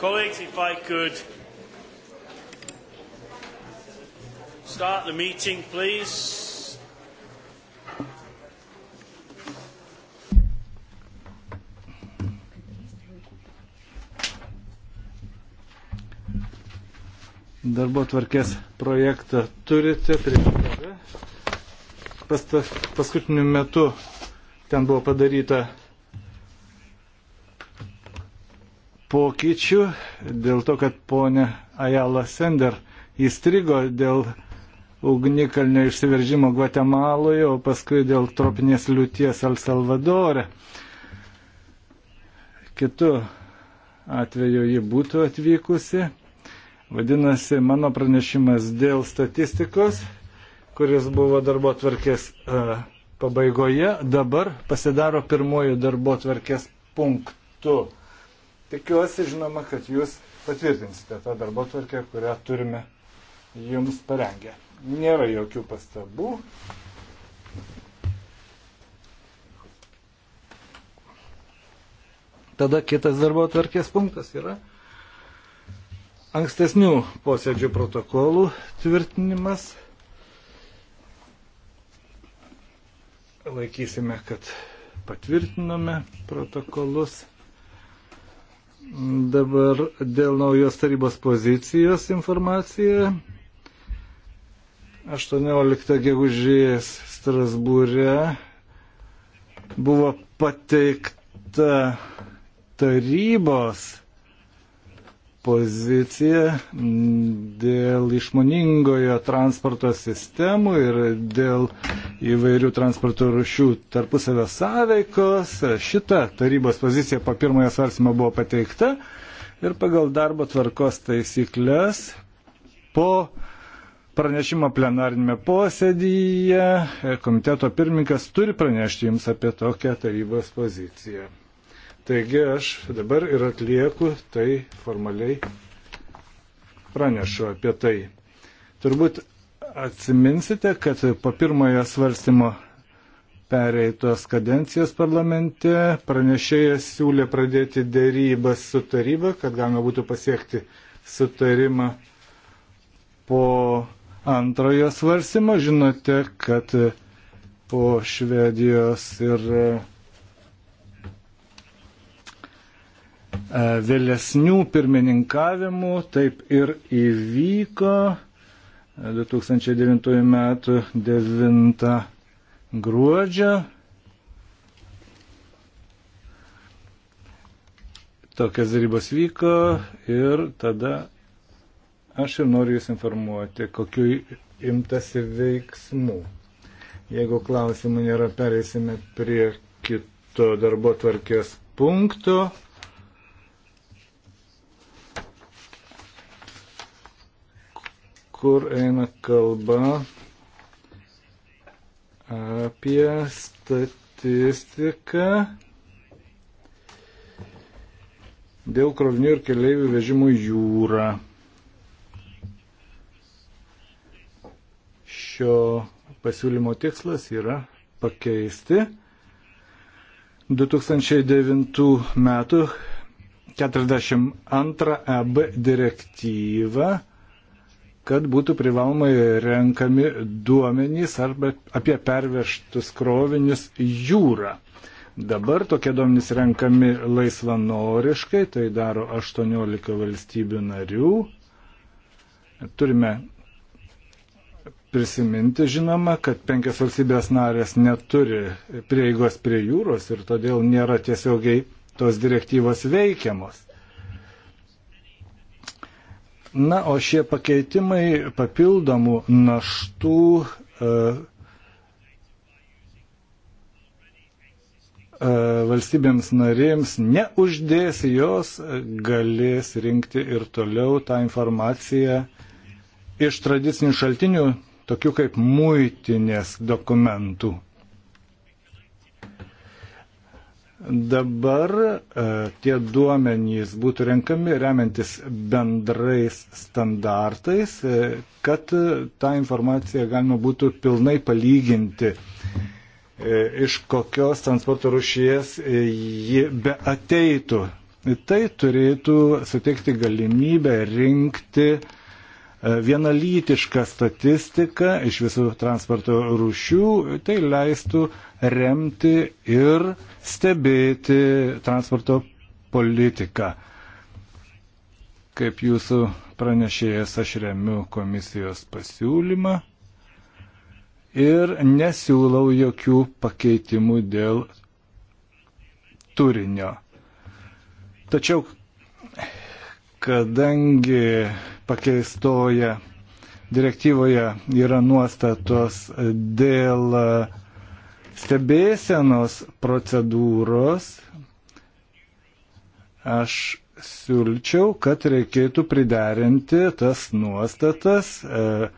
Colleagues, if I could start the meeting, please. Darbo tvarkės projektą turite prieš save. Paskutiniu metu ten buvo padaryta pokyčių, dėl to, kad ponė Ajala Sender įstrigo dėl ugnikalnio išsiveržimo Guatemaloje, o paskui dėl tropinės liūties El Salvadore. Kitu atveju ji būtų atvykusi. Vadinasi, mano pranešimas dėl statistikos, kuris buvo darbo tvarkės e, pabaigoje, dabar pasidaro pirmojų darbo tvarkės punktų. Tikiuosi, žinoma, kad jūs patvirtinsite tą darbo tvarkę, kurią turime jums parengę. Nėra jokių pastabų. Tada kitas darbo tvarkės punktas yra ankstesnių posėdžių protokolų tvirtinimas. Laikysime, kad patvirtinome protokolus. Dabar dėl naujos tarybos pozicijos informacija. 18 gegužės Strasbūre buvo pateikta tarybos poziciją dėl išmoningojo transporto sistemų ir dėl įvairių transporto rušių tarpusavio sąveikos. Šita tarybos pozicija po pirmojo svarsimo buvo pateikta ir pagal darbo tvarkos taisyklės po pranešimo plenarinėme posėdyje komiteto pirmininkas turi pranešti jums apie tokią tarybos poziciją. Taigi aš dabar ir atlieku tai formaliai pranešu apie tai. Turbūt atsiminsite, kad po pirmojo svarstymo pereitos kadencijos parlamente pranešėjas siūlė pradėti dėrybas su taryba, kad galima būtų pasiekti sutarimą po antrojo svarstymo. Žinote, kad po Švedijos ir E, vėlesnių pirmininkavimų taip ir įvyko 2009 m. 9 gruodžio. Tokias darybos vyko ir tada aš ir noriu Jūs informuoti, kokiu imtasi veiksmų. Jeigu klausimų nėra, pereisime prie kito darbo tvarkės punkto. kur eina kalba apie statistiką dėl krovinių ir keliaivių vežimų jūrą. Šio pasiūlymo tikslas yra pakeisti 2009 metų 42 EB direktyvą kad būtų privalomai renkami duomenys arba apie perveštus krovinius jūrą. Dabar tokie duomenys renkami laisvanoriškai, tai daro 18 valstybių narių. Turime prisiminti, žinoma, kad penkias valstybės narės neturi prieigos prie jūros ir todėl nėra tiesiogiai tos direktyvos veikiamos. Na, o šie pakeitimai papildomų naštų e, e, valstybėms narėms neuždės, jos galės rinkti ir toliau tą informaciją iš tradicinių šaltinių, tokių kaip muitinės dokumentų. Dabar e, tie duomenys būtų renkami remiantis bendrais standartais, e, kad e, tą informaciją galima būtų pilnai palyginti, iš kokios transporto rušies ji be ateitų. Tai turėtų suteikti galimybę rinkti uh, E, vienalytišką statistiką iš visų transporto rūšių, tai leistų remti ir stebėti transporto politiką. Kaip jūsų pranešėjas aš remiu komisijos pasiūlymą ir nesiūlau jokių pakeitimų dėl turinio. Tačiau kadangi pakeistoje direktyvoje yra nuostatos dėl stebėsenos procedūros, aš siūlyčiau, kad reikėtų priderinti tas nuostatas e,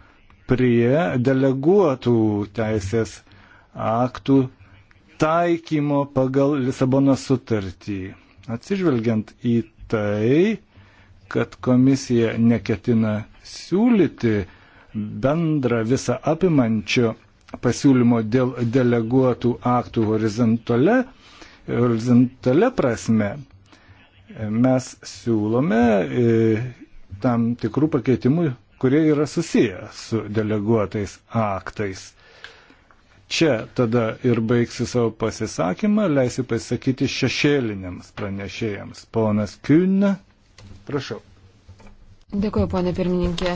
prie deleguotų teisės aktų taikymo pagal Lisabono sutartį. Atsižvelgiant į tai, kad komisija neketina siūlyti bendrą visą apimančio pasiūlymo dėl deleguotų aktų horizontale, horizontale prasme, mes siūlome e, tam tikrų pakeitimų, kurie yra susiję su deleguotais aktais. Čia tada ir baigsiu savo pasisakymą, leisiu pasakyti šešėliniams pranešėjams. Ponas Kyn, Prašau. Dėkuoju, ponė pirmininkė.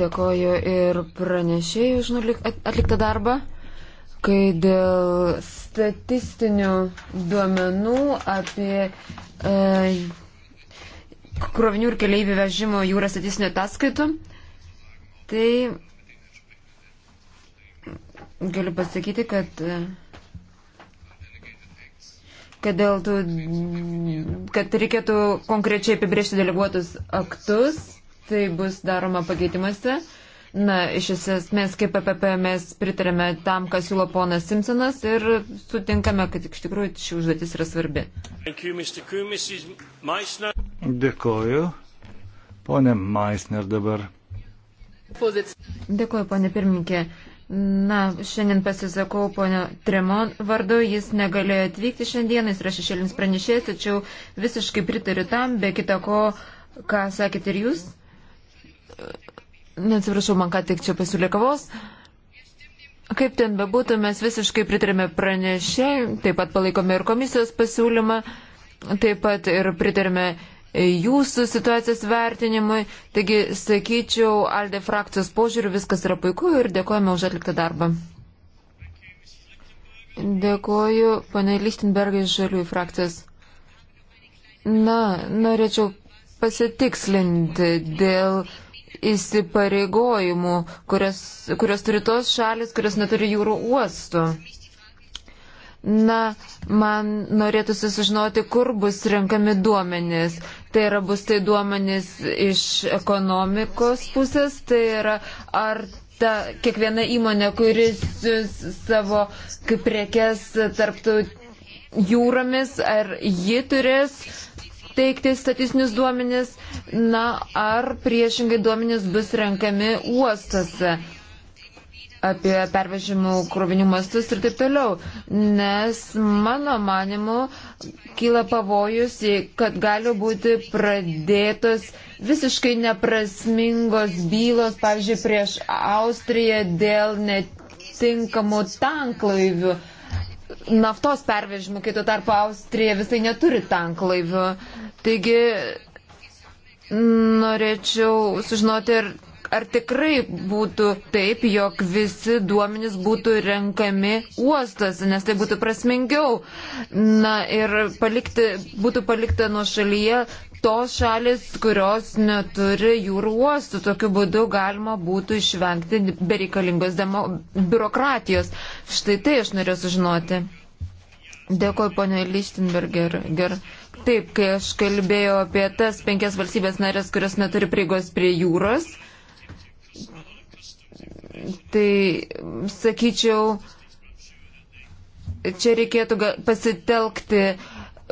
Dėkuoju ir pranešėjai už atliktą darbą, kai dėl statistinių duomenų apie e, krovinių ir keliaivių vežimo jūrą statistinio ataskaitų, tai galiu pasakyti, kad e, kad, dėl tų, kad reikėtų konkrečiai apibriežti deleguotus aktus, tai bus daroma pakeitimuose. Na, iš esmės, kaip PPP mes pritarėme tam, kas siūlo ponas Simpsonas ir sutinkame, kad iš tikrųjų ši užduotis yra svarbi. Dėkoju. Pone Maisner dabar. Dėkoju, ponė pirmininkė. Na, šiandien pasisakau ponio Tremon vardu, jis negalėjo atvykti šiandien, jis yra šešėlinis pranešėjas, tačiau visiškai pritariu tam, be kita ko, ką sakėte ir jūs. Neatsiprašau, man ką tik čia pasiūlė kavos. Kaip ten bebūtų, mes visiškai pritarėme pranešėjai, taip pat palaikome ir komisijos pasiūlymą, taip pat ir pritarėme jūsų situacijos vertinimui. Taigi, sakyčiau, Alde frakcijos požiūriu viskas yra puiku ir dėkojame už atliktą darbą. Dėkoju, pane Lichtenbergai, žaliųjų frakcijos. Na, norėčiau pasitikslinti dėl įsipareigojimų, kurios, kurios turi tos šalis, kurios neturi jūrų uostų. Na, man norėtųsi sužinoti, kur bus renkami duomenys. Tai yra bus tai duomenys iš ekonomikos pusės, tai yra ar ta kiekviena įmonė, kuris savo kaip prekes tarptų jūromis, ar ji turės teikti statistinius duomenis, na, ar priešingai duomenis bus renkami uostose apie pervežimų krovinių mastus ir taip toliau. Nes mano manimu kyla pavojus, kad gali būti pradėtos visiškai neprasmingos bylos, pavyzdžiui, prieš Austriją dėl netinkamų tanklaivių naftos pervežimų, kai tuo tarpu Austrija visai neturi tanklaivių. Taigi norėčiau sužinoti ir ar tikrai būtų taip, jog visi duomenys būtų renkami uostose, nes tai būtų prasmingiau. Na ir palikti, būtų palikta nuo šalyje tos šalis, kurios neturi jūrų uostų. Tokiu būdu galima būtų išvengti bereikalingos demo, biurokratijos. Štai tai aš norėjau sužinoti. Dėkoju, ponė Lichtenberger. Ger. Taip, kai aš kalbėjau apie tas penkias valstybės narės, kurios neturi prieigos prie jūros, tai sakyčiau, čia reikėtų pasitelkti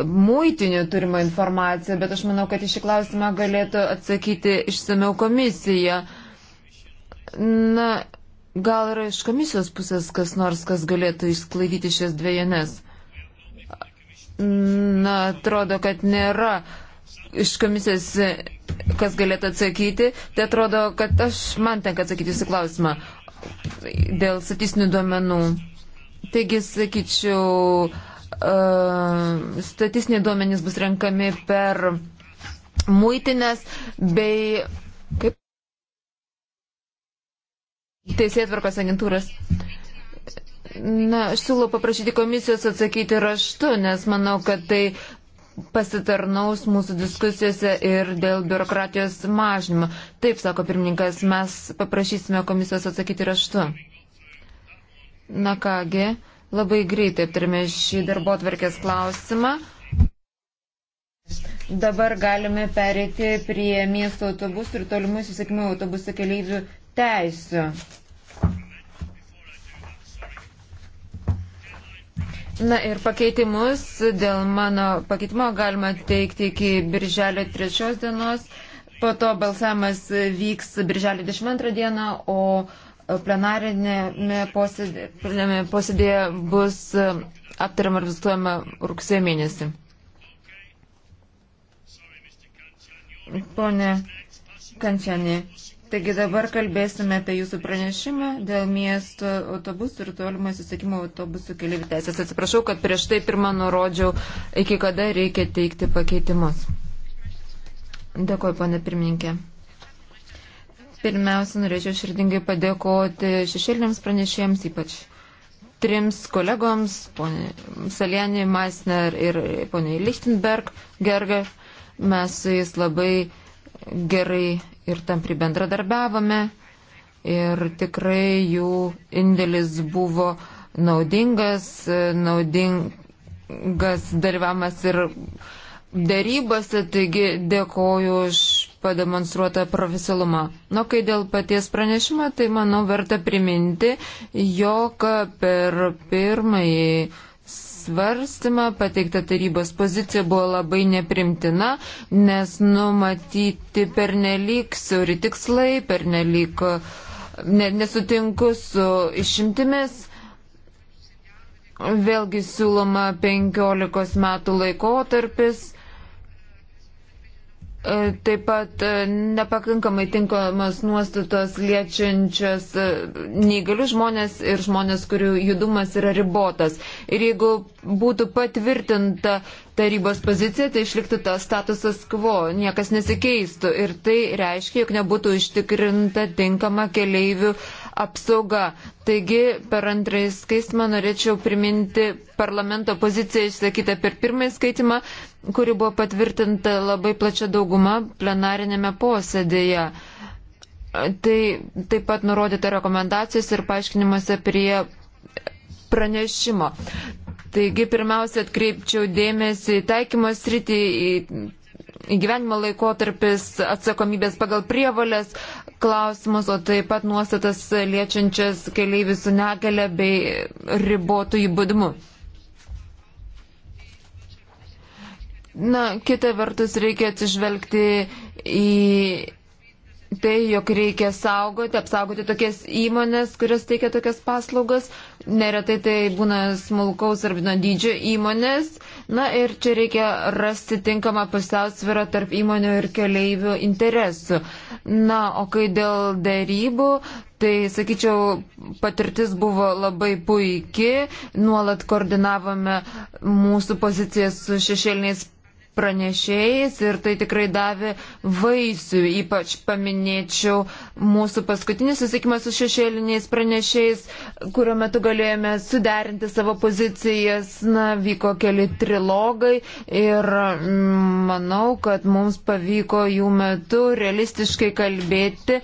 muitinių turimą informaciją, bet aš manau, kad į šį klausimą galėtų atsakyti išsameu komisija. Na, gal yra iš komisijos pusės kas nors, kas galėtų išsklaidyti šias dviejones. Na, atrodo, kad nėra iš komisijos kas galėtų atsakyti, tai atrodo, kad aš man tenka atsakyti jūsų klausimą dėl statistinių duomenų. Taigi, sakyčiau, uh, statistiniai duomenys bus renkami per muitinės bei kaip teisėtvarkos agentūras. Na, aš siūlau paprašyti komisijos atsakyti raštu, nes manau, kad tai pasitarnaus mūsų diskusijose ir dėl biurokratijos mažinimo. Taip, sako pirmininkas, mes paprašysime komisijos atsakyti raštu. Na kągi, labai greitai aptarėme šį darbo atverkės klausimą. Dabar galime perėti prie miesto autobusų ir tolimų susikimų autobusų keleivių teisų. Na ir pakeitimus dėl mano pakeitimo galima teikti iki birželio 3 dienos, po to balsavimas vyks birželio 22 dieną, o plenarinėme posėdėje, posėdėje bus aptariama ir visuojama rugsėjo mėnesį. Pone Kančianė. Taigi dabar kalbėsime apie jūsų pranešimą dėl miesto autobusų ir tolimo įsisakymo autobusų keliaivių teisės. Atsiprašau, kad prieš tai pirmą nurodžiau, iki kada reikia teikti pakeitimus. Dėkuoju, pane pirmininkė. Pirmiausia, norėčiau širdingai padėkoti šešėliniams pranešėjams, ypač trims kolegoms, poniai Salienį, Meisner ir poniai Lichtenberg, Gerger. Mes su jais labai gerai ir tampri bendradarbiavome ir tikrai jų indėlis buvo naudingas, naudingas dalyvavimas ir darybose, taigi dėkoju už pademonstruotą profesionalumą. Nu, kai dėl paties pranešimo, tai manau verta priminti, jog per pirmąjį svarstymą, pateikta tarybos pozicija buvo labai neprimtina, nes numatyti pernelyg siauri tikslai, pernelyg ne, nesutinku su išimtimis. Vėlgi siūloma 15 metų laikotarpis E, taip pat e, nepakankamai tinkamos nuostatos liečiančios e, neįgalius žmonės ir žmonės, kurių judumas yra ribotas. Ir jeigu būtų patvirtinta tarybos pozicija, tai išliktų tas statusas quo, niekas nesikeistų. Ir tai reiškia, jog nebūtų užtikrinta tinkama keleivių uh, apsauga. Taigi per antrąjį skaitimą norėčiau priminti parlamento poziciją išsakytą per pirmąjį skaitimą, kuri buvo patvirtinta labai plačia dauguma plenarinėme posėdėje. Tai taip pat nurodyta rekomendacijos ir paaiškinimuose prie pranešimo. Taigi pirmiausia atkreipčiau dėmesį į taikymo sritį, į gyvenimo laikotarpis, atsakomybės pagal prievalės klausimus, o taip pat nuostatas liečiančias keliaivių su negale bei ribotų įbūdimu. Na, kita vertus reikia atsižvelgti į tai, jog reikia saugoti, apsaugoti tokias įmonės, kurios teikia tokias paslaugas. Neretai tai būna smulkaus ar vidno dydžio įmonės Na ir čia reikia rasti tinkamą pusiausvyrą tarp įmonių ir keleivių interesų. Na, o kai dėl dėrybų, tai sakyčiau, patirtis buvo labai puikiai, nuolat koordinavome mūsų pozicijas su šešėliniais pranešėjais ir tai tikrai davė vaisių. Ypač paminėčiau mūsų paskutinį susikimą su šešėliniais pranešėjais, kurio metu galėjome suderinti savo pozicijas. Na, vyko keli trilogai ir mm, manau, kad mums pavyko jų metu realistiškai kalbėti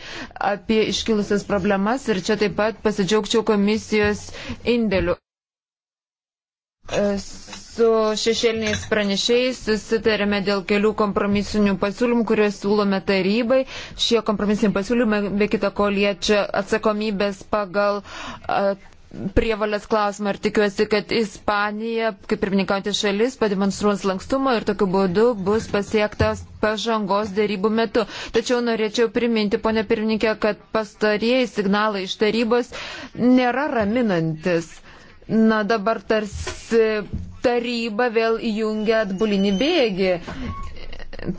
apie iškilusias problemas ir čia taip pat pasidžiaugčiau komisijos indėliu. Su šešėliniais pranešėjais susitarėme dėl kelių kompromisinių pasiūlymų, kuriuos siūlome tarybai. Šie kompromisiniai pasiūlymai be kita ko liečia atsakomybės pagal prievalės klausimą ir tikiuosi, kad Ispanija, kaip ir minkaujantį šalis, pademonstruos lankstumą ir tokiu būdu bus pasiektas pažangos dėrybų metu. Tačiau norėčiau priminti, ponė pirmininkė, kad pastarieji signalai iš tarybos nėra raminantis. Na dabar tarsi taryba vėl įjungia atbulinį bėgį.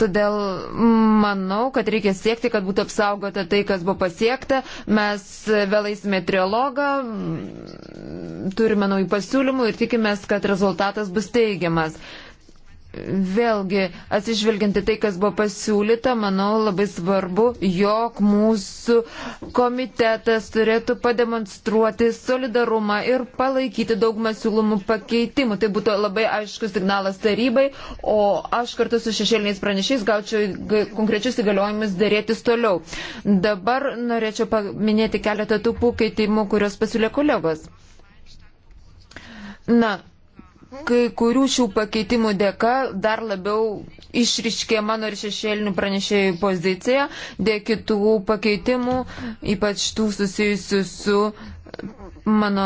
Todėl manau, kad reikia siekti, kad būtų apsaugota tai, kas buvo pasiekta. Mes vėl eisime trialogą, turime naujų pasiūlymų ir tikimės, kad rezultatas bus teigiamas. Vėlgi, atsižvelginti tai, kas buvo pasiūlyta, manau labai svarbu, jog mūsų komitetas turėtų pademonstruoti solidarumą ir palaikyti daugumą siūlomų pakeitimų. Tai būtų labai aiškus signalas tarybai, o aš kartu su šešėliniais pranešiais gaučiau konkrečius įgaliojimus dėrėtis toliau. Dabar norėčiau paminėti keletą tų pakeitimų, kurios pasiūlė kolegos. Na, kai kurių šių pakeitimų dėka dar labiau išriškė mano ir šešėlinių pranešėjų poziciją, dėl kitų pakeitimų, ypač tų susijusių su mano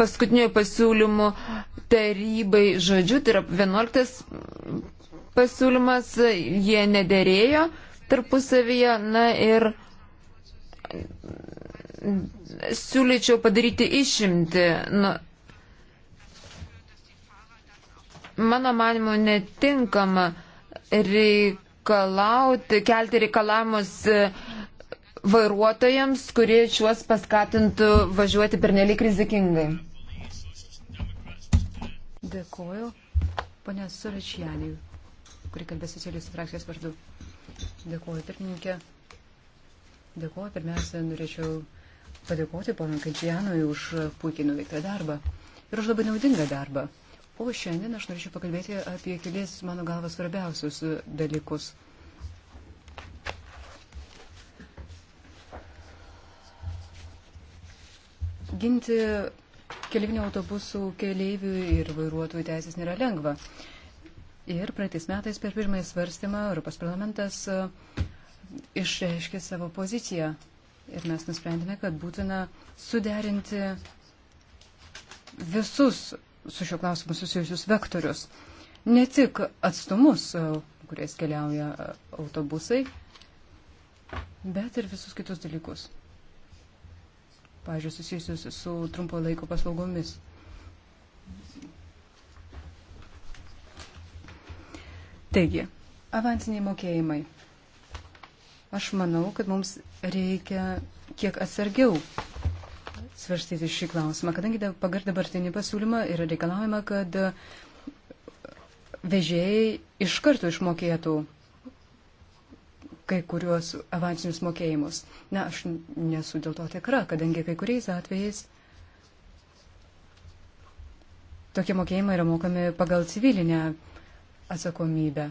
paskutinio pasiūlymu tarybai žodžiu, tai yra 11 pasiūlymas, jie nederėjo tarpusavyje, na ir siūlyčiau padaryti išimti. Nu, mano manimu, netinkama reikalauti, kelti reikalavimus e, vairuotojams, kurie šiuos paskatintų važiuoti pernelyg rizikingai. Dėkuoju. Pane Suračianijų, kuri kalbė socialistų frakcijos vardu. Dėkuoju, pirmininkė. Dėkuoju, pirmiausia, norėčiau padėkoti ponui Kadžianui už puikiai nuveiktą darbą ir už labai naudingą darbą. O šiandien aš norėčiau pakalbėti apie kelis mano galva svarbiausius e, dalykus. Ginti keliaivinių autobusų keleivių ir vairuotojų teisės nėra lengva. Ir praeitais metais per pirmąjį svarstymą Europos parlamentas e, išreiškė savo poziciją. Ir mes nusprendėme, kad būtina suderinti visus su šiuo klausimu susijusius vektorius. Ne tik atstumus, e, kuriais keliauja e, autobusai, bet ir visus kitus dalykus. Pavyzdžiui, susijusius su trumpo laiko paslaugomis. Taigi, avansiniai mokėjimai. Aš manau, kad mums reikia kiek atsargiau svarstyti šį klausimą, kadangi pagar dabartinį pasiūlymą yra reikalaujama, kad e, vežėjai iš karto išmokėtų kai kuriuos avansinius mokėjimus. Na, aš nesu dėl to tikra, kadangi kai kuriais atvejais tokie mokėjimai yra mokami pagal civilinę atsakomybę.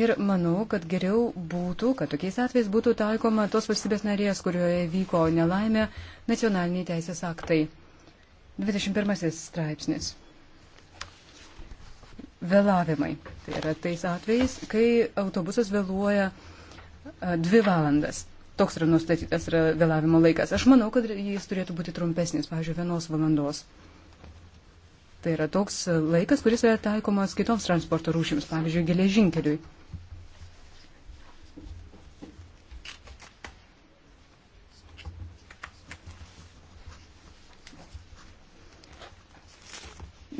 Ir manau, kad geriau būtų, kad tokiais atvejais būtų taikoma tos valstybės narės, kurioje vyko nelaimė, nacionaliniai teisės aktai. 21 straipsnis. Vėlavimai. Tai yra tais atvejais, kai autobusas vėluoja dvi valandas. Toks yra nustatytas yra vėlavimo laikas. Aš manau, kad jis turėtų būti trumpesnis, pavyzdžiui, vienos valandos. Tai yra toks laikas, kuris yra taikomas kitoms transporto rūšims, pavyzdžiui, geležinkeliui.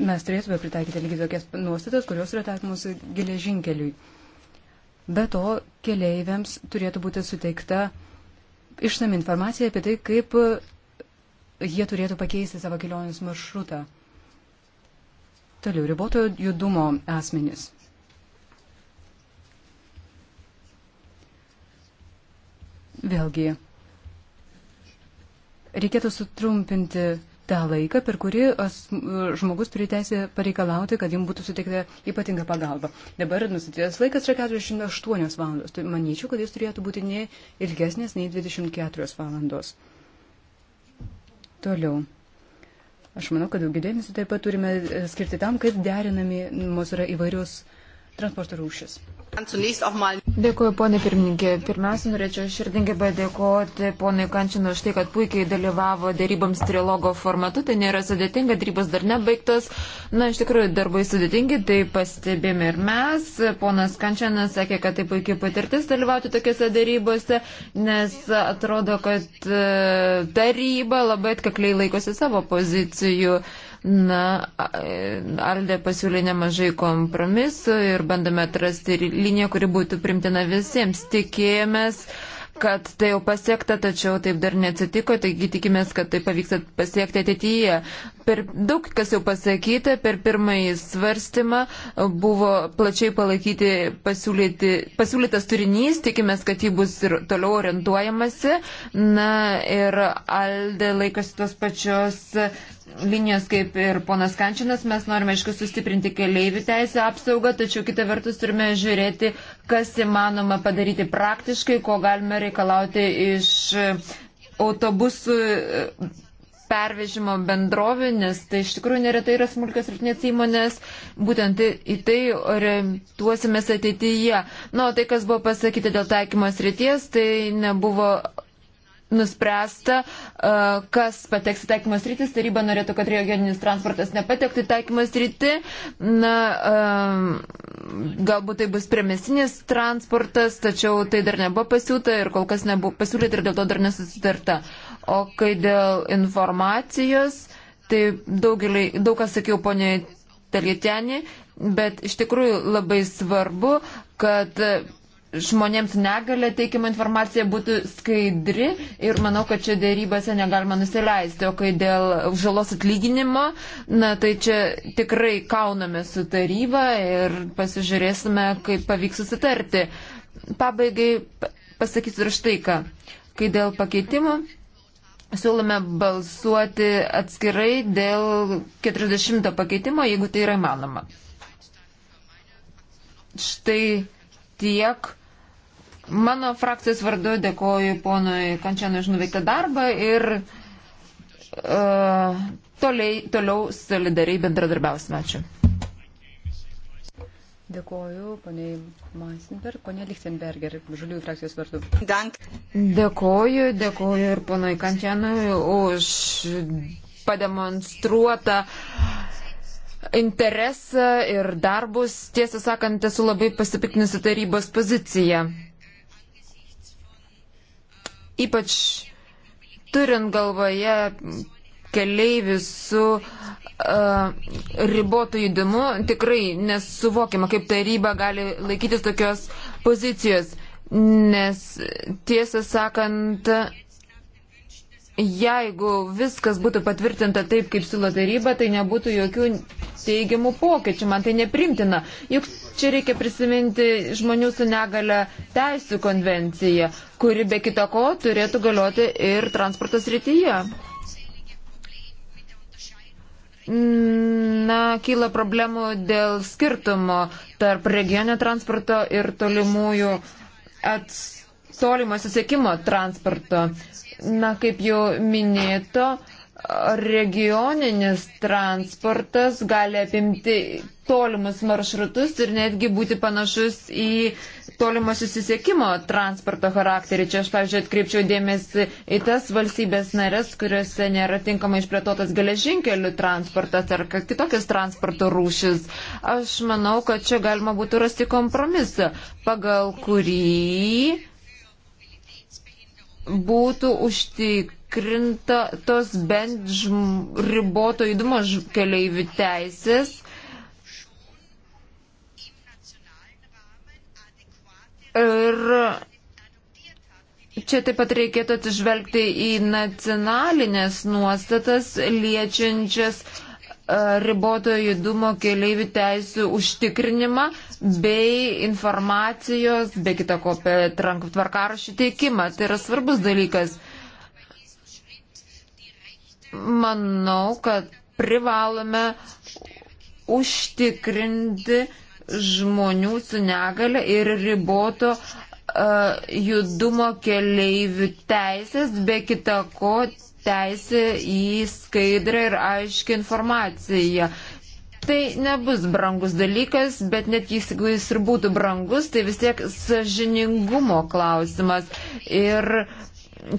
mes turėtume pritaikyti lygiai tokias nuostatas, kurios yra taikomos geležinkeliui. Be to, keleiviams turėtų būti suteikta išsami informacija apie tai, kaip jie turėtų pakeisti savo kelionės maršrutą. Toliau, riboto judumo asmenys. Vėlgi, reikėtų sutrumpinti tą laiką, per kurį as, žmogus turi teisę pareikalauti, kad jam būtų suteikta ypatinga pagalba. Dabar nustatytas laikas yra 48 valandos. Tai manyčiau, kad jis turėtų būti ne ilgesnės nei 24 valandos. Toliau. Aš manau, kad daugiau dėmesio taip pat turime e, skirti tam, kaip derinami mūsų yra įvairius transporto rūšis. Dėkuoju, ponė pirmininkė. Pirmiausia, norėčiau širdingai padėkoti ponui Kančinu už tai, kad puikiai dalyvavo dėryboms trilogo formatu. Tai nėra sudėtinga, dėrybos dar nebaigtos. Na, iš tikrųjų, darbai sudėtingi, tai pastebėme ir mes. Ponas Kančianas sakė, kad tai puikiai patirtis dalyvauti tokiuose dėrybose, nes atrodo, kad e, taryba labai atkakliai laikosi savo pozicijų. Uh, Na, Aldė pasiūlė nemažai kompromisų ir bandome atrasti liniją, kuri būtų primtina visiems. Tikėjomės, kad tai jau pasiekta, tačiau taip dar neatsitiko, taigi tikimės, kad tai pavyks pasiekti ateityje. Per daug kas jau pasakyta, per pirmąjį svarstymą buvo plačiai palaikyti pasiūlytas turinys, tikimės, kad jį bus ir toliau orientuojamasi. Na ir Alde laikosi tos pačios linijos, kaip ir ponas Kančinas, mes norime, aišku, sustiprinti keleivių teisę apsaugą, tačiau kitą vertus turime žiūrėti, kas įmanoma padaryti praktiškai, ko galime reikalauti iš e, autobusų e, pervežimo bendrovė, nes tai iš tikrųjų neretai yra smulkios ir net įmonės, būtent į tai orientuosimės ateityje. Na, nu, tai kas buvo pasakyti dėl taikymos ryties, tai nebuvo nuspręsta, e, kas pateks į taikymas rytis. Taryba norėtų, kad regioninis transportas nepatektų į taikymas rytį. Na, e, galbūt tai bus premesinis transportas, tačiau tai dar nebuvo pasiūta ir kol kas nebuvo pasiūlyta ir dėl to dar nesusitarta. O kai dėl informacijos, tai daugelį, daug kas sakiau poniai Talietėnį, bet iš tikrųjų labai svarbu, kad žmonėms negalė teikiama informacija būtų skaidri ir manau, kad čia dėrybose negalima nusileisti. O kai dėl žalos atlyginimo, na tai čia tikrai kauname su taryba ir pasižiūrėsime, kaip pavyks susitarti. Pabaigai pasakysiu ir štai ką. Kai dėl pakeitimų. Siūlome balsuoti atskirai dėl 40 pakeitimo, jeigu tai yra įmanoma. Štai tiek Mano frakcijos vardu dėkoju ponui Kančianui už nuveiktą darbą ir uh, toliai, toliau solidariai bendradarbiausime. Ačiū. Dėkoju, poniai Maisenberg, ponia Lichtenberger, žaliųjų frakcijos vardu. Dank. Dėkoju, dėkoju ir ponui Kančianui už pademonstruotą interesą ir darbus. Tiesą sakant, esu labai pasipiktinusi tarybos poziciją ypač turint galvoje keleivių su uh, ribotų judimu, tikrai nesuvokiama, kaip taryba gali laikytis tokios pozicijos, nes tiesą sakant, uh, jeigu viskas būtų patvirtinta taip, kaip siūlo taryba, tai nebūtų jokių teigiamų pokyčių. Man tai neprimtina. Juk čia reikia prisiminti žmonių su negale teisų konvenciją, kuri be kita ko turėtų galioti ir transportas rytyje. Na, kyla problemų dėl skirtumo tarp regioninio transporto ir tolimųjų ats... tolimo susiekimo transporto. Na, kaip jau minėto, regioninis transportas gali apimti tolimus maršrutus ir netgi būti panašus į tolimo susisiekimo transporto charakterį. Čia aš, pavyzdžiui, atkreipčiau dėmesį į tas valstybės narės, kuriuose nėra tinkamai išplėtotas geležinkelių transportas ar kitokias transporto rūšis. Aš manau, kad čia galima būtų rasti kompromisą, pagal kurį būtų užtikrinta tos bent žm, riboto judumo keliaivių teisės. Ir čia taip pat reikėtų atsižvelgti į nacionalinės nuostatas liečiančias uh, E, riboto judumo keliaivių teisų užtikrinimą bei informacijos, be kita ko, apie tvarkarašį teikimą. Tai yra svarbus dalykas. Manau, kad privalome užtikrinti žmonių su negale ir riboto uh, judumo keleivių teisės, be kita ko teisė į skaidrą ir aiškį informaciją. Tai nebus brangus dalykas, bet net jeigu jis ir būtų brangus, tai vis tiek sažiningumo klausimas. Ir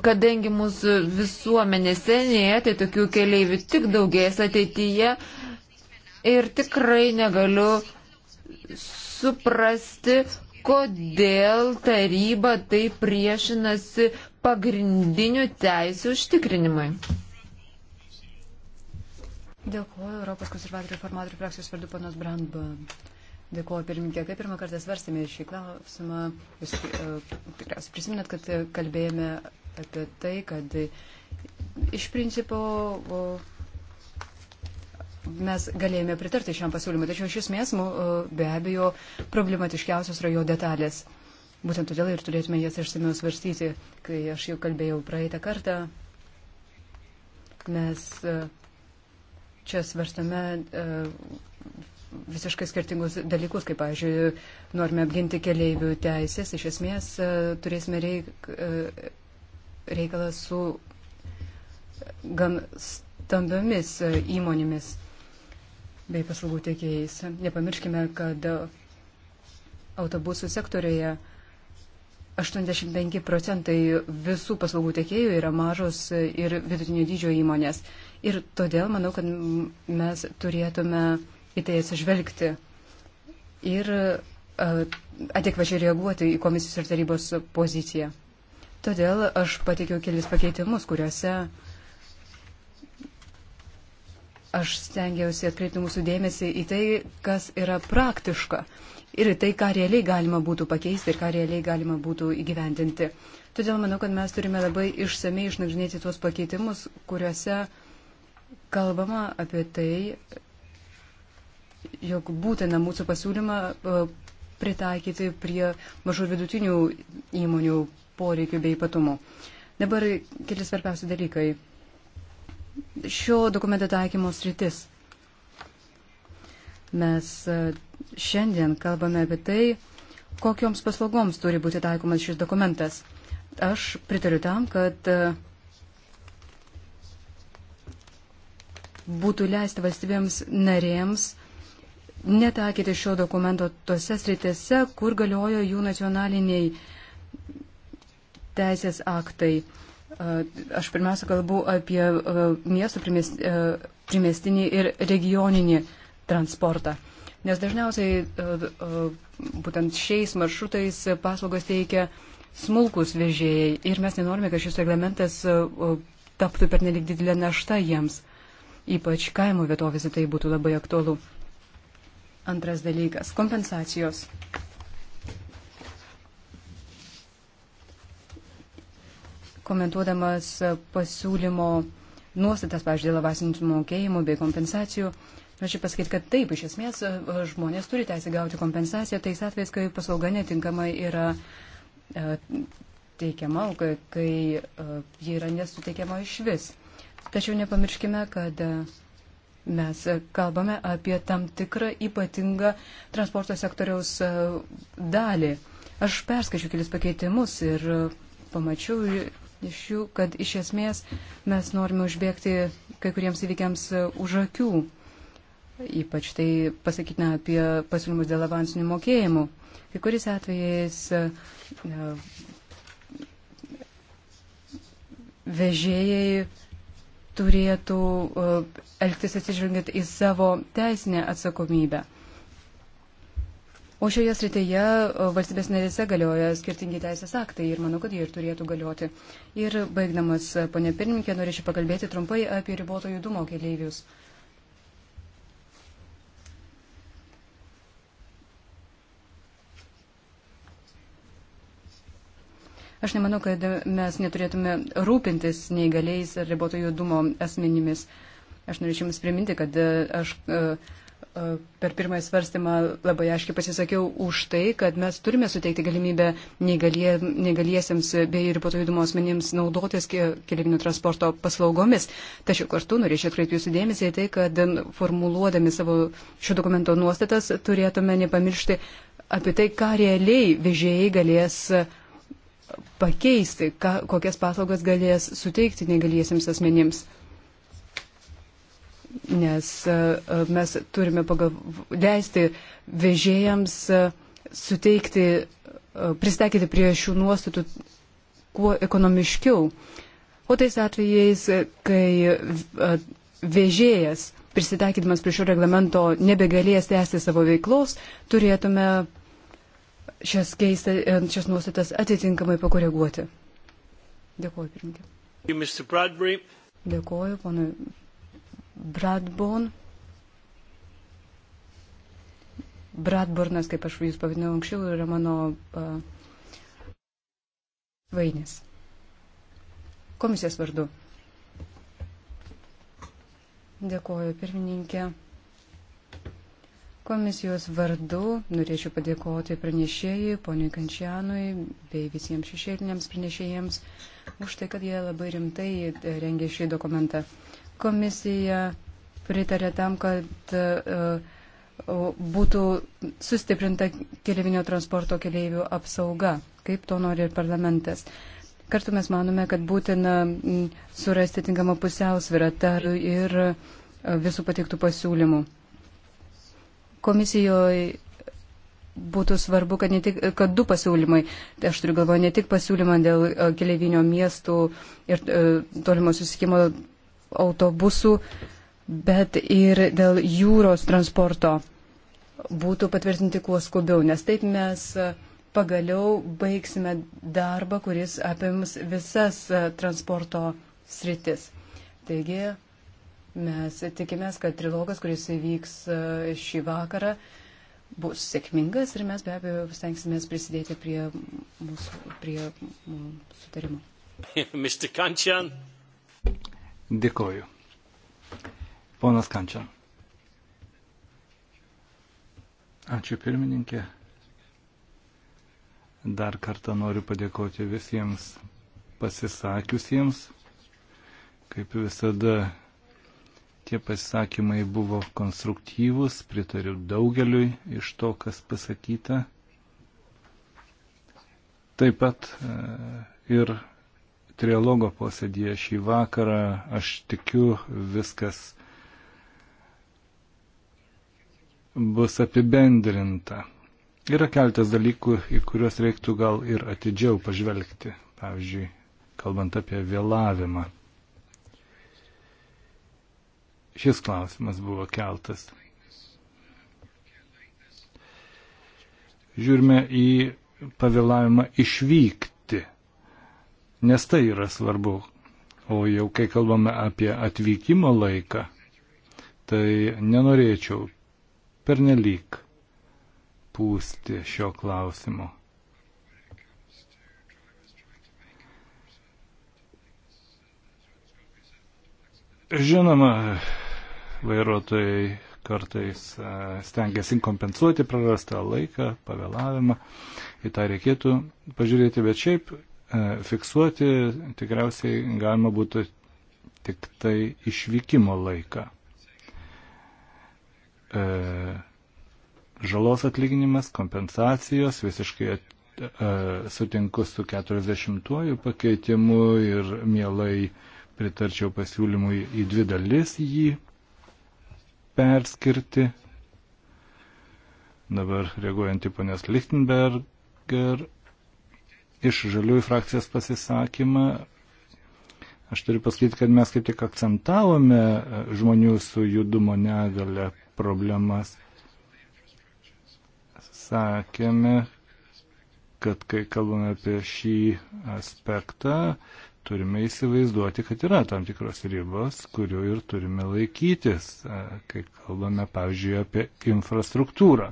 kadangi mūsų visuomenė senėja, tai tokių keliaivių tik daugės ateityje ir tikrai negaliu suprasti, kodėl taryba tai priešinasi pagrindinių teisų užtikrinimui. Dėkuoju Europos konservatorių formatorių frakcijos vardu panos Brandba. Dėkuoju pirmininkė, kai pirmą kartą svarstėme šį klausimą, jūs uh, tikriausiai prisiminat, kad e, kalbėjome apie tai, kad iš principo uh, mes galėjome pritarti šiam pasiūlymui, tačiau iš esmės uh, be abejo problematiškiausios yra jo detalės. Uh, Būtent todėl ir turėtume jas išsimiau svarstyti, kai aš jau kalbėjau praeitą kartą. Mes e, čia svarstame e, visiškai skirtingus dalykus, kaip, pavyzdžiui, norime apginti keliaivių teisės, iš esmės e, turėsime reik, reikalą su gan stambiomis įmonėmis bei paslaugų teikėjais. Nepamirškime, kad autobusų sektorėje uh, 85 procentai visų paslaugų tiekėjų yra mažos ir vidutinio dydžio įmonės. Ir todėl manau, kad mes turėtume į tai atsižvelgti ir adekvačiai reaguoti į komisijos ir tarybos poziciją. Todėl aš pateikiau kelis pakeitimus, kuriuose aš stengiausi atkreipti mūsų dėmesį į tai, kas yra praktiška ir tai, ką realiai galima būtų pakeisti ir ką realiai galima būtų įgyvendinti. Todėl manau, kad mes turime labai išsamei išnagrinėti tuos pakeitimus, kuriuose kalbama apie tai, jog būtina mūsų pasiūlymą e, pritaikyti prie mažų ir vidutinių įmonių poreikių bei ypatumų. Dabar keli svarbiausi dalykai. Šio dokumento taikymo sritis. Mes e, šiandien kalbame apie tai, kokioms paslaugoms turi būti taikomas šis dokumentas. Aš pritariu tam, kad e, būtų leisti valstybėms narėms netakyti šio dokumento tose sritėse, kur galiojo jų nacionaliniai teisės aktai. E, aš pirmiausia kalbu apie miestų primestinį ir regioninį transportą. Nes dažniausiai e, e, būtent šiais maršrutais paslaugas teikia smulkus vežėjai ir mes nenorime, kad šis reglamentas e, taptų per nelik didelę naštą jiems. Ypač kaimo vietovėse tai būtų labai aktualu. Antras dalykas - kompensacijos. Komentuodamas pasiūlymo nuostatas, pažiūrėjau, dėl avasinių mokėjimų bei kompensacijų, uh, Norėčiau pasakyti, kad taip, iš esmės e, žmonės turi teisę gauti kompensaciją tais atvejais, kai paslauga netinkamai yra e, teikiama, kai, kai e, ji yra nesuteikiama iš vis. Tačiau nepamirškime, kad mes kalbame apie tam tikrą ypatingą transporto sektoriaus dalį. Aš perskaičiu kelis pakeitimus ir pamačiau iš jų, kad iš esmės mes norime užbėgti kai kuriems įvykiams už akių. Ypač tai pasakytina apie pasiūlymus dėl avansinių mokėjimų. Kai kuris atvejais e, vežėjai turėtų e, elgtis atsižvelgiant į savo teisinę atsakomybę. O šioje srityje e, valstybės narėse galioja skirtingi teisės aktai ir manau, kad jie ir turėtų galioti. Ir baigdamas, ponė pirmininkė, norėčiau pakalbėti trumpai apie riboto judumo keleivius. Uh, Aš nemanau, kad mes neturėtume rūpintis neįgaliais ar riboto judumo asmenimis. Aš norėčiau Jums priminti, kad e, aš e, e, per pirmąjį svarstymą labai aiškiai pasisakiau už tai, kad mes turime suteikti galimybę neįgalie, neįgaliesiems bei riboto judumo asmenims naudotis keliavinio transporto paslaugomis. Tačiau kartu norėčiau atkreipti Jūsų dėmesį į tai, kad formuluodami savo šio dokumento nuostatas turėtume nepamiršti apie tai, ką realiai vežėjai galės pakeisti, ką, kokias paslaugas galės suteikti negaliesiems asmenims. Nes e, e, mes turime pagal, leisti vežėjams e, suteikti, pristaikyti prie šių nuostatų kuo ekonomiškiau. O tais atvejais, kai vežėjas prisitaikydamas prie šio reglamento nebegalės tęsti savo veiklos, turėtume šias, keistą, šias nuostatas atitinkamai pakoreguoti. Dėkuoju, pirmininkė. Dėkuoju, ponui Bradbon. Bradburnas, kaip aš jūs pavadinau anksčiau, yra mano uh, vainis. Komisijos vardu. Dėkuoju, pirmininkė. Komisijos vardu norėčiau padėkoti pranešėjai, poniai Kančianui bei visiems šešėliniams pranešėjams už tai, kad jie labai rimtai rengė šį dokumentą. Komisija pritarė tam, kad e, būtų sustiprinta keliavinio transporto keliaivių apsauga, kaip to nori ir parlamentas. Kartu mes manome, kad būtina surasti tinkamą pusiausvyrą tarp ir e, visų pateiktų pasiūlymų komisijoje būtų svarbu, kad, tik, kad du pasiūlymai, tai aš turiu galvoje ne tik pasiūlymą dėl e, keliavinio miestų ir e, tolimo susikimo autobusų, bet ir dėl jūros transporto būtų patvirtinti kuo skubiau, nes taip mes e, pagaliau baigsime darbą, kuris apims visas transporto sritis. Taigi, Mes tikimės, kad trilogas, kuris įvyks e, šį vakarą, bus sėkmingas ir mes be abejo stengsimės prisidėti prie mūsų, prie mūsų sutarimo. Mr. Kančian. Dėkoju. Ponas Kančian. Ačiū pirmininkė. Dar kartą noriu padėkoti visiems pasisakiusiems. Kaip visada Tie pasisakymai buvo konstruktyvūs, pritariu daugeliui iš to, kas pasakyta. Taip pat e, ir trialogo posėdėje šį vakarą, aš tikiu, viskas bus apibendrinta. Yra keltas dalykų, į kuriuos reiktų gal ir atidžiau pažvelgti, pavyzdžiui, kalbant apie vėlavimą šis klausimas buvo keltas. Žiūrime į pavėlavimą išvykti, nes tai yra svarbu. O jau kai kalbame apie atvykimo laiką, tai nenorėčiau pernelyg pūsti šio klausimo. Žinoma, vairuotojai kartais e, stengiasi kompensuoti prarastą laiką, pavėlavimą. Į tą reikėtų pažiūrėti, bet šiaip e, fiksuoti tikriausiai galima būtų tik tai išvykimo laiką. E, žalos atlyginimas, kompensacijos, visiškai sutinku su 40-uoju pakeitimu ir mielai pritarčiau pasiūlymui į dvi dalis jį perskirti. Dabar reaguojant į ponios Lichtenberger iš žaliųjų frakcijos pasisakymą, aš turiu pasakyti, kad mes kaip tik akcentavome žmonių su judumo negale problemas. Sakėme, kad kai kalbame apie šį aspektą, turime įsivaizduoti, kad yra tam tikros ribos, kurių ir turime laikytis, kai kalbame, pavyzdžiui, apie infrastruktūrą.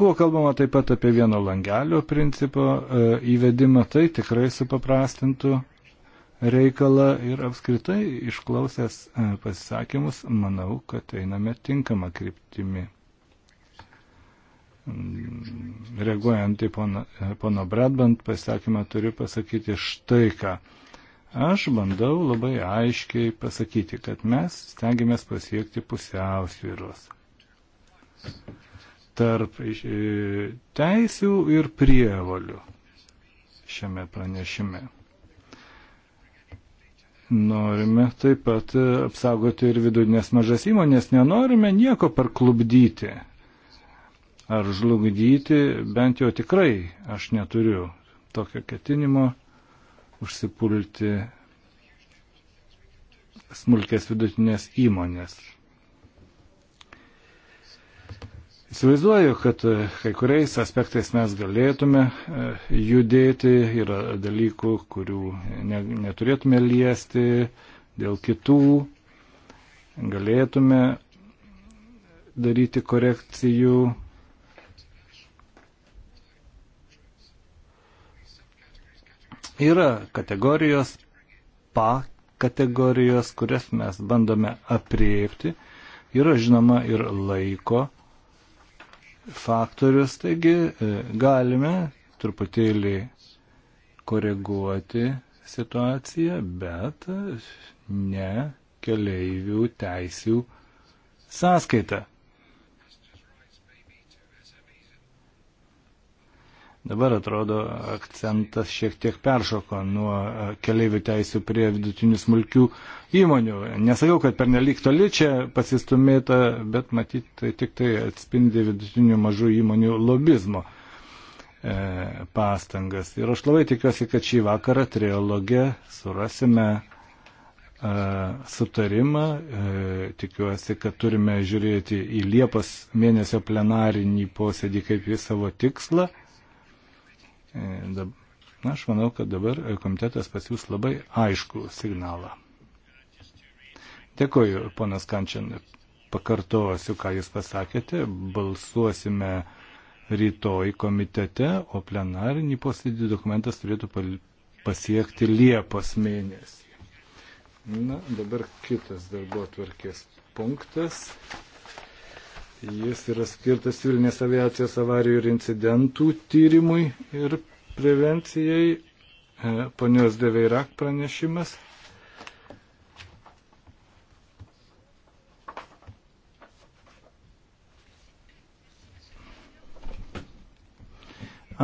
Buvo kalbama taip pat apie vieno langelio principo įvedimą, tai tikrai supaprastintų reikalą ir apskritai išklausęs pasisakymus, manau, kad einame tinkamą kryptimį. Mm, reaguojant į pono, pono Bradband pasakymą, turiu pasakyti štai ką. Aš bandau labai aiškiai pasakyti, kad mes stengiamės pasiekti pusiausvyros tarp e, teisių ir prievolių šiame pranešime. Norime taip pat apsaugoti ir vidutinės mažas įmonės, nenorime nieko parklubdyti ar žlugdyti, bent jau tikrai aš neturiu tokio ketinimo užsipulti smulkės vidutinės įmonės. Įsivaizduoju, kad e, kai kuriais aspektais mes galėtume e, judėti, yra dalykų, kurių ne, neturėtume liesti, dėl kitų galėtume daryti korekcijų Yra kategorijos, pa kategorijos, kurias mes bandome apriepti. Yra žinoma ir laiko faktorius, taigi e, galime truputėlį koreguoti situaciją, bet ne keleivių teisių sąskaita. Dabar atrodo akcentas šiek tiek peršoko nuo e, keliaivių teisų prie vidutinių smulkių įmonių. Nesakau, kad per nelik toli čia pasistumėta, bet matyt, tai tik tai atspindi vidutinių mažų įmonių lobizmo e, pastangas. Ir aš labai tikiuosi, kad šį vakarą triologė surasime e, sutarimą. E, tikiuosi, kad turime žiūrėti į Liepos mėnesio plenarinį posėdį kaip į savo tikslą. E, na, aš manau, kad dabar komitetas pasiūs labai aišku signalą. Dėkoju, ponas Kančian, pakartosiu, ką jūs pasakėte, balsuosime rytoj komitete, o plenarinį posėdį dokumentas turėtų pasiekti Liepos mėnesį. Na, dabar kitas darbo tvarkės punktas. Jis yra skirtas civilinės aviacijos avarijų ir incidentų tyrimui ir prevencijai. E, ponios Deveirak pranešimas.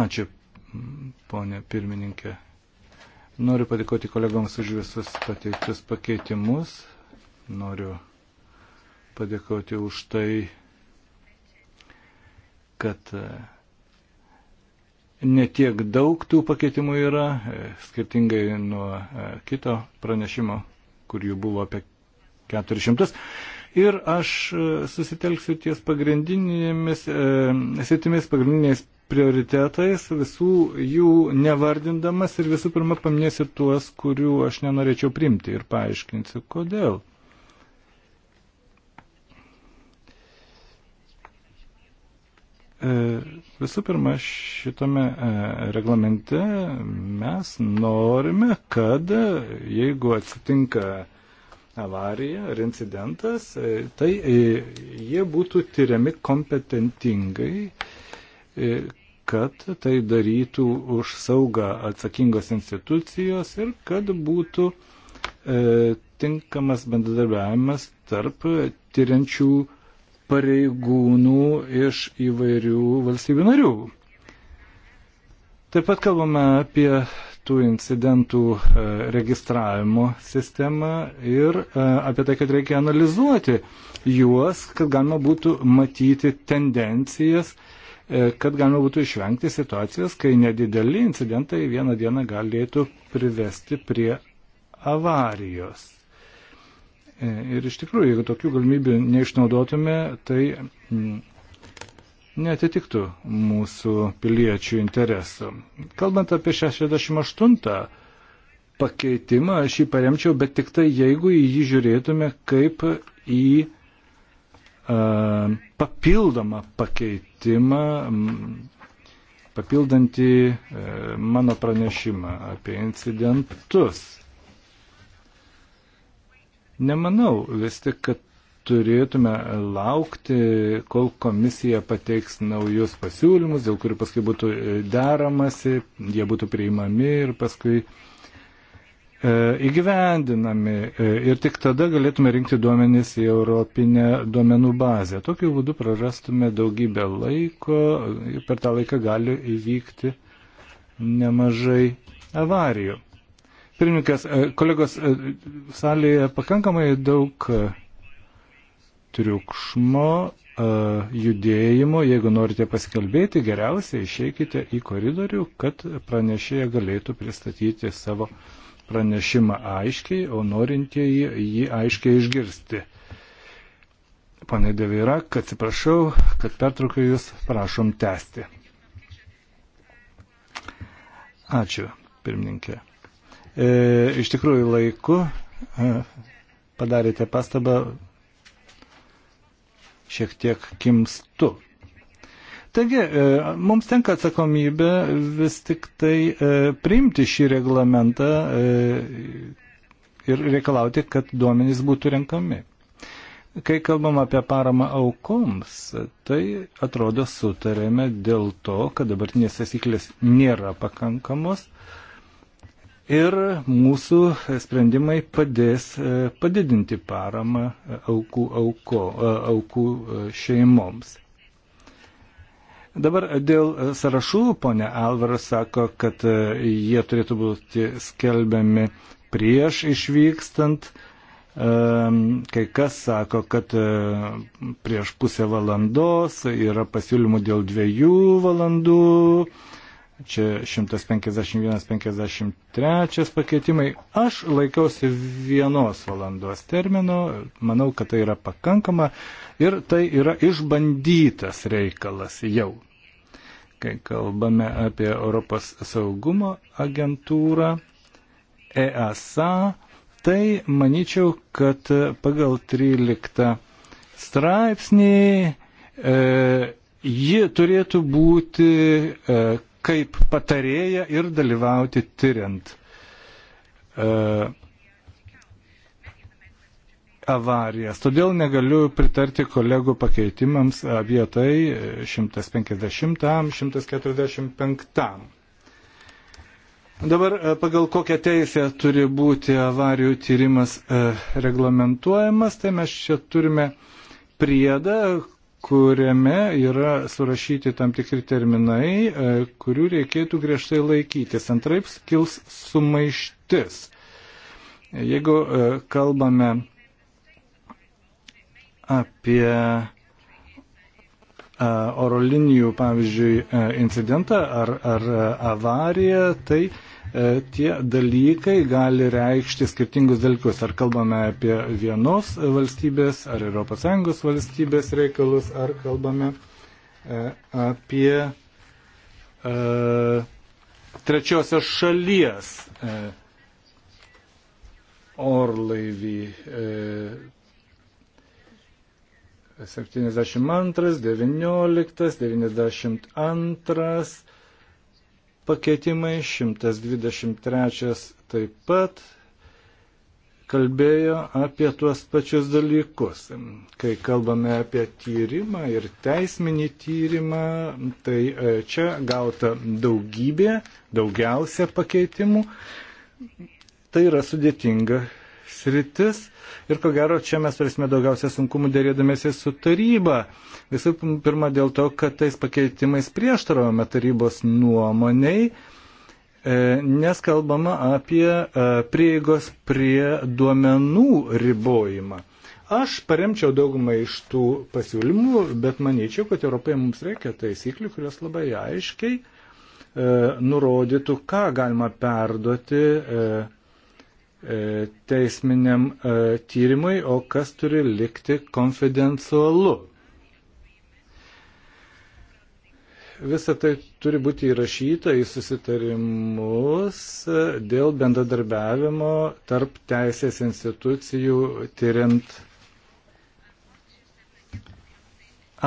Ačiū, ponė pirmininkė. Noriu padėkoti kolegoms už visus pateiktus pakeitimus. Noriu padėkoti už tai, kad e, netiek daug tų pakeitimų yra, e, skirtingai nuo e, kito pranešimo, kur jų buvo apie 400. Ir aš susitelksiu ties pagrindinėmis, sėtimis pagrindiniais prioritetais, visų jų nevardindamas ir visų pirma paminėsiu tuos, kurių aš nenorėčiau primti ir paaiškinsiu, kodėl. E, visų pirma, šitame e, reglamente mes norime, kad jeigu atsitinka avarija ar incidentas, e, tai jie būtų tyriami kompetentingai, kad tai darytų už saugą atsakingos institucijos ir kad būtų tinkamas bendradarbiavimas tarp tyriančių pareigūnų iš įvairių valstybių narių. Taip pat kalbame apie tų incidentų e, registravimo sistemą ir e, apie tai, kad reikia analizuoti juos, kad galima būtų matyti tendencijas, e, kad galima būtų išvengti situacijos, kai nedideli incidentai vieną dieną galėtų privesti prie avarijos. Ir iš tikrųjų, jeigu tokių galimybių neišnaudotume, tai mm, netitiktų mūsų piliečių interesų. Kalbant apie 68 pakeitimą, aš jį paremčiau, bet tik tai jeigu į jį žiūrėtume kaip į a, papildomą pakeitimą, papildantį a, e, mano pranešimą apie incidentus. Nemanau vis tik, kad turėtume laukti, kol komisija pateiks naujus pasiūlymus, dėl kurių paskui būtų e, deramasi, jie būtų priimami ir paskui e, įgyvendinami. E, ir tik tada galėtume rinkti duomenys į Europinę duomenų bazę. Tokiu būdu prarastume daugybę laiko ir per tą laiką gali įvykti nemažai avarijų. Pirmininkas, e, kolegos, e, salėje pakankamai daug e, triukšmo, judėjimo. Jeigu norite pasikalbėti, geriausiai išeikite į koridorių, kad pranešėja galėtų pristatyti savo pranešimą aiškiai, o norintieji jį aiškiai išgirsti. Pane Devira, atsiprašau, kad pertraukiu Jūs, prašom tęsti. Ačiū, pirmininkė. E, iš tikrųjų laiku e, padarėte pastabą šiek tiek kimstu. Taigi, e, mums tenka atsakomybė vis tik tai priimti šį reglamentą ir reikalauti, kad duomenys būtų renkami. Kai kalbam apie paramą aukoms, tai atrodo sutarėme dėl to, kad dabartinės taisyklės nėra pakankamos. Uh, ir mūsų sprendimai padės e, padidinti paramą e, aukų, auko, e, aukų šeimoms. Dabar dėl sąrašų, ponė Alvaras sako, kad jie turėtų būti skelbiami prieš išvykstant. Kai kas sako, kad prieš pusę valandos yra pasiūlymų dėl dviejų valandų čia 151-53 pakeitimai. Aš laikiausi vienos valandos termino, manau, kad tai yra pakankama ir tai yra išbandytas reikalas jau. Kai kalbame apie Europos saugumo agentūrą, EASA, tai manyčiau, kad pagal 13 straipsnį e, ji turėtų būti e, kaip patarėja ir dalyvauti tyriant uh, avarijas. Todėl negaliu pritarti kolegų pakeitimams apie tai 150-145. Dabar e, pagal kokią teisę turi būti avarijų tyrimas e, reglamentuojamas, tai mes čia turime priedą, kuriame yra surašyti tam tikri terminai, e, kurių reikėtų griežtai laikytis. Antraip kils sumaištis. Jeigu e, kalbame apie e, oro linijų, pavyzdžiui, incidentą ar, ar avariją, tai E, tie dalykai gali reikšti skirtingus dalykus. Ar kalbame apie vienos valstybės, ar ES valstybės reikalus, ar kalbame e, apie e, trečiosios šalies orlaivį. 72, 19, 92, pakeitimai, 123 taip pat kalbėjo apie tuos pačius dalykus. Kai kalbame apie tyrimą ir teisminį tyrimą, tai e, čia gauta daugybė, daugiausia pakeitimų. Tai yra sudėtinga sritis ir ko gero čia mes turėsime daugiausia sunkumų dėrėdamėsi su taryba. Visų pirma dėl to, kad tais pakeitimais prieštaravome tarybos nuomoniai, e, nes kalbama apie e, prieigos prie duomenų ribojimą. Aš paremčiau daugumą iš tų pasiūlymų, bet manyčiau, kad Europoje mums reikia taisyklių, kurios labai aiškiai e, nurodytų, ką galima perduoti e, E, teisminiam e, tyrimui, o kas turi likti konfidencialu. Visą tai turi būti įrašyta į susitarimus e, dėl bendradarbiavimo tarp teisės institucijų tyriant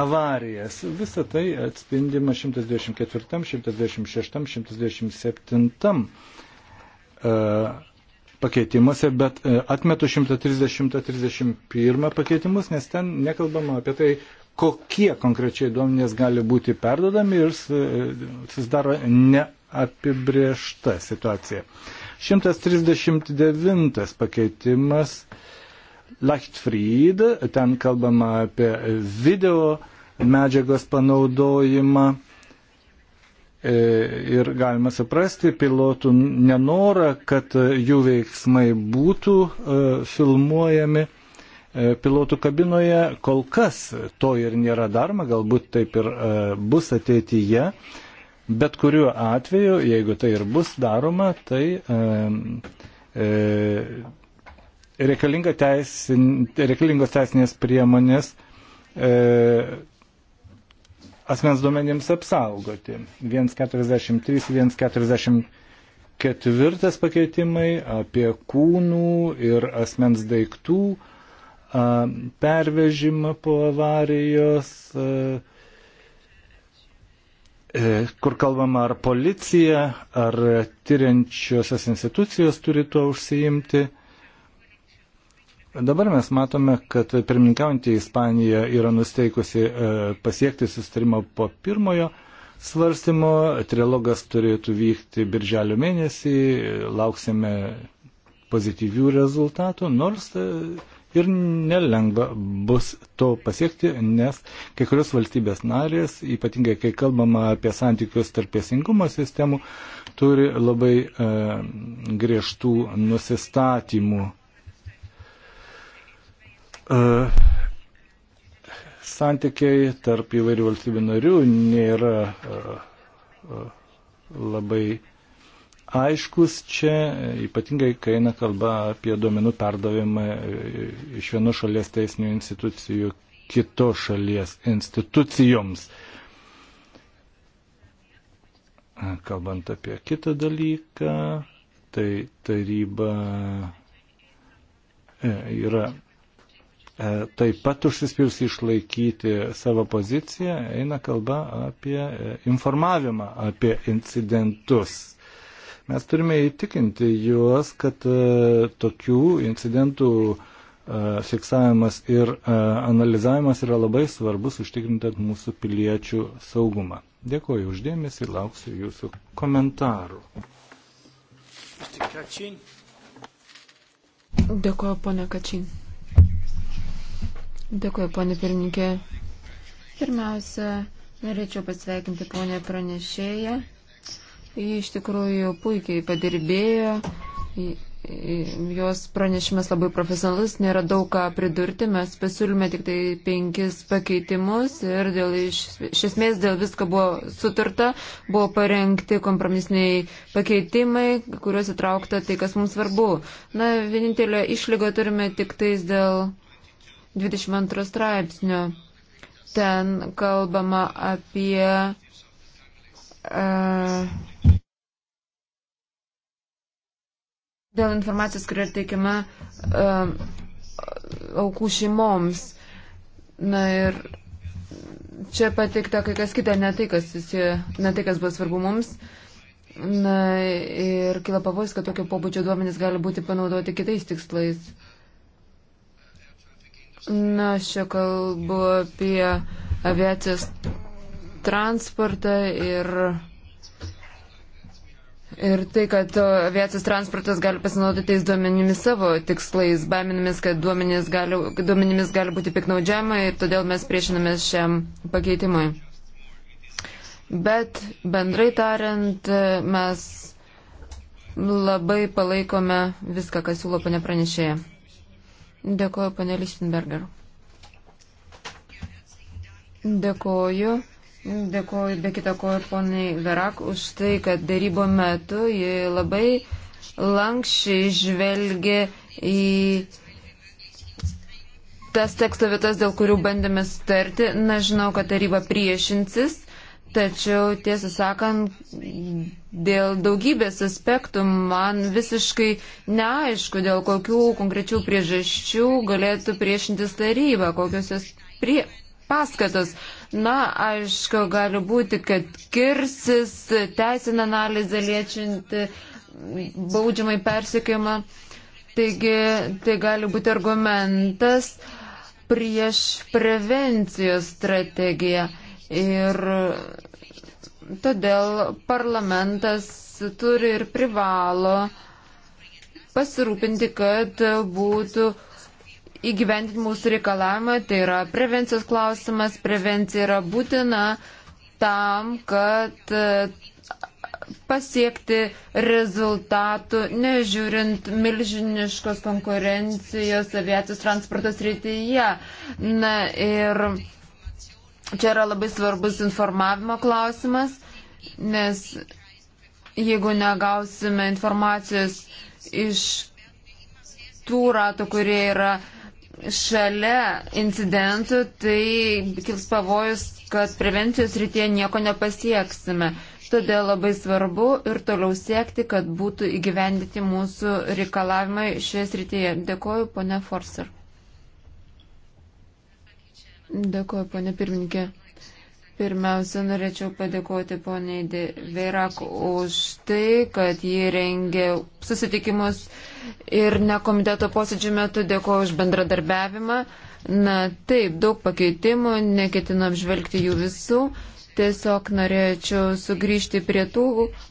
avarijas. Visą tai atspindima 124, 126, 127 pakeitimuose, bet e, atmetu 130-31 pakeitimus, nes ten nekalbama apie tai, kokie konkrečiai duomenys gali būti perdodami ir e, susidaro neapibriešta situacija. 139 pakeitimas Lachtfried, ten kalbama apie video medžiagos panaudojimą E, ir galima suprasti pilotų nenorą, kad jų veiksmai būtų e, filmuojami e, pilotų kabinoje. Kol kas to ir nėra daroma, galbūt taip ir bus ateityje. Bet kuriuo atveju, jeigu tai ir bus daroma, tai e, e, reikalinga teisin, reikalingos teisinės priemonės e, asmens duomenims apsaugoti. 143, 144 pakeitimai apie kūnų ir asmens daiktų pervežimą po avarijos, e, kur kalbama ar policija, ar tyriančiosios institucijos turi tuo užsiimti. Dabar mes matome, kad pirmininkaujantį Ispaniją yra nusteikusi e, pasiekti sustarimą po pirmojo svarstymo. Trilogas turėtų vykti birželio mėnesį, lauksime pozityvių rezultatų, nors e, ir nelengva bus to pasiekti, nes kai kurios valstybės narės, ypatingai kai kalbama apie santykius tarp teisingumo sistemų, turi labai e, griežtų nusistatymų santykiai tarp įvairių valstybių narių nėra labai aiškus čia, ypatingai kai eina kalba apie duomenų perdavimą e, iš vienos šalies teisinių institucijų kitos šalies institucijoms. Kalbant apie kitą dalyką, tai taryba e, yra E, taip pat užsispyrusi išlaikyti savo poziciją, eina kalba apie e, informavimą apie incidentus. Mes turime įtikinti juos, kad e, tokių incidentų fiksavimas ir analizavimas yra labai svarbus užtikrintant mūsų piliečių saugumą. Dėkuoju uždėmesį ir lauksiu jūsų komentarų. Dėkuoju, ponia Kačin. Dėkuoju, ponė pirmininkė. Pirmiausia, norėčiau pasveikinti ponę pranešėją. Ji iš tikrųjų puikiai padirbėjo. Jos pranešimas labai profesionalus, nėra daug ką pridurti, mes pasiūlėme tik tai penkis pakeitimus ir dėl, iš, iš esmės dėl visko buvo sutarta, buvo parengti kompromisiniai pakeitimai, kuriuos įtraukta tai, kas mums svarbu. Na, vienintelė išlyga turime tik tais dėl 22 straipsnio. Ten kalbama apie. Uh, dėl informacijos, kuri yra teikiama uh, aukų šeimoms. Na ir čia pateikta kai kas kita, ne tai, kas, susiję, ne tai, kas buvo svarbu mums. Na ir kila pavojus, kad tokio pobūdžio duomenys gali būti panaudoti kitais tikslais. Uh, Na, aš čia kalbu apie aviacijos transportą ir, ir tai, kad aviacijos transportas gali pasinaudoti tais duomenimis savo tikslais, baiminimis, kad duomenimis gali, duomenimis gali būti piknaudžiama ir todėl mes priešinamės šiam pakeitimui. Bet bendrai tariant, mes labai palaikome viską, ką siūlo pane pranešėja. Dėkuoju, panė Lichtenberger. Dėkuoju. Dėkuoju be kita ko ir poniai Verak už tai, kad darybo metu ji labai lankščiai žvelgia į tas teksto vietas, dėl kurių bandėme starti. Na, žinau, kad taryba priešinsis Tačiau, tiesą sakant, dėl daugybės aspektų man visiškai neaišku, dėl kokių konkrečių priežasčių galėtų priešintis taryba, kokios jos prie... paskatos. Na, aišku, gali būti, kad kirsis teisinę analizę liečianti baudžiamai persikėjimą. Taigi, tai gali būti argumentas prieš prevencijos strategiją. Ir todėl parlamentas turi ir privalo pasirūpinti, kad būtų įgyvendinti mūsų reikalavimą, tai yra prevencijos klausimas, prevencija yra būtina tam, kad pasiekti rezultatų, nežiūrint milžiniškos konkurencijos aviacijos transportos rytyje. Na ir Čia yra labai svarbus informavimo klausimas, nes jeigu negausime informacijos iš tų ratų, kurie yra šalia incidentų, tai kils pavojus, kad prevencijos rytie nieko nepasieksime. Todėl labai svarbu ir toliau siekti, kad būtų įgyvendyti mūsų reikalavimai šioje srityje. Dėkoju, ponė Forser. Dėkuoju, ponė pirmininkė. Pirmiausia, norėčiau padėkoti poniai Veirak už tai, kad jį rengė susitikimus ir ne komiteto posėdžių metu. Dėkuoju už bendradarbiavimą. Na taip, daug pakeitimų, neketinam žvelgti jų visų. Tiesiog norėčiau sugrįžti prie tų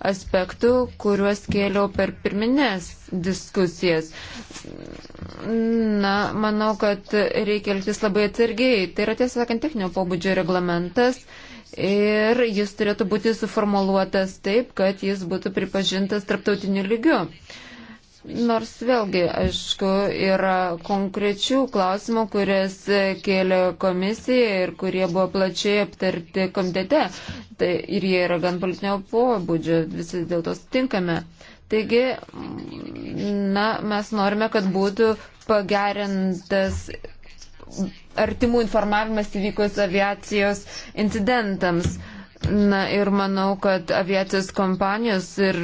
aspektų, kuriuos kėliau per pirminės diskusijas. Na, manau, kad reikia elgtis labai atsargiai. Tai yra tiesą sakant techninio pobūdžio reglamentas ir jis turėtų būti suformuoluotas taip, kad jis būtų pripažintas tarptautiniu lygiu. Uh, Nors vėlgi, aišku, yra konkrečių klausimų, kurias kėlė komisija ir kurie buvo plačiai aptarti komitete. Tai ir jie yra gan politinio pobūdžio, visi dėl to sutinkame. Taigi, na, mes norime, kad būtų pagerintas artimų informavimas įvykus aviacijos incidentams. Uh, Na ir manau, kad aviacijos kompanijos ir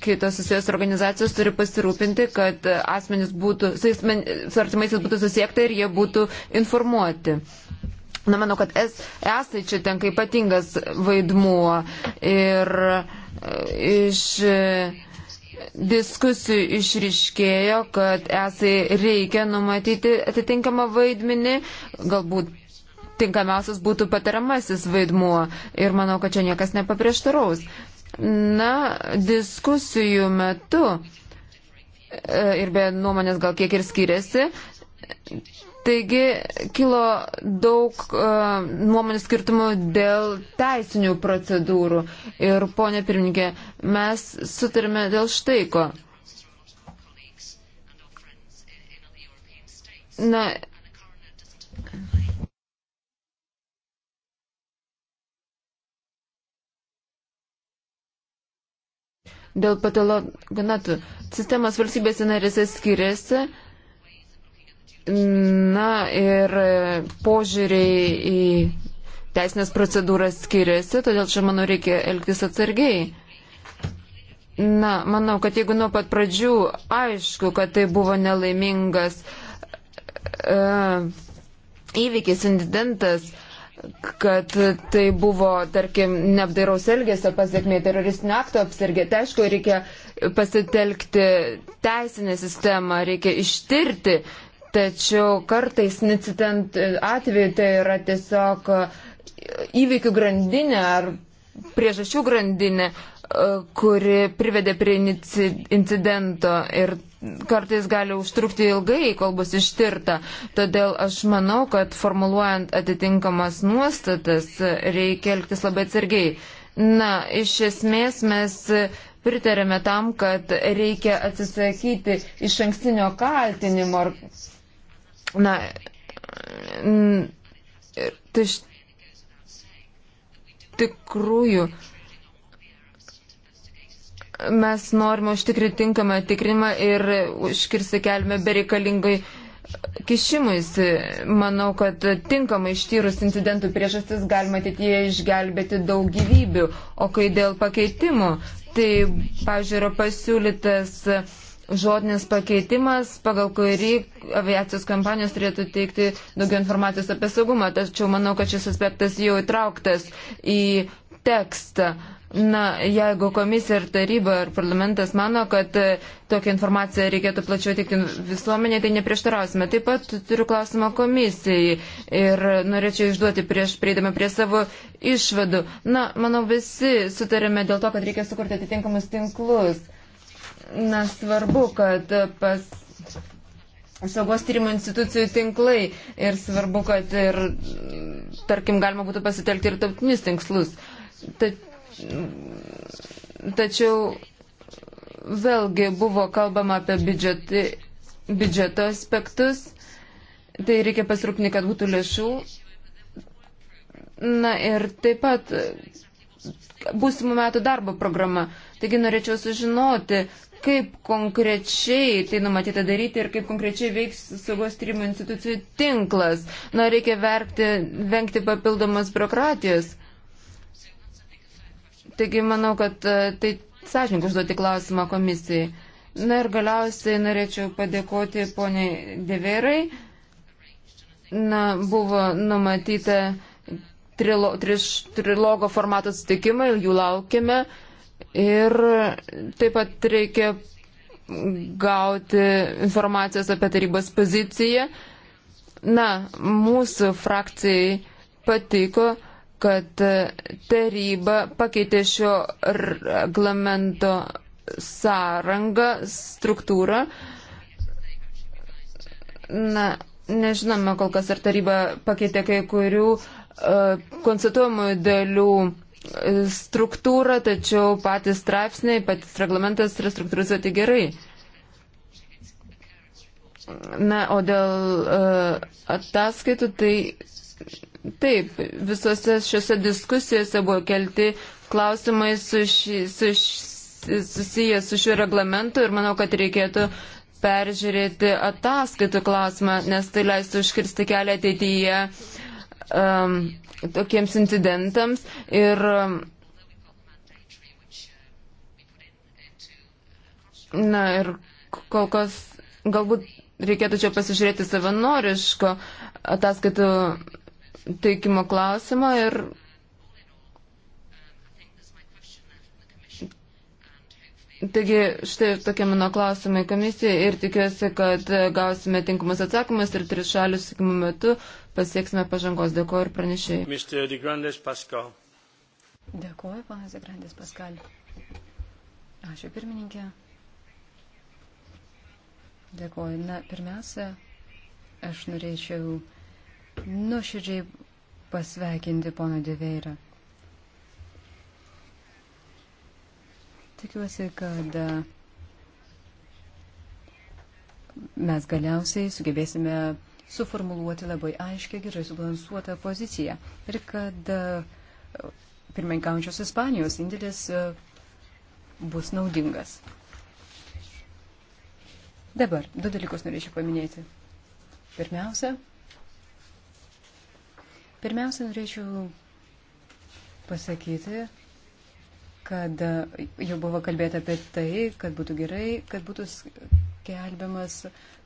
kitos susijęs organizacijos turi pasirūpinti, kad asmenys būtų, su, asmen, su artimaisiais būtų susiekta ir jie būtų informuoti. Na, manau, kad es, esai čia tenka ypatingas vaidmuo ir e, iš e, diskusijų išriškėjo, kad esai reikia numatyti atitinkamą vaidmenį, galbūt tinkamiausias būtų patariamasis vaidmuo ir manau, kad čia niekas nepaprieštaraus. Na, diskusijų metu e, ir be nuomonės gal kiek ir skiriasi, Taigi kilo daug uh, e, nuomonės skirtumų dėl teisinių procedūrų. Ir, ponė pirmininkė, mes sutarime dėl štai ko. Na, dėl patologanatų. Sistemas valstybėse narėse skiriasi. Na ir požiūriai į teisinės procedūras skiriasi, todėl čia, manau, reikia elgtis atsargiai. Na, manau, kad jeigu nuo pat pradžių aišku, kad tai buvo nelaimingas uh, įvykis, incidentas, uh, kad tai buvo, tarkim, neapdairaus elgesio pasiekmė teroristinio akto apsirgė. Tai aišku, reikia pasitelkti teisinę sistemą, reikia ištirti, tačiau kartais incident atveju tai yra tiesiog įvykių grandinė ar priežasčių grandinė, E, kuri privedė prie incidento ir kartais gali užtrukti ilgai, kol bus ištirta. Todėl aš manau, kad formuluojant atitinkamas nuostatas reikia elgtis labai atsargiai. Na, iš esmės mes pritarėme tam, kad reikia atsisakyti iš ankstinio kaltinimo. Na, tai iš tikrųjų mes norime užtikrinti tinkamą tikrinimą ir užkirsti kelmę bereikalingai kišimuisi. Manau, kad tinkamai ištyrus incidentų priežastis galima ateityje išgelbėti daug gyvybių. O kai dėl pakeitimų, tai, pažiūrėjau, yra pasiūlytas žodinis pakeitimas, pagal kurį aviacijos kompanijos turėtų teikti daugiau informacijos apie saugumą. Tačiau manau, kad šis aspektas jau įtrauktas į tekstą. Uh, Na, jeigu komisija ir taryba ir parlamentas mano, kad e, tokią informaciją reikėtų plačiau teikti visuomenė, tai neprieštarausime. Taip pat turiu klausimą komisijai ir norėčiau išduoti prieš prieidama prie savo išvadų. Na, manau, visi sutarėme dėl to, kad reikia sukurti atitinkamus tinklus. Na, svarbu, kad pas. Saugos tyrimo institucijų tinklai ir svarbu, kad ir, tarkim, galima būtų pasitelkti ir tautinius tinklus. Tad Tačiau vėlgi buvo kalbama apie biudžetį, biudžeto aspektus, tai reikia pasirūpinti, kad būtų lėšų. Na ir taip pat būsimų metų darbo programa. Taigi norėčiau sužinoti, kaip konkrečiai tai numatyta daryti ir kaip konkrečiai veiks saugos tyrimų institucijų tinklas. Na, reikia verkti, vengti papildomas biurokratijos. Taigi manau, kad e, tai sąžininkai užduoti klausimą komisijai. Na ir galiausiai norėčiau padėkoti poniai Deverai. Na, buvo numatyta trilo, triš, trilogo formato sutikimai, jų laukiame. Ir taip pat reikia gauti informacijos apie tarybos poziciją. Na, mūsų frakcijai patiko kad taryba pakeitė šio reglamento sąrangą, struktūrą. Na, nežinome kol kas, ar taryba pakeitė kai kurių uh, konstatuojamųjų dalių e, struktūrą, tačiau patys straipsniai, patys reglamentas yra struktūrizuoti gerai. Na, o dėl uh, ataskaitų, tai Taip, visose šiose diskusijose buvo kelti klausimai su ši, su ši, susiję su šiuo reglamentu ir manau, kad reikėtų peržiūrėti ataskaitų klausimą, nes tai leistų užkirsti kelią ateityje um, tokiems incidentams. Ir, um, na ir kol kas galbūt reikėtų čia pasižiūrėti savanoriško ataskaitų teikimo klausimą ir Taigi štai tokie mano klausimai komisijai ir tikiuosi, kad gausime tinkamus atsakymus ir trišalių susikimų metu pasieksime pažangos. Dėkuoju ir pranešėjai. Dėkuoju, panas Degrandis Paskal. Ačiū pirmininkė. Dėkuoju. Na, pirmiausia, aš norėčiau nuoširdžiai pasveikinti pono Diveirą. Tikiuosi, kad e, mes galiausiai sugebėsime suformuluoti labai aiškę, gerai subalansuotą poziciją ir kad e, pirmininkaujančios Ispanijos indėlis e, bus naudingas. Dabar du dalykus norėčiau paminėti. Pirmiausia, Pirmiausia, norėčiau pasakyti, kad jau buvo kalbėta apie tai, kad būtų gerai, kad būtų skelbiamas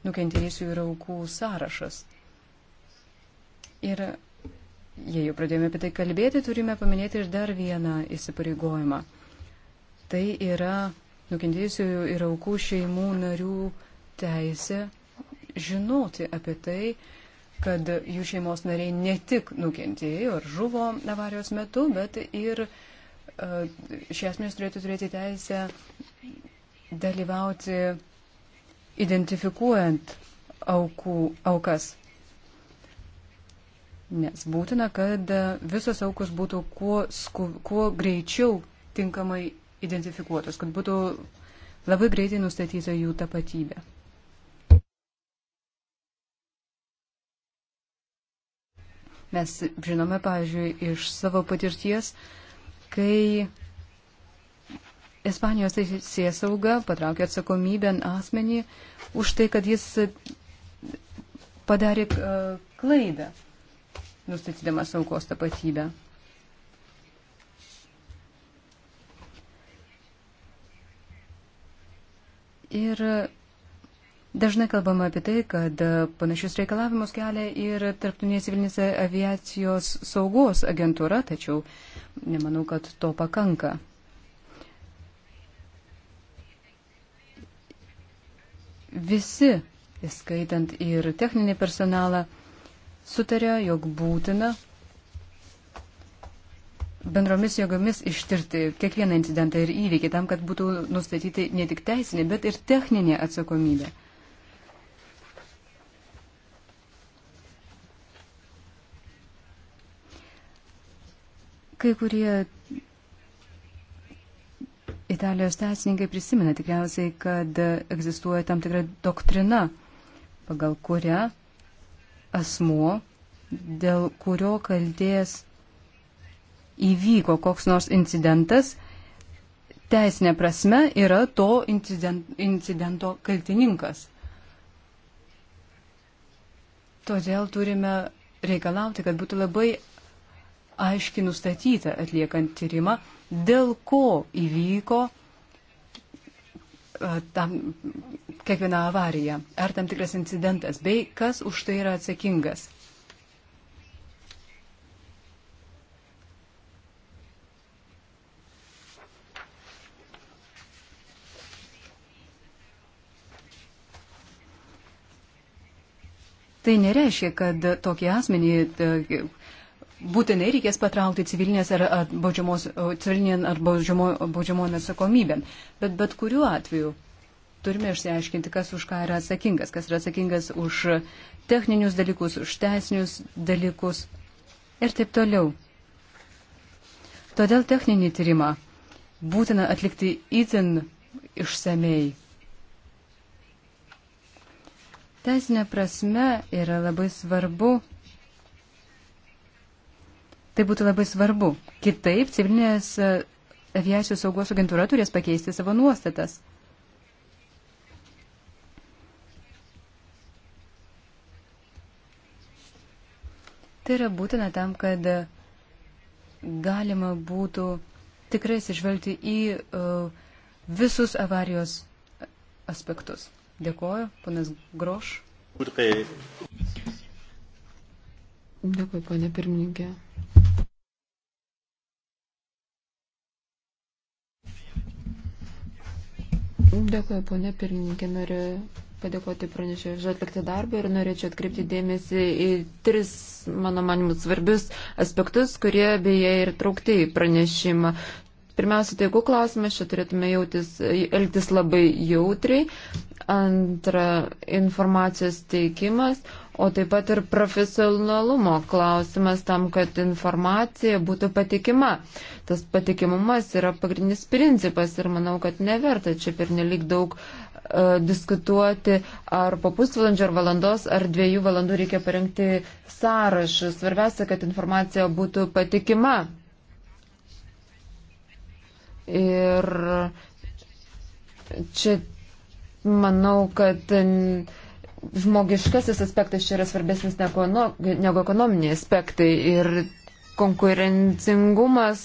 nukentėjusių ir aukų sąrašas. Ir jei jau pradėjome apie tai kalbėti, turime paminėti ir dar vieną įsipareigojimą. Tai yra nukentėjusių ir aukų šeimų narių teisė žinoti apie tai, kad jų šeimos nariai ne tik nukentėjo ir žuvo avarijos metu, bet ir e, šie asmenys turėtų turėti teisę dalyvauti identifikuojant aukų, aukas. Nes būtina, kad visos aukos būtų kuo, sku, kuo greičiau tinkamai identifikuotos, kad būtų labai greitai nustatyta jų tapatybė. Mes žinome, pavyzdžiui, iš savo patirties, kai Ispanijos teisės sauga patraukė atsakomybę asmenį už tai, kad jis padarė e, klaidą, nustatydamas aukos tapatybę. Ir Dažnai kalbama apie tai, kad e, panašius reikalavimus kelia ir Tarptautinė civilinės aviacijos saugos agentūra, tačiau nemanau, kad to pakanka. Visi, įskaitant ir techninį personalą, sutarė, jog būtina bendromis jėgomis ištirti kiekvieną incidentą ir įvykį tam, kad būtų nustatyti ne tik teisinė, bet ir techninė atsakomybė. Kai kurie Italijos teisininkai prisimena tikriausiai, kad egzistuoja tam tikra doktrina, pagal kurią asmuo, dėl kurio kalties įvyko koks nors incidentas, teisinė prasme yra to incidento kaltininkas. Todėl turime reikalauti, kad būtų labai aiškiai nustatyta atliekant tyrimą, dėl ko įvyko e, tam, kiekviena avarija ar tam tikras incidentas, bei kas už tai yra atsakingas. Tai nereiškia, kad tokie asmenį e, būtinai reikės patraukti civilinės ar, ar baudžiamos, civilinien ar baudžiamo, baudžiamon atsakomybėm. Bet bet kuriuo atveju turime išsiaiškinti, kas už ką yra atsakingas, kas yra atsakingas už techninius dalykus, už teisinius dalykus ir taip toliau. Todėl techninį tyrimą būtina atlikti itin išsamei. Teisinė prasme yra labai svarbu Tai būtų labai svarbu. Kitaip civilinės e, aviacijos saugos agentūra turės pakeisti savo nuostatas. Tai yra būtina tam, kad galima būtų tikrai sižvelgti į uh, visus avarijos aspektus. Dėkoju, ponas Groš. Tai- Dėkui, ponė pirmininkė. Dėkuoju, ponė pirmininkė, noriu padėkoti pranešėjui už atliktą darbą ir norėčiau atkreipti dėmesį į tris, mano manimus, svarbius aspektus, kurie beje ir traukti į pranešimą. Pirmiausia, taigų klausimas, čia turėtume jautis, elgtis labai jautriai Antra, informacijos teikimas, o taip pat ir profesionalumo klausimas tam, kad informacija būtų patikima. Tas patikimumas yra pagrindinis principas ir manau, kad neverta čia per nelik daug uh, diskutuoti, ar po pusvalandžio, ar valandos, ar dviejų valandų reikia parengti sąrašus. Svarbiausia, kad informacija būtų patikima. Ir čia manau, kad žmogiškasis aspektas čia yra svarbesnis negu, negu ekonominiai aspektai. Ir konkurencingumas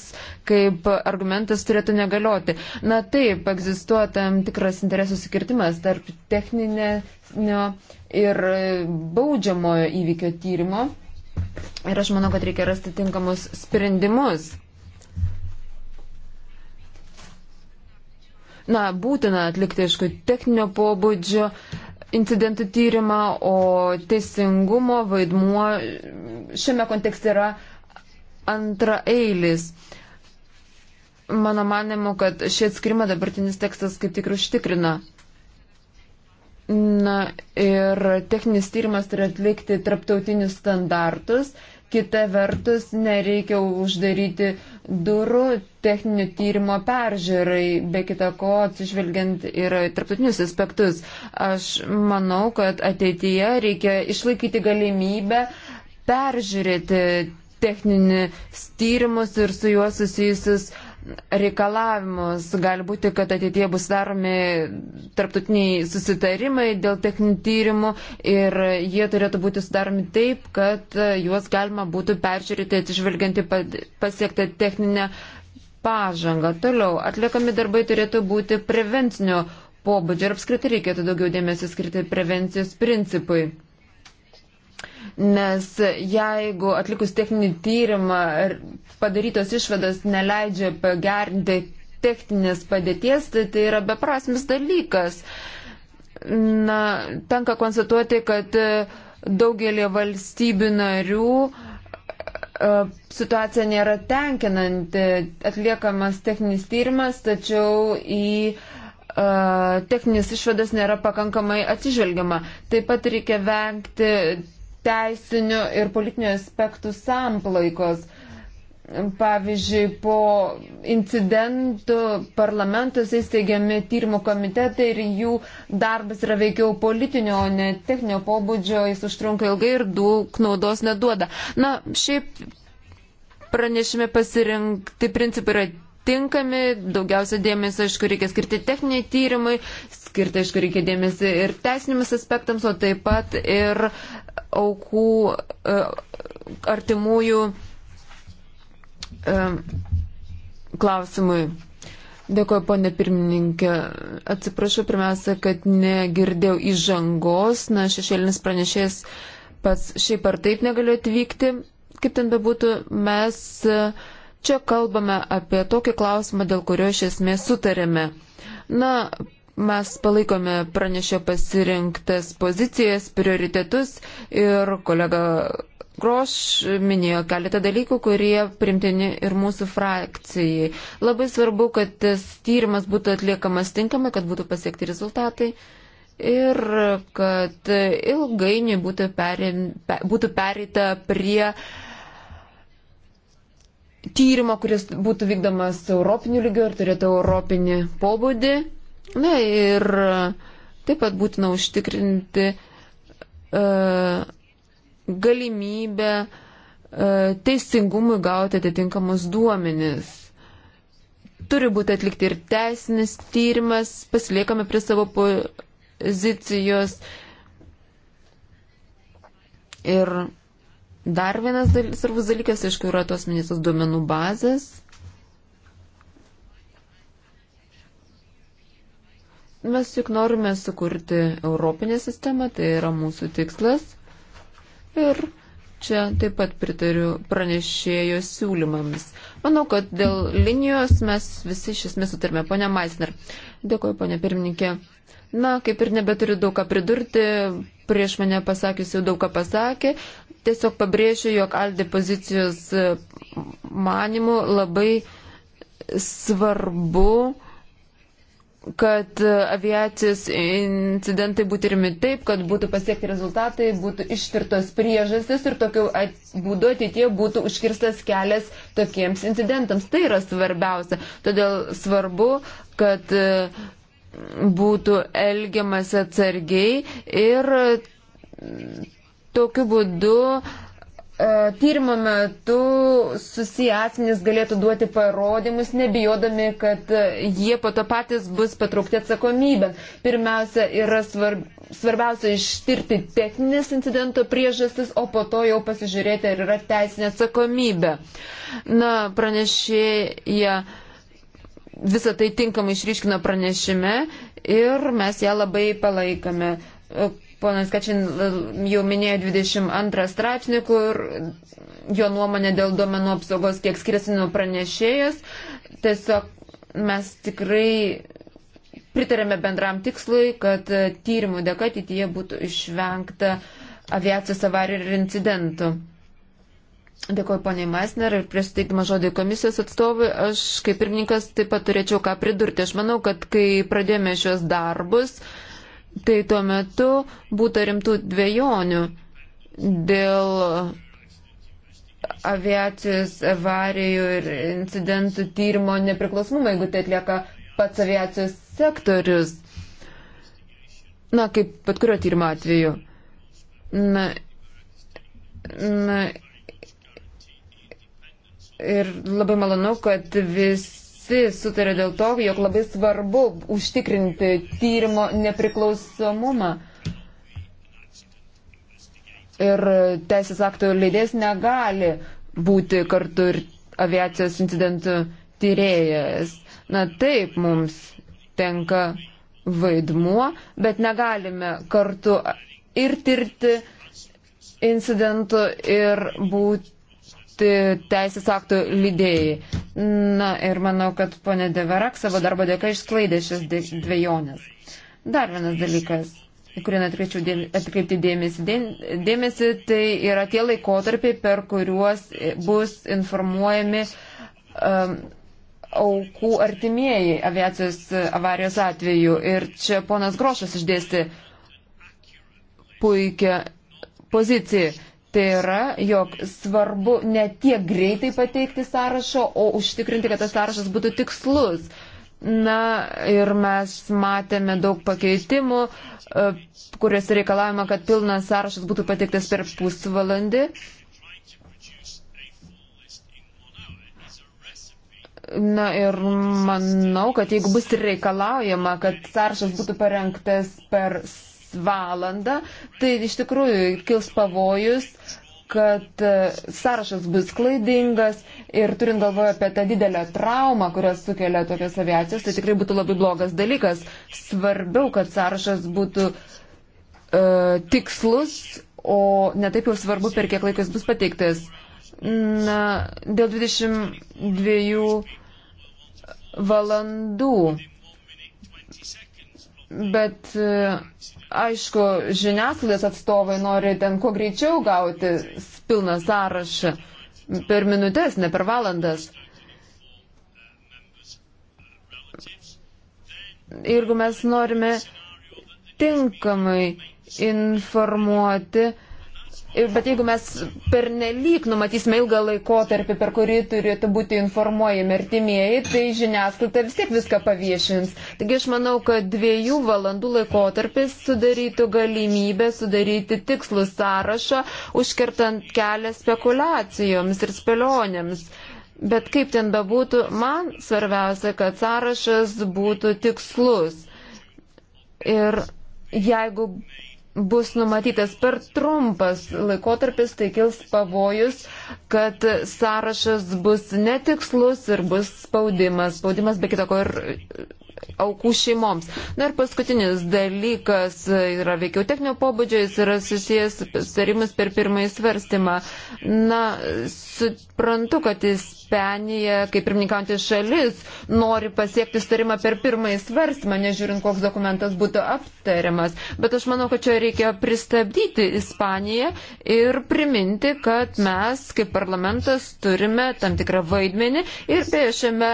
kaip argumentas turėtų negalioti. Na taip, egzistuoja tam tikras interesų sikirtimas tarp techninio ir baudžiamojo įvykio tyrimo. Ir aš manau, kad reikia rasti tinkamus sprendimus. Na, būtina atlikti, aišku, techninio pobūdžio incidentų tyrimą, o teisingumo vaidmuo šiame kontekste yra antraeilis. Mano manimu, kad šį atskirimą dabartinis tekstas kaip tik ir užtikrina. Na ir techninis tyrimas turi atlikti tarptautinius standartus, kita vertus nereikia uždaryti durų techninio tyrimo peržiūrai, be kita ko atsižvelgiant ir tarptautinius aspektus. Aš manau, kad ateityje reikia išlaikyti galimybę peržiūrėti techninis tyrimus ir su juos susijusius uh, reikalavimus. Gali būti, kad ateitie bus daromi tarptautiniai susitarimai dėl techninių tyrimų ir jie turėtų būti sudaromi taip, kad juos galima būtų peržiūrėti atsižvelgianti pasiektą techninę pažangą. Toliau atliekami darbai turėtų būti prevencinio pobūdžio ir apskritai reikėtų daugiau dėmesio skirti prevencijos principui nes jeigu atlikus techninį tyrimą padarytos išvados neleidžia pagerinti techninės padėties, tai tai yra beprasmis dalykas. Na, tenka konstatuoti, kad e, daugelį valstybių narių e, situacija nėra tenkinanti. Atliekamas techninis tyrimas, tačiau į e, techninės išvadas nėra pakankamai atsižvelgiama. Taip pat reikia vengti teisinių ir politinių aspektų samplaikos. Pavyzdžiui, po incidentų parlamentus įsteigiami tyrimų komitetai ir jų darbas yra veikiau politinio, o ne techninio pobūdžio, jis užtrunka ilgai ir daug naudos neduoda. Na, šiaip pranešime pasirinkti principai yra tinkami, daugiausia dėmesio, aišku, reikia skirti techniniai tyrimai, skirti, aišku, reikia dėmesį ir teisinėmis aspektams, o taip pat ir aukų e, artimųjų e, klausimui. Dėkuoju, ponė pirmininkė. Atsiprašau pirmiausia, kad negirdėjau įžangos. Na, šešėlinis pranešės pats šiaip ar taip negaliu atvykti. Kaip ten bebūtų, mes e, čia kalbame apie tokį klausimą, dėl kurio iš esmės sutarėme. Na, Mes palaikome pranešio pasirinktas pozicijas, prioritetus ir kolega Groš minėjo keletą dalykų, kurie primtini ir mūsų frakcijai. Labai svarbu, kad tas tyrimas būtų atliekamas tinkamai, kad būtų pasiekti rezultatai ir kad ilgainiui būtų, perin, pe, būtų pereita prie tyrimo, kuris būtų vykdomas europiniu lygiu ir turėtų europinį pobūdį. Na ir e, taip pat būtina užtikrinti e, galimybę e, teisingumui gauti atitinkamus duomenis. Turi būti atlikti ir teisinis tyrimas, pasiliekame prie savo pozicijos. Ir dar vienas svarbus dalykas, aišku, yra tos minėtos duomenų bazės. Mes juk norime sukurti Europinę sistemą, tai yra mūsų tikslas. Ir čia taip pat pritariu pranešėjo siūlymams. Manau, kad dėl linijos mes visi iš esmės sutarime. Pone Maisner, dėkoju, pone pirmininkė. Na, kaip ir nebeturiu daug ką pridurti, prieš mane pasakius jau daug ką pasakė. Tiesiog pabrėžiu, jog Aldė pozicijos manimų labai svarbu kad e, aviacijos incidentai būtų rimi taip, kad būtų pasiekti rezultatai, būtų ištirtos priežastis ir tokiu at, būdu ateitie būtų užkirstas kelias tokiems incidentams. Tai yra svarbiausia. Todėl svarbu, kad e, būtų elgiamas atsargiai ir tokiu būdu E, tyrimo metu susiję asmenys galėtų duoti parodymus, nebijodami, kad jie po to patys bus patraukti atsakomybę. Pirmiausia, yra svarb, svarbiausia ištirti techninės incidento priežastis, o po to jau pasižiūrėti, ar yra teisinė atsakomybė. Na, pranešėja visą tai tinkamai išryškino pranešime ir mes ją labai palaikame e, Ponas Kačin e, jau minėjo 22 straipsnį, kur jo nuomonė dėl duomenų apsaugos kiek skiriasi nuo pranešėjas. Tiesiog mes tikrai pritarėme bendram tikslui, kad e, tyrimų dėka ateityje būtų išvengta aviacijos avarijų ir incidentų. Dėkuoju poniai Masner ir prieš teikimą žodį komisijos atstovui. Aš kaip pirmininkas taip pat turėčiau ką pridurti. Aš manau, kad kai pradėjome šios darbus, uh, tai tuo metu būtų rimtų dviejonių dėl aviacijos avarijų ir incidentų tyrimo nepriklausomumą, jeigu tai atlieka pats aviacijos sektorius. Na, kaip pat kurio tyrimo atveju. Na, na, ir labai malonu, kad vis visi sutarė dėl to, jog labai svarbu užtikrinti tyrimo nepriklausomumą. Ir teisės aktų leidės negali būti kartu ir aviacijos incidentų tyrėjas. Na taip, mums tenka vaidmuo, bet negalime kartu ir tirti incidentų ir būti teisės aktų lydėjai. Na ir manau, kad ponė Deverak savo darbo dėka išsklaidė šias dviejonės. Dar vienas dalykas, į kurį atkreipčiau atkreipti dėmesį, dėmesį, tai yra tie laikotarpiai, per kuriuos bus informuojami um, aukų artimieji aviacijos e, avarijos atveju. Ir čia ponas Grošas išdėsti puikią poziciją. Tai yra, jog svarbu ne tiek greitai pateikti sąrašo, o užtikrinti, kad tas sąrašas būtų tikslus. Na ir mes matėme daug pakeitimų, e, kuriuose reikalavimo, kad pilnas sąrašas būtų pateiktas per pusvalandį. Na ir manau, kad jeigu bus reikalaujama, kad sąrašas būtų parengtas per valandą, tai iš tikrųjų kils pavojus kad e, sąrašas bus klaidingas ir turint galvoje apie tą didelę traumą, kurią sukelia tokios aviacijos, tai tikrai būtų labai blogas dalykas. Svarbiau, kad sąrašas būtų e, tikslus, o netaip jau svarbu, per kiek laikas bus pateiktas. Na, dėl 22 valandų. Bet e, aišku, žiniasklaidos atstovai nori ten kuo greičiau gauti pilną sąrašą per minutės, ne per valandas. Jeigu mes norime tinkamai informuoti, Bet jeigu mes pernelyg numatysime ilgą laikotarpį, per kurį turėtų būti informuojami artimieji, tai žiniasklaida vis tiek viską paviešins. Taigi aš manau, kad dviejų valandų laikotarpis sudarytų galimybę sudaryti tikslų sąrašą, užkertant kelią spekulacijoms ir spėlionėms. Bet kaip ten bebūtų, man svarbiausia, kad sąrašas būtų tikslus. Ir jeigu bus numatytas per trumpas laikotarpis, tai kils pavojus, kad sąrašas bus netikslus ir bus spaudimas. Spaudimas be kitako ir aukų šeimoms. Na ir paskutinis dalykas yra veikiau techninio pobūdžio, jis yra susijęs sarimis per pirmąjį svarstymą. Na, suprantu, kad Ispanija, kaip pirmininkantis šalis, nori pasiekti starimą per pirmąjį svarstymą, nežiūrint, koks dokumentas būtų aptariamas. Bet aš manau, kad čia reikia pristabdyti Ispaniją ir priminti, kad mes kaip parlamentas turime tam tikrą vaidmenį ir beje šiame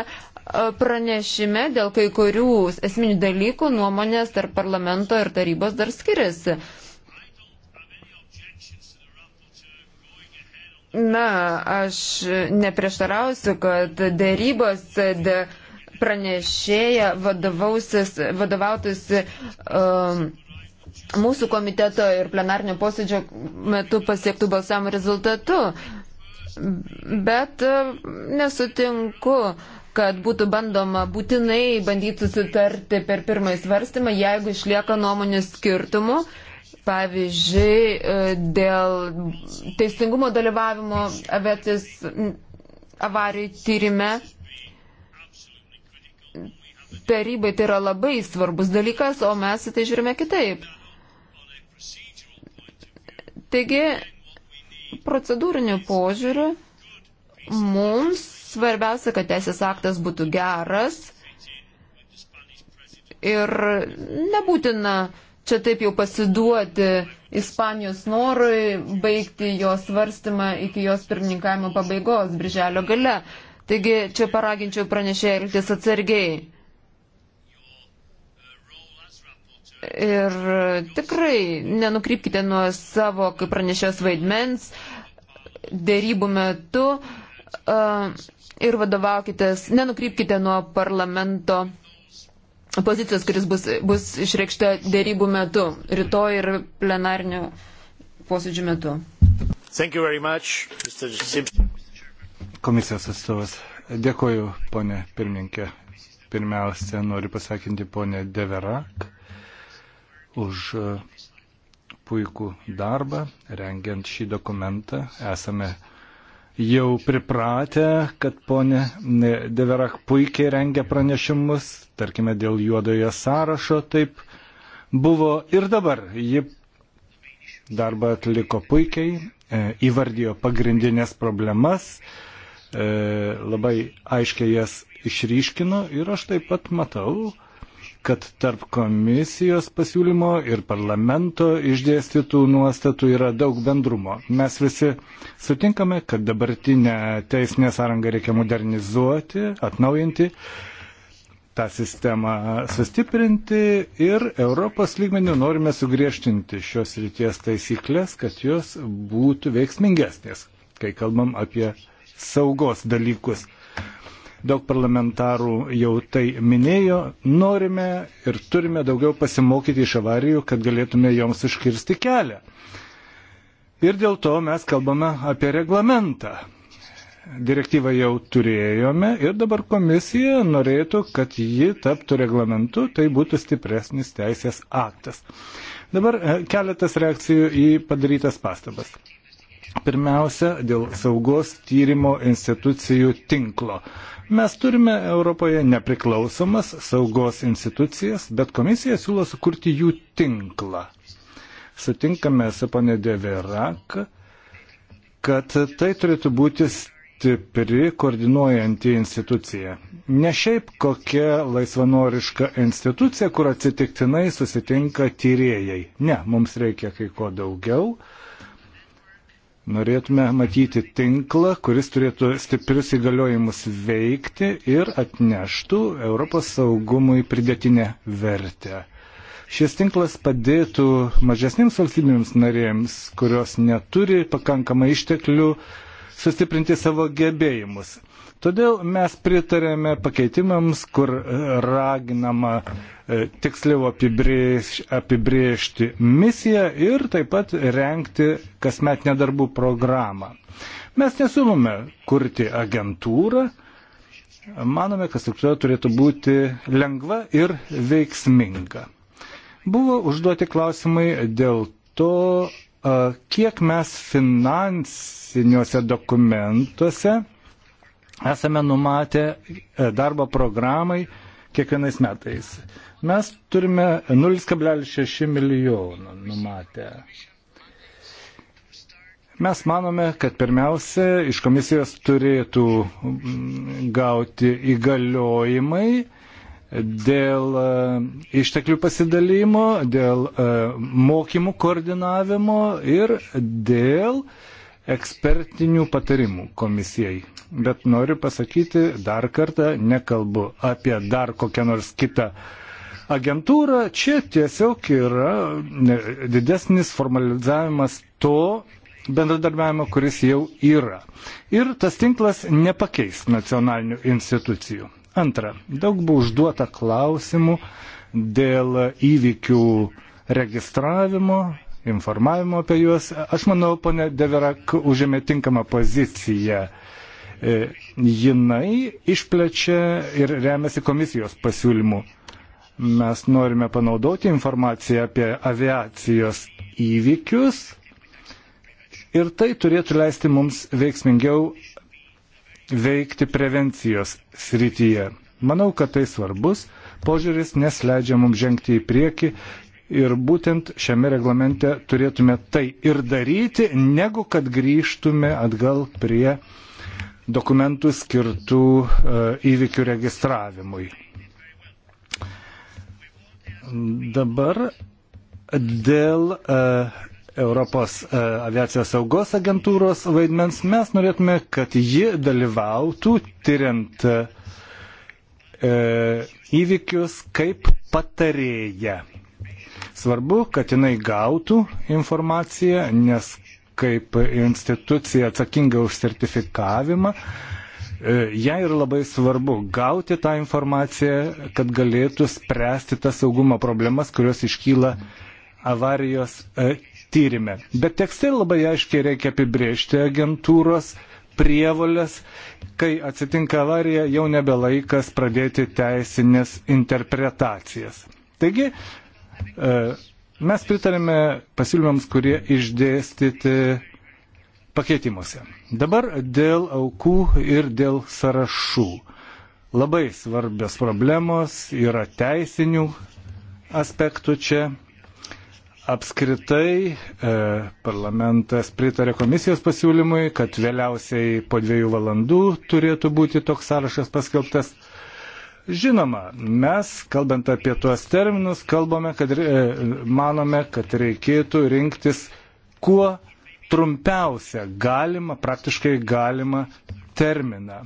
pranešime dėl kai kurių esminių dalykų nuomonės tarp parlamento ir tarybos dar skiriasi. Na, aš neprieštarausiu, kad dėrybos pranešėja vadovautųsi um, mūsų komiteto ir plenarnio posėdžio metu pasiektų balsavimo rezultatu. Bet uh, nesutinku uh, kad būtų bandoma būtinai bandyti sutarti per pirmąjį svarstymą, jeigu išlieka nuomonių skirtumų, pavyzdžiui, e, dėl teisingumo dalyvavimo avetės avarijų tyrime. Tarybai tai yra labai svarbus dalykas, o mes į tai žiūrime kitaip. Taigi, procedūriniu požiūriu mums Svarbiausia, kad teisės aktas būtų geras ir nebūtina čia taip jau pasiduoti Ispanijos norui baigti jo svarstymą iki jos pirmininkavimo pabaigos, birželio gale. Taigi čia paraginčiau pranešėją elgtis atsargiai. Ir tikrai nenukrypkite nuo savo, kaip pranešės vaidmens, dėrybų metu. Uh, ir vadovaukitės, nenukrypkite nuo parlamento pozicijos, kuris bus, bus išreikšta dėrybų metu, rytoj ir plenarnių posėdžių metu. Much, Komisijos atstovas. Dėkoju, ponė pirmininkė. Pirmiausia, noriu pasakinti ponė Deverak už e, puikų darbą, rengiant šį dokumentą. Esame jau pripratę, kad ponė e, Deverak puikiai rengia pranešimus, tarkime dėl juodojo sąrašo taip buvo ir dabar. Ji darbą atliko puikiai, e, įvardijo pagrindinės problemas, e, labai aiškiai jas išryškino ir aš taip pat matau, kad tarp komisijos pasiūlymo ir parlamento išdėstytų nuostatų yra daug bendrumo. Mes visi sutinkame, kad dabartinę teisinę sąrangą reikia modernizuoti, atnaujinti, tą sistemą sustiprinti ir Europos lygmenių norime sugriežtinti šios ryties taisyklės, kad jos būtų veiksmingesnės, kai kalbam apie saugos dalykus daug parlamentarų jau tai minėjo, norime ir turime daugiau pasimokyti iš avarijų, kad galėtume joms užkirsti kelią. Ir dėl to mes kalbame apie reglamentą. Direktyvą jau turėjome ir dabar komisija norėtų, kad ji taptų reglamentu, tai būtų stipresnis teisės aktas. Dabar e, keletas reakcijų į padarytas pastabas. Pirmiausia, dėl saugos tyrimo institucijų tinklo. Mes turime Europoje nepriklausomas saugos institucijas, bet komisija siūlo sukurti jų tinklą. Sutinkame su ponė Deverak, kad tai turėtų būti stipri koordinuojanti institucija. Ne šiaip kokia laisvanoriška institucija, kur atsitiktinai susitinka tyrėjai. Ne, mums reikia kai ko daugiau. Norėtume matyti tinklą, kuris turėtų stiprius įgaliojimus veikti ir atneštų Europos saugumui pridėtinę vertę. Šis tinklas padėtų mažesnėms valstybėms narėms, kurios neturi pakankamai išteklių, sustiprinti savo gebėjimus. Todėl mes pritarėme pakeitimams, kur raginama e, tiksliau apibrėž, apibrėžti misiją ir taip pat renkti kasmetinę darbų programą. Mes nesiūlome kurti agentūrą, manome, kad struktūra turėtų būti lengva ir veiksminga. Buvo užduoti klausimai dėl to, e, kiek mes finansiniuose dokumentuose esame numatę e, darbo programai kiekvienais metais. Mes turime 0,6 milijonų numatę. Mes manome, kad pirmiausia, iš komisijos turėtų mm, gauti įgaliojimai dėl e, išteklių pasidalymo, dėl e, mokymų koordinavimo ir dėl uh, ekspertinių patarimų komisijai. Bet noriu pasakyti dar kartą, nekalbu apie dar kokią nors kitą agentūrą, čia tiesiog yra didesnis formalizavimas to bendradarbiavimo, kuris jau yra. Ir tas tinklas nepakeis nacionalinių institucijų. Antra, daug buvo užduota klausimų dėl įvykių registravimo, informavimo apie juos. Aš manau, ponė Deverak užėmė tinkamą poziciją. E, jinai išplečia ir remiasi komisijos pasiūlymų. Mes norime panaudoti informaciją apie aviacijos įvykius ir tai turėtų leisti mums veiksmingiau veikti prevencijos srityje. Manau, kad tai svarbus požiūris, nes leidžia mums žengti į priekį, Ir būtent šiame reglamente turėtume tai ir daryti, negu kad grįžtume atgal prie dokumentų skirtų e, įvykių registravimui. Dabar dėl e, Europos e, aviacijos saugos agentūros vaidmens mes norėtume, kad ji dalyvautų tyriant įvykius kaip patarėja. Svarbu, kad jinai gautų informaciją, nes kaip institucija atsakinga už sertifikavimą, e, jai yra labai svarbu gauti tą informaciją, kad galėtų spręsti tas saugumo problemas, kurios iškyla avarijos e, tyrimė. Bet tekste labai aiškiai reikia apibriežti agentūros prievolės, kai atsitinka avarija, jau nebe laikas pradėti teisinės interpretacijas. Taigi, E, mes pritarėme pasiūlymams, kurie išdėstyti pakeitimuose. Dabar dėl aukų ir dėl sąrašų. Labai svarbios problemos yra teisinių aspektų čia. Apskritai e, parlamentas pritarė komisijos pasiūlymui, kad vėliausiai po dviejų valandų turėtų būti toks sąrašas paskelbtas. Žinoma, mes, kalbant apie tuos terminus, kalbame, kad e, manome, kad reikėtų rinktis kuo trumpiausią galimą, praktiškai galimą terminą.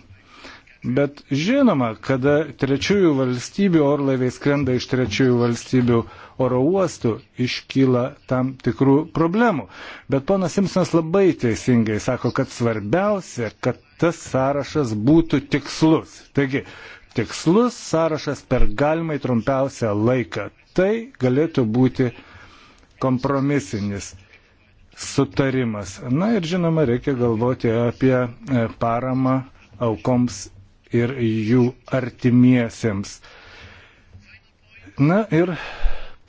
Bet žinoma, kada trečiųjų valstybių orlaiviai skrenda iš trečiųjų valstybių oro uostų, iškyla tam tikrų problemų. Bet ponas Simpsonas labai teisingai sako, kad svarbiausia, kad tas sąrašas būtų tikslus. Taigi, tikslus sąrašas per galimai trumpiausią laiką. Tai galėtų būti kompromisinis sutarimas. Na ir žinoma, reikia galvoti apie e, paramą aukoms ir jų artimiesiems. Na ir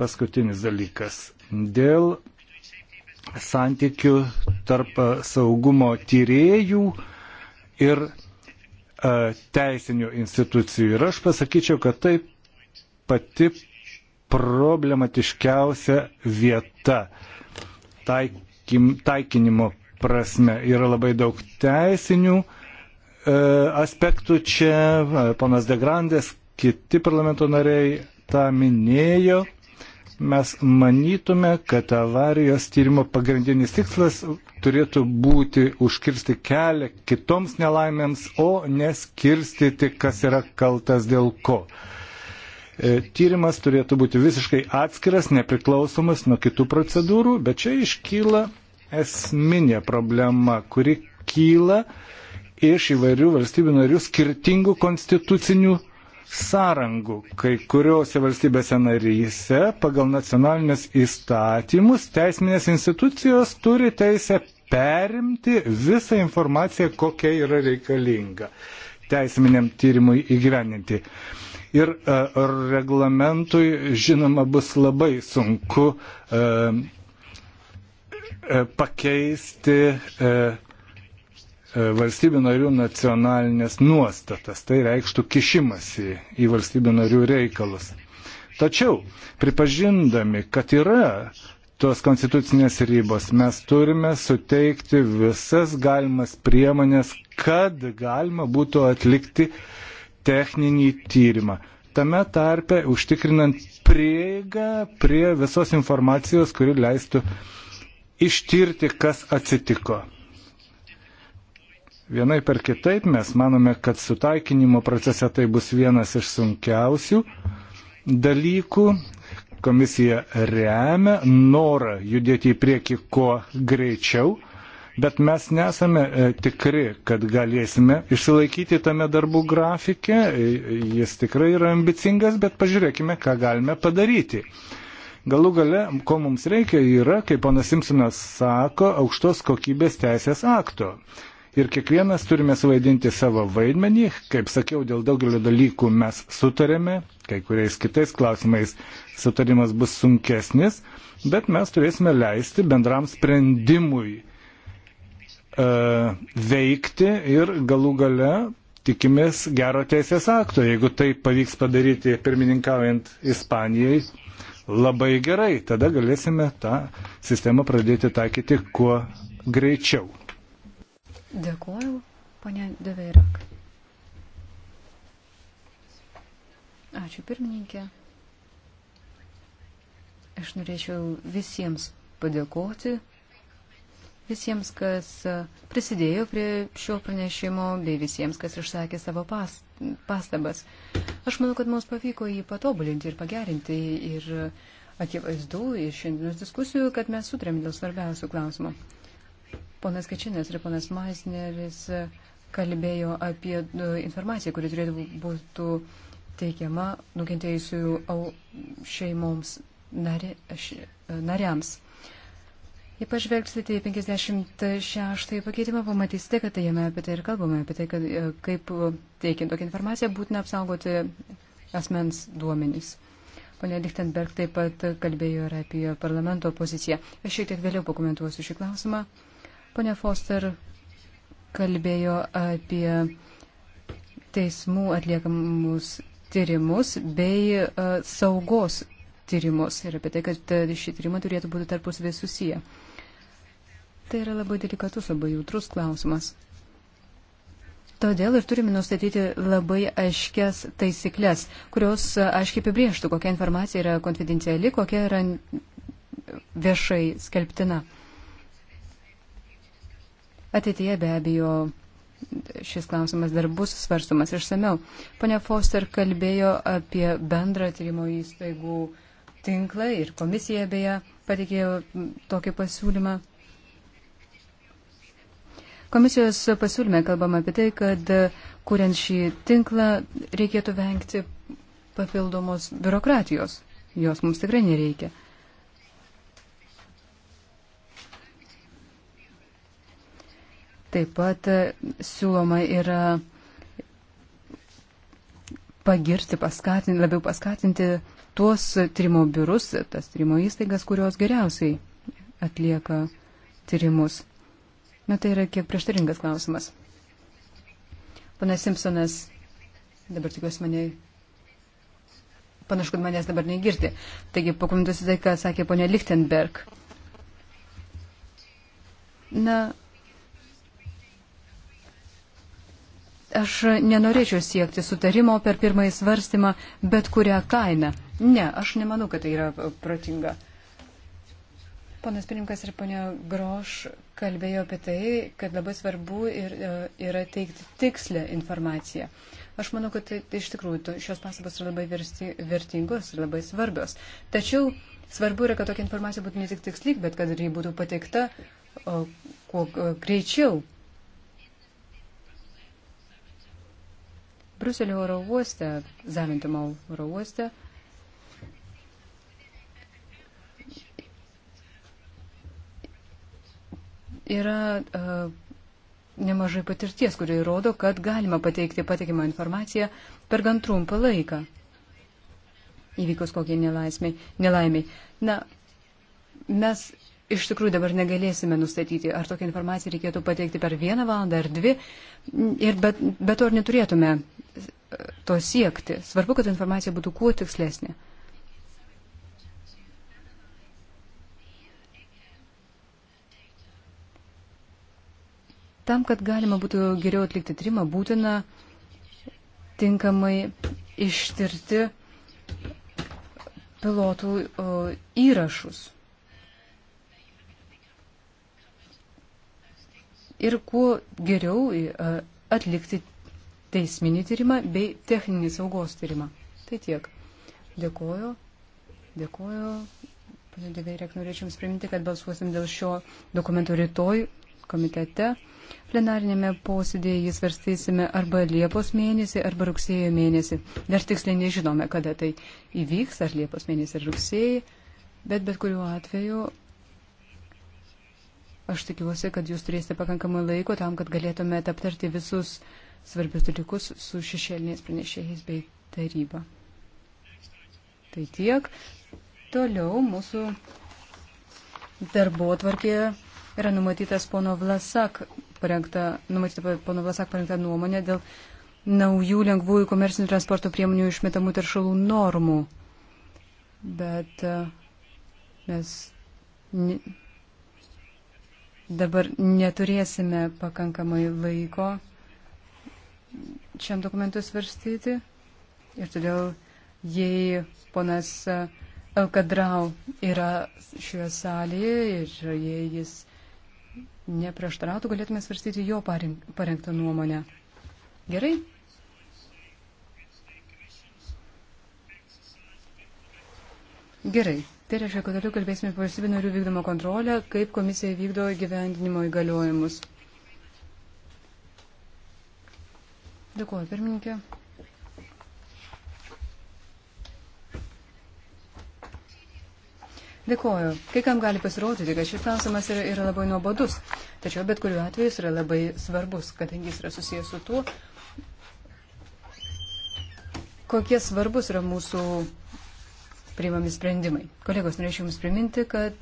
paskutinis dalykas. Dėl santykių tarp saugumo tyriejų ir E, teisinių institucijų. Ir aš pasakyčiau, kad tai pati problematiškiausia vieta taikim, taikinimo prasme. Yra labai daug teisinių e, aspektų čia, ponas Degrandės, kiti parlamento nariai tą minėjo mes manytume, kad avarijos tyrimo pagrindinis tikslas turėtų būti užkirsti kelią kitoms nelaimėms, o neskirstyti, kas yra kaltas dėl ko. E, tyrimas turėtų būti visiškai atskiras, nepriklausomas nuo kitų procedūrų, bet čia iškyla esminė problema, kuri kyla iš įvairių valstybių narių skirtingų konstitucinių sąrangų. Kai kuriuose valstybėse naryse pagal nacionalinius įstatymus teisminės institucijos turi teisę perimti visą informaciją, kokia yra reikalinga teisminiam tyrimui įgyveninti. Ir e, reglamentui, žinoma, bus labai sunku e, e, pakeisti e, E, valstybių narių nacionalinės nuostatas. Tai reikštų kišimasi į, į valstybių narių reikalus. Tačiau, pripažindami, kad yra tos konstitucinės rybos, mes turime suteikti visas galimas priemonės, kad galima būtų atlikti techninį tyrimą. Tame tarpe užtikrinant prieigą prie visos informacijos, kuri leistų ištirti, kas atsitiko. Vienai per kitaip mes manome, kad sutaikinimo procese tai bus vienas iš sunkiausių dalykų. Komisija remia norą judėti į priekį kuo greičiau, bet mes nesame e, tikri, kad galėsime išsilaikyti tame darbų grafike. E, jis tikrai yra ambicingas, bet pažiūrėkime, ką galime padaryti. Galų gale, ko mums reikia, yra, kaip panas Simpsonas sako, aukštos kokybės teisės akto ir kiekvienas turime suvaidinti savo vaidmenį. Kaip sakiau, dėl daugelio dalykų mes sutarėme, kai kuriais kitais klausimais sutarimas bus sunkesnis, bet mes turėsime leisti bendram sprendimui e, veikti ir galų gale tikimės gero teisės akto. Jeigu tai pavyks padaryti pirmininkaujant Ispanijai, labai gerai, tada galėsime tą sistemą pradėti taikyti kuo greičiau. Dėkuoju, ponė Deveirak. Ačiū pirmininkė. Aš norėčiau visiems padėkoti, visiems, kas prisidėjo prie šio pranešimo, bei visiems, kas išsakė savo pas, pastabas. Aš manau, kad mums pavyko jį patobulinti ir pagerinti. Ir akivaizdu iš šiandienos diskusijų, kad mes sutrėm dėl svarbiausių klausimų. Ponas Kačinas ir ponas Maisneris kalbėjo apie e, informaciją, kuri turėtų būti teikiama nukentėjusių šeimoms nari, š, e, nariams. Jei pažvelgsite į 56 pakeitimą, pamatysite, kad tai jame apie tai ir kalbame, apie tai, kad, e, kaip teikiant tokią informaciją būtina apsaugoti asmens duomenys. Pone Lichtenberg taip pat kalbėjo ir apie parlamento poziciją. Aš šiek tiek vėliau pakomentuosiu šį klausimą. Pone Foster kalbėjo apie teismų atliekamus tyrimus bei uh, saugos tyrimus ir apie tai, kad e, šį tyrimą turėtų būti tarpusavį susiję. Tai yra labai delikatus, labai jautrus klausimas. Todėl ir turime nustatyti labai aiškias taisyklės, kurios e, aiškiai apibrieštų, kokia informacija yra konfidenciali, kokia yra viešai skelbtina. Ateityje be abejo šis klausimas dar bus svarstomas išsameu. Pone Foster kalbėjo apie bendrą tyrimo įstaigų tinklą ir komisija beje pateikė tokį pasiūlymą. Komisijos pasiūlyme kalbama apie tai, kad kuriant šį tinklą reikėtų vengti papildomos biurokratijos. Jos mums tikrai nereikia. Taip pat e, siūloma yra pagirti, paskatinti, labiau paskatinti tuos tyrimo biurus, tas tyrimo įstaigas, kurios geriausiai atlieka tyrimus. Na tai yra kiek prieštaringas klausimas. Panas Simpsonas, dabar tikiuosi mane, panašu, kad manęs dabar negirti. Taigi pakomentuosiu tai, ką sakė ponė Lichtenberg. Na, Aš nenorėčiau siekti sutarimo per pirmąjį svarstymą bet kurią kainą. Ne, aš nemanau, kad tai yra protinga. Ponas Pirinkas ir ponia Groš kalbėjo apie tai, kad labai svarbu ir, e, yra teikti tikslę informaciją. Aš manau, kad tai, tai iš tikrųjų šios pasakos yra labai versti, vertingos ir labai svarbios. Tačiau svarbu yra, kad tokia informacija būtų ne tik tikslyk, bet kad ir ji būtų pateikta kuo e, greičiau. Bruselio oro uoste, Zavintimo oro uoste. Yra uh, nemažai patirties, kuri rodo, kad galima pateikti patikimą informaciją per gan trumpą laiką įvykus kokiai nelaimiai. Na, mes iš tikrųjų dabar negalėsime nustatyti, ar tokią informaciją reikėtų pateikti per vieną valandą ar dvi, ir bet, bet to ar neturėtume to siekti. Svarbu, kad informacija būtų kuo tikslesnė. Tam, kad galima būtų geriau atlikti trimą, būtina tinkamai ištirti pilotų įrašus. ir kuo geriau e, atlikti teisminį tyrimą bei techninį saugos tyrimą. Tai tiek. Dėkuoju. Dėkuoju. Pane Deveirek, norėčiau Jums priminti, kad balsuosim dėl šio dokumento rytoj komitete. Plenarinėme posėdėje jį svarstysime arba Liepos mėnesį, arba rugsėjo mėnesį. Dar tiksliai nežinome, kada tai įvyks, ar Liepos mėnesį, ar rugsėjai, bet bet kuriuo atveju Aš tikiuosi, kad jūs turėsite pakankamai laiko tam, kad galėtumėte aptarti visus svarbius dalykus su šešėliniais pranešėjais bei taryba. Tai tiek. Toliau mūsų darbo atvarkėje yra numatytas pono Vlasak parengta, numatyta pono Vlasak parengta nuomonė dėl naujų lengvųjų komersinių transporto priemonių išmetamų teršalų normų. Bet e, mes dabar neturėsime pakankamai laiko šiam dokumentui svarstyti. Ir todėl, jei ponas Elkadrau yra šioje salėje ir jei jis neprieštarautų, galėtume svarstyti jo parengtą nuomonę. Gerai? Gerai. Tai reiškia, kad toliau kalbėsime apie valstybių narių vykdomą kontrolę, kaip komisija vykdo gyvendinimo įgaliojimus. Dėkuoju, pirmininkė. Dėkuoju. Kai kam gali pasirodyti, kad šis klausimas yra, yra labai nuobodus, tačiau bet kuriuo atveju jis yra labai svarbus, kadangi jis yra susijęs su tuo, kokie svarbus yra mūsų priimami sprendimai. Kolegos, norėčiau Jums priminti, kad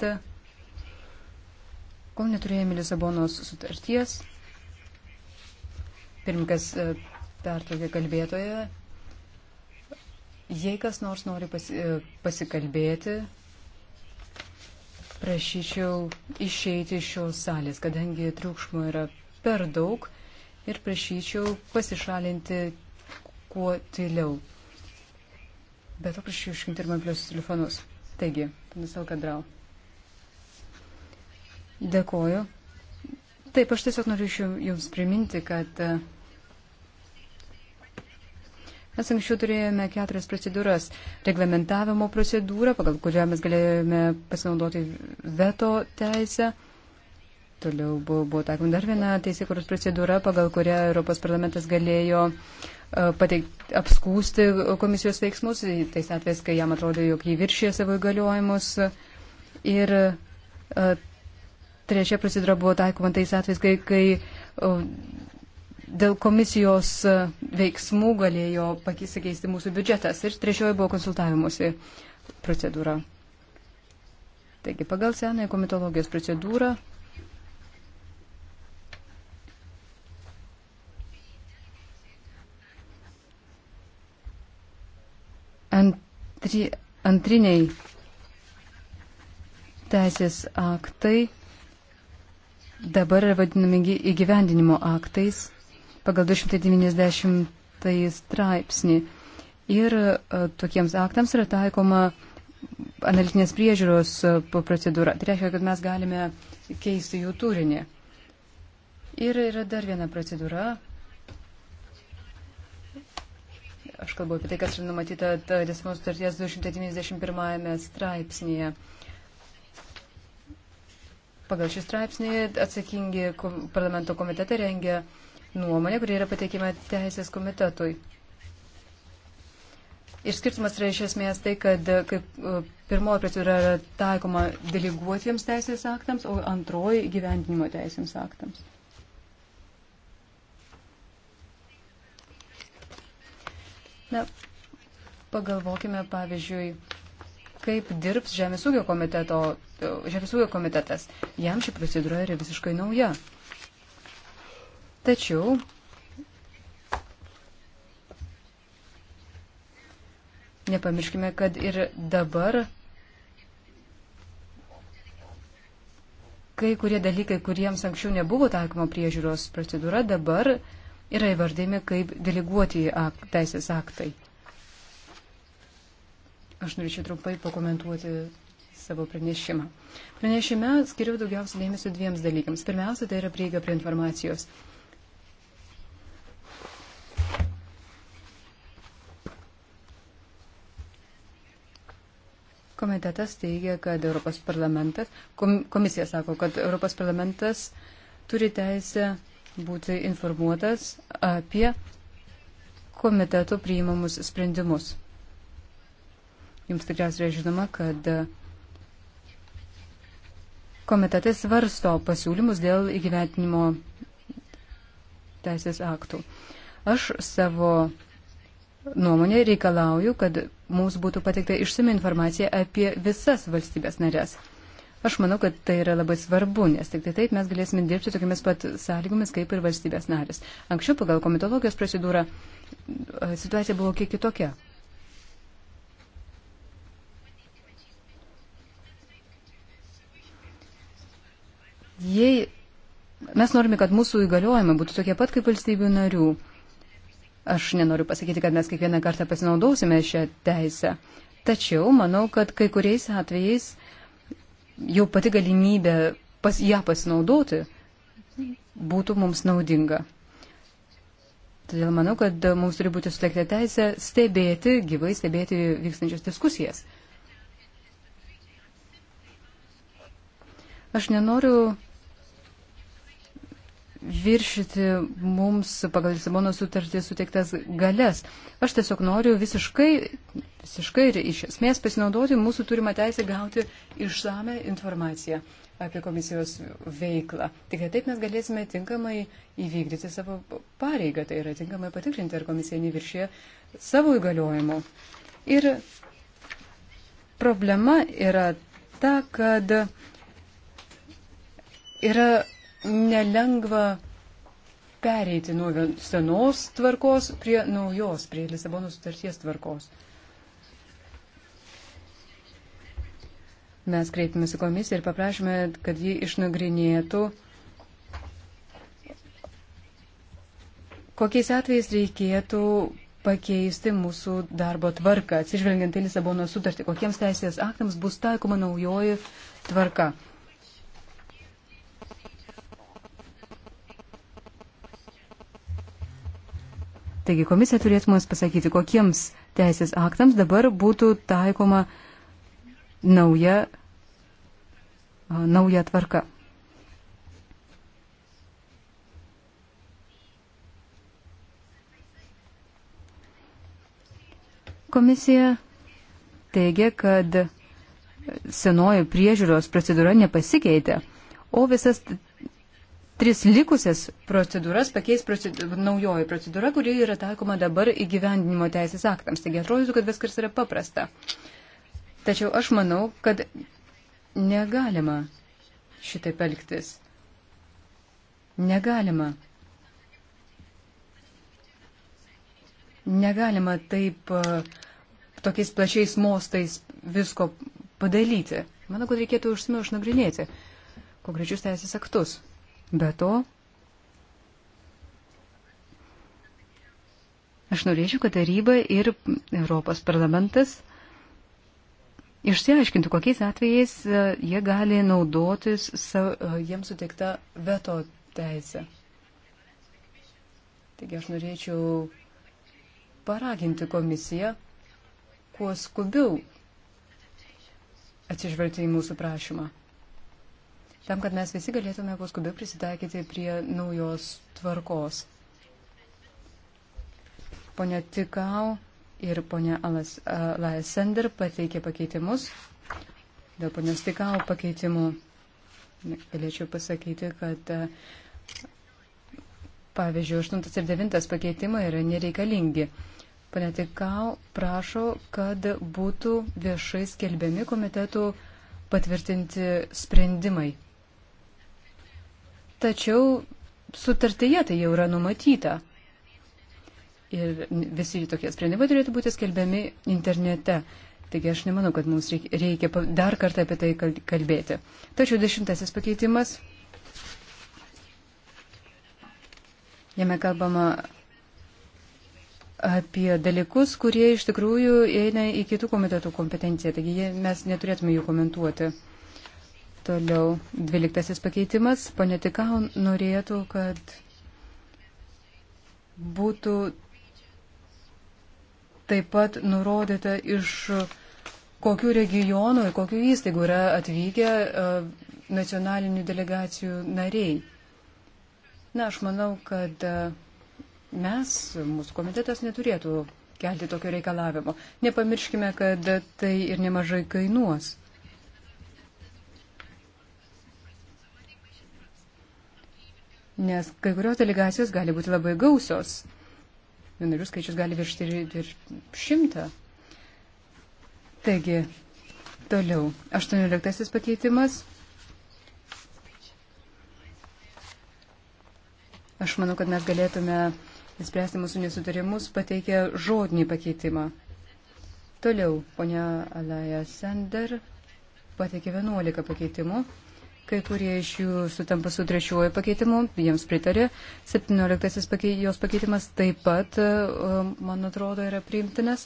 kol neturėjome Lisabonos sutarties, pirmikas e, pertraukė kalbėtoje, jei kas nors nori pasi, e, pasikalbėti, prašyčiau išeiti iš šios salės, kadangi triukšmo yra per daug ir prašyčiau pasišalinti kuo tyliau. Bet to prašau išjungti ir mobiliuosius telefonus. Taigi, panas Alkadrau. Dėkoju. Taip, aš tiesiog noriu jums priminti, kad e, mes anksčiau turėjome keturias procedūras. Reglamentavimo procedūrą, pagal kurią mes galėjome pasinaudoti veto teisę. Toliau buvo, buvo taikoma dar viena teisėkuros procedūra, pagal kurią Europos parlamentas galėjo uh, pateikti, apskūsti komisijos veiksmus, tais atvejais, kai jam atrodo, jog jį viršė savo įgaliojimus. Ir e, trečia procedūra buvo taikoma tais atvejais, kai, kai dėl komisijos e, veiksmų galėjo pasikeisti mūsų biudžetas. Ir trečioji buvo konsultavimuose procedūra. Taigi pagal senąją komitologijos procedūrą Antri, antriniai teisės aktai dabar yra vadinami įgyvendinimo aktais pagal 290 straipsnį. Ir e, tokiems aktams yra taikoma analitinės priežiūros e, procedūra. Tai reiškia, kad mes galime keisti jų turinį. Ir yra dar viena procedūra, Aš kalbu apie tai, kas yra numatyta Lisabono sutarties 291 straipsnėje. Pagal šį straipsnį atsakingi parlamento komitetai rengia nuomonę, kuri yra pateikima teisės komitetui. Ir skirtumas yra iš esmės tai, kad e, kaip e, pirmoji procedūra yra taikoma deleguotiems teisės aktams, o antroji gyvendinimo teisėms aktams. Na, pagalvokime, pavyzdžiui, kaip dirbs Žemės ūkio, komiteto, Žemės ūkio komitetas. Jam ši procedūra yra visiškai nauja. Tačiau nepamirškime, kad ir dabar kai kurie dalykai, kuriems anksčiau nebuvo taikoma priežiūros procedūra, dabar uh, yra įvardėmi kaip deleguoti ak teisės aktai. Aš norėčiau trumpai pakomentuoti savo pranešimą. Pranešime skiriu daugiausia dėmesio dviems dalykams. Pirmiausia, tai yra prieiga prie informacijos. Komitetas teigia, kad Europos parlamentas, komisija sako, kad Europos parlamentas turi teisę būti informuotas apie komiteto priimamus sprendimus. Jums tikriausiai yra žinoma, kad komitetas svarsto pasiūlymus dėl įgyventinimo teisės aktų. Aš savo nuomonė reikalauju, kad mums būtų pateikta išsimi informacija apie visas valstybės narės. Aš manau, kad tai yra labai svarbu, nes tik tai taip mes galėsime dirbti tokiamis pat sąlygomis kaip ir valstybės narės. Anksčiau pagal komitologijos procedūrą situacija buvo kiek kitokia. Jei mes norime, kad mūsų įgaliojimai būtų tokie pat kaip valstybių narių, aš nenoriu pasakyti, kad mes kiekvieną kartą pasinaudosime šią teisę. Tačiau manau, kad kai kuriais atvejais jau pati galimybė pas, ją pasinaudoti būtų mums naudinga. Todėl manau, kad mums turi būti suteikta teisė stebėti, gyvai stebėti vykstančias diskusijas. Aš nenoriu viršyti mums pagal Lisabono sutartį suteiktas galės. Aš tiesiog noriu visiškai, visiškai ir iš esmės pasinaudoti mūsų turimą teisę gauti išsame informaciją apie komisijos veiklą. Tik tai taip mes galėsime tinkamai įvykdyti savo pareigą, tai yra tinkamai patikrinti, ar komisija neviršė savo įgaliojimų. Ir problema yra ta, kad yra nelengva pereiti nuo senos tvarkos prie naujos, prie Lisabono sutarties tvarkos. Mes kreipėmės į komisiją ir paprašėme, kad ji išnagrinėtų, kokiais atvejais reikėtų pakeisti mūsų darbo tvarką, atsižvelgiant į Lisabono sutartį, kokiems teisės aktams bus taikoma naujoji tvarka. Taigi komisija turėtų mums pasakyti, kokiems teisės aktams dabar būtų taikoma nauja, nauja tvarka. Komisija teigia, kad senoji priežiūros procedūra nepasikeitė, o visas tris likusias procedūras pakeis procedūra, naujoji procedūra, kuri yra taikoma dabar įgyvendinimo teisės aktams. Taigi atrodytų, kad viskas yra paprasta. Tačiau aš manau, kad negalima šitaip elgtis. Negalima. Negalima taip e, tokiais plačiais mostais visko padaryti. Manau, kad reikėtų užsimiau išnagrinėti konkrečius teisės aktus. Be to, aš norėčiau, kad taryba ir Europos parlamentas išsiaiškintų, kokiais atvejais e, jie gali naudotis e, jiems suteikta veto teisė. Taigi aš norėčiau paraginti komisiją kuo skubiau atsižvelgti į mūsų prašymą tam, kad mes visi galėtume paskubiai prisitaikyti prie naujos tvarkos. Pone Tikau ir pone Laja Sender pateikė pakeitimus. Dėl ponios Tikau pakeitimų galėčiau pasakyti, kad pavyzdžiui, 8 ir 9 pakeitimai yra nereikalingi. Pane Tikau prašo, kad būtų viešai skelbiami komitetų patvirtinti sprendimai. Tačiau sutartyje tai jau yra numatyta. Ir visi tokie sprendimai turėtų būti skelbiami internete. Taigi aš nemanau, kad mums reikia dar kartą apie tai kalbėti. Tačiau dešimtasis pakeitimas. Jame kalbama apie dalykus, kurie iš tikrųjų eina į kitų komitetų kompetenciją. Taigi mes neturėtume jų komentuoti. Toliau dvyliktasis pakeitimas. Pane Tikau norėtų, kad būtų taip pat nurodyta iš kokių regionų ir kokių įstaigų yra atvykę e, nacionalinių delegacijų nariai. Na, aš manau, kad e, mes, mūsų komitetas neturėtų kelti tokio reikalavimo. Nepamirškime, kad tai ir nemažai kainuos. nes kai kurios delegacijos gali būti labai gausios. Vienarių skaičius gali viršti ir, ir šimtą. Taigi, toliau. 18 pakeitimas. Aš manau, kad mes galėtume spręsti mūsų nesutarimus pateikę žodinį pakeitimą. Toliau, ponia Alaja Sender pateikė 11 pakeitimų. Kai kurie iš jų sutampa su trečiuoju pakeitimu, jiems pritarė. 17 pakei, jos pakeitimas taip pat, e, man atrodo, yra priimtinas.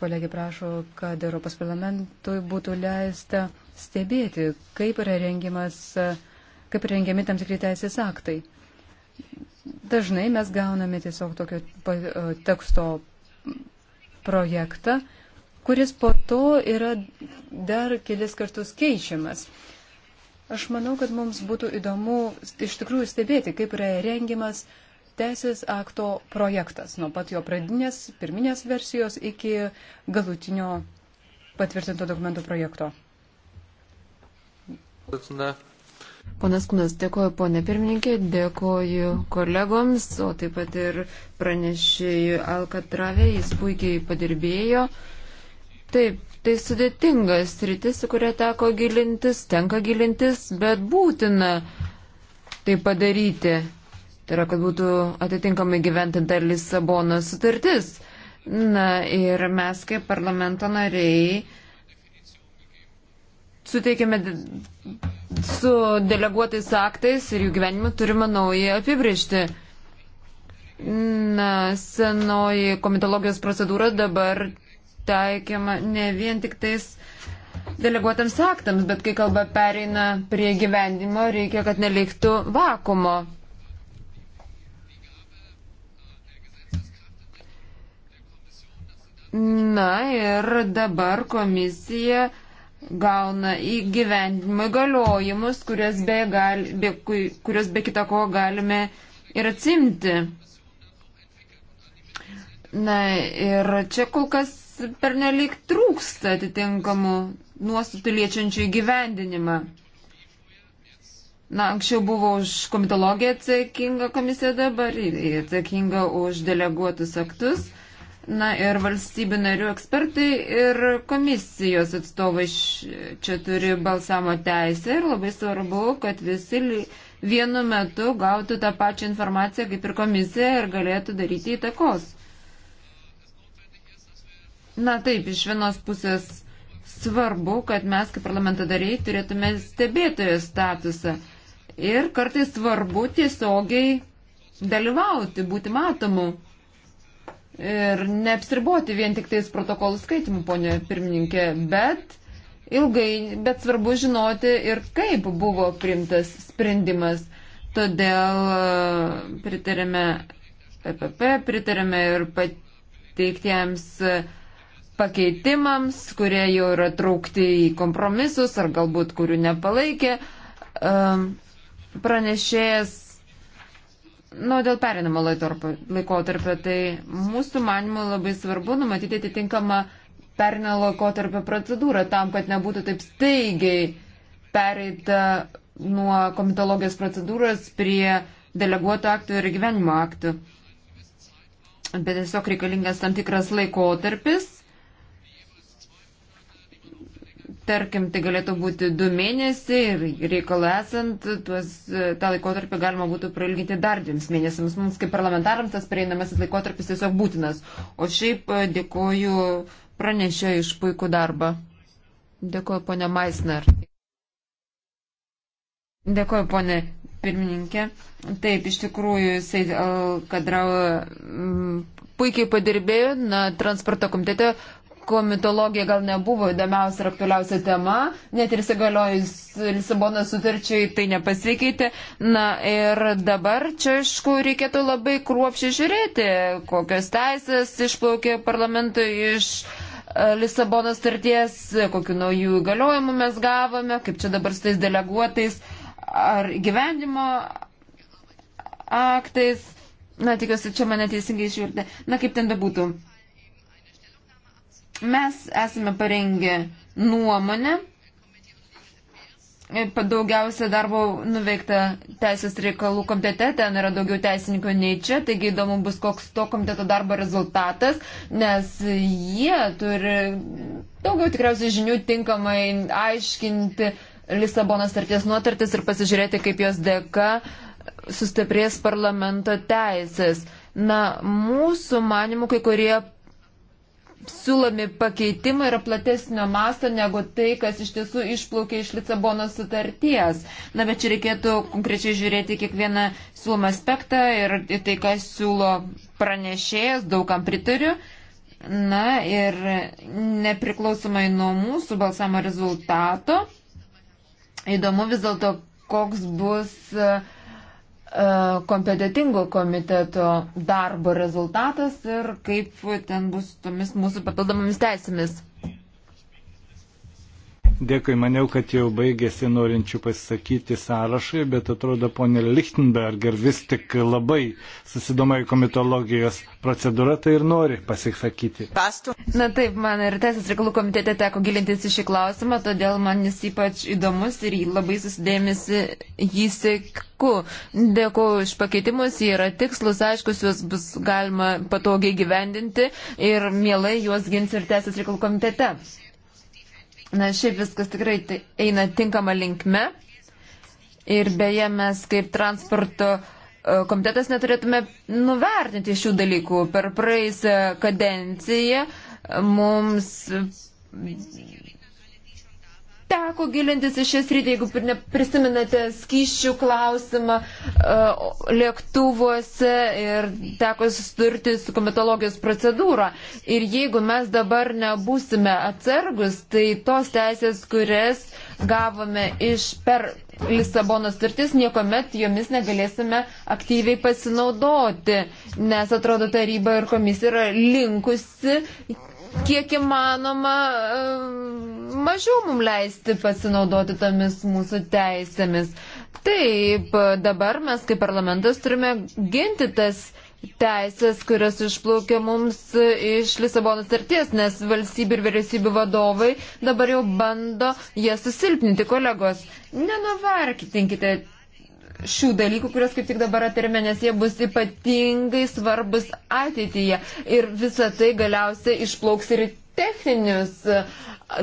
Kolegė prašo, kad Europos parlamentui būtų leista stebėti, kaip yra rengimas, e, kaip rengiami tam tikri teisės aktai. Dažnai mes gauname tiesiog tokio e, teksto projektą, kuris po to yra dar kelis kartus keičiamas. Aš manau, kad mums būtų įdomu iš tikrųjų stebėti, kaip yra rengiamas teisės akto projektas nuo pat jo pradinės, pirminės versijos iki galutinio patvirtinto dokumento projekto. Ne. Ponas Kunas, dėkoju ponė pirmininkė, dėkoju kolegoms, o taip pat ir pranešėjui Alkatravė, jis puikiai padirbėjo. Taip, tai sudėtingas rytis, į kurią teko gilintis, tenka gilintis, bet būtina tai padaryti. Tai yra, kad būtų atitinkamai gyventinta Lisabono sutartis. Na ir mes kaip parlamento nariai suteikėme su deleguotais aktais ir jų gyvenimu turime naują apibriežti. Na, senoji komitologijos procedūra dabar taikiama ne vien tik tais deleguotams aktams, bet kai kalba pereina prie gyvendimo, reikia, kad neliktų vakumo. Na ir dabar komisija gauna įgyvendimo įgaliojimus, kurios be, gal, be, kurios be kita ko galime ir atsimti. Na ir čia kol kas pernelik trūksta atitinkamų nuostatų liečiančių įgyvendinimą. Na, anksčiau buvo už komitologiją atsakinga komisija, dabar atsakinga už deleguotus aktus. Na ir valstybių narių ekspertai ir komisijos atstovai čia turi balsamo teisę ir labai svarbu, kad visi vienu metu gautų tą pačią informaciją kaip ir komisija ir galėtų daryti įtakos. Na taip, iš vienos pusės svarbu, kad mes kaip parlamentadariai turėtume stebėtojo statusą. Ir kartais svarbu tiesiogiai dalyvauti, būti matomu. Ir neapsiriboti vien tik tais protokolų skaitimu, ponė pirmininkė, bet ilgai, bet svarbu žinoti ir kaip buvo primtas sprendimas. Todėl e, pritarėme EPP, pritarėme ir pateiktiems uh, e, pakeitimams, kurie jau yra traukti į kompromisus ar galbūt kurių nepalaikė um, pranešėjas. Nu, dėl perinamo laikotarpio, tai mūsų manimo labai svarbu numatyti atitinkamą perinamo laikotarpio procedūrą tam, kad nebūtų taip staigiai pereita nuo komitologijos procedūros prie deleguotų aktų ir gyvenimo aktų. Bet tiesiog reikalingas tam tikras laikotarpis, Tarkim, tai galėtų būti du mėnesiai ir reikalo esant, tuos, tą laikotarpį galima būtų prailginti dar dviems mėnesiams. Mums kaip parlamentarams tas prieinamasis laikotarpis tiesiog būtinas. O šiaip e, dėkoju pranešė iš puikų darbą. Dėkoju, ponė Maisner. Dėkoju, ponė pirmininkė. Taip, iš tikrųjų, jisai, e, kad puikiai padirbėjo, na, transporto komitete komitologija gal nebuvo įdomiausia ir aktualiausia tema, net ir įsigaliojus Lisabono sutarčiai tai nepasikeitė. Na ir dabar čia, aišku, reikėtų labai kruopšiai žiūrėti, kokios teisės išplaukė parlamentui iš e, Lisabono starties, kokiu naujų įgaliojimų mes gavome, kaip čia dabar su tais deleguotais ar gyvendimo aktais. Na, tikiuosi, čia mane teisingai išvirti. Na, kaip ten bebūtų. Mes esame parengę nuomonę, e, daugiausia darbo nuveikta teisės reikalų komitete, ten yra daugiau teisininkų nei čia, taigi įdomu bus, koks to komiteto darbo rezultatas, nes jie turi daugiau tikriausiai žinių tinkamai aiškinti Lisabono starties nuotartis ir pasižiūrėti, kaip jos dėka sustiprės parlamento teisės. Na, mūsų manimų kai kurie siūlomi pakeitimai yra platesnio masto negu tai, kas iš tiesų išplaukia iš Lisabono sutarties. Na, bet čia reikėtų konkrečiai žiūrėti kiekvieną siūlomą aspektą ir tai, kas siūlo pranešėjas, daugam pritariu. Na ir nepriklausomai nuo mūsų balsamo rezultato, įdomu vis dėlto, koks bus uh, E, kompetitingo komiteto darbo rezultatas ir kaip ten bus tomis mūsų papildomomis teisėmis. Dėkui, maniau, kad jau baigėsi norinčių pasisakyti sąrašai, bet atrodo, ponė Lichtenberger vis tik labai susidomėjo komitologijos procedūra, tai ir nori pasisakyti. Pastu. Na taip, man ir Teisės reikalų komitete teko gilintis į šį klausimą, todėl man jis ypač įdomus ir labai susidėmėsi jį sėku. Dėkuoju už pakeitimus, jie yra tikslus, aiškus, juos bus galima patogiai gyvendinti ir mielai juos gins ir Teisės reikalų komitete. Na, šiaip viskas tikrai tai eina tinkama linkme. Ir beje, mes kaip transporto e, komitetas neturėtume nuvertinti šių dalykų. Per praeisę kadenciją mums teko gilintis į šias rytį, jeigu prisiminate skyščių klausimą e, lėktuvuose ir teko susidurti su komitologijos procedūra. Ir jeigu mes dabar nebūsime atsargus, tai tos teisės, kurias gavome iš per Lisabonos sutartis, niekuomet jomis negalėsime aktyviai pasinaudoti, nes atrodo taryba ir komisija yra linkusi kiek įmanoma e, mažiau mums leisti pasinaudoti tomis mūsų teisėmis. Taip, dabar mes kaip parlamentas turime ginti tas teisės, kurios išplaukia mums iš Lisabonos sarties, nes valstybių ir vyriausybių vadovai dabar jau bando jas susilpninti, kolegos. Nenuverkitinkite šių dalykų, kuriuos kaip tik dabar atarėme, nes jie bus ypatingai svarbus ateityje. Ir visa tai galiausiai išplauks ir techninius e,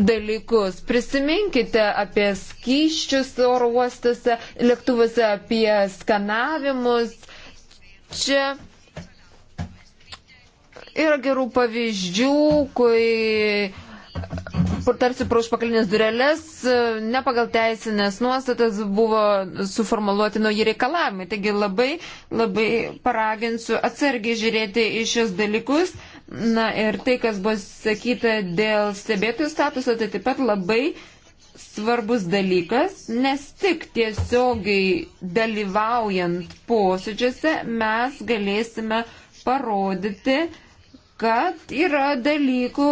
dalykus. Prisiminkite apie skyščius oro uostuose, lėktuvuose, apie skanavimus. Čia yra gerų pavyzdžių, kai tarsi pro užpakalinės durelės, e, ne pagal teisinės nuostatas buvo suformuoluoti nauji reikalavimai. Taigi labai, labai paraginsiu atsargiai žiūrėti į šios dalykus. Na ir tai, kas buvo sakyta dėl stebėtojų statuso, tai taip pat labai svarbus dalykas, nes tik tiesiogiai dalyvaujant posėdžiuose mes galėsime parodyti, kad yra dalykų,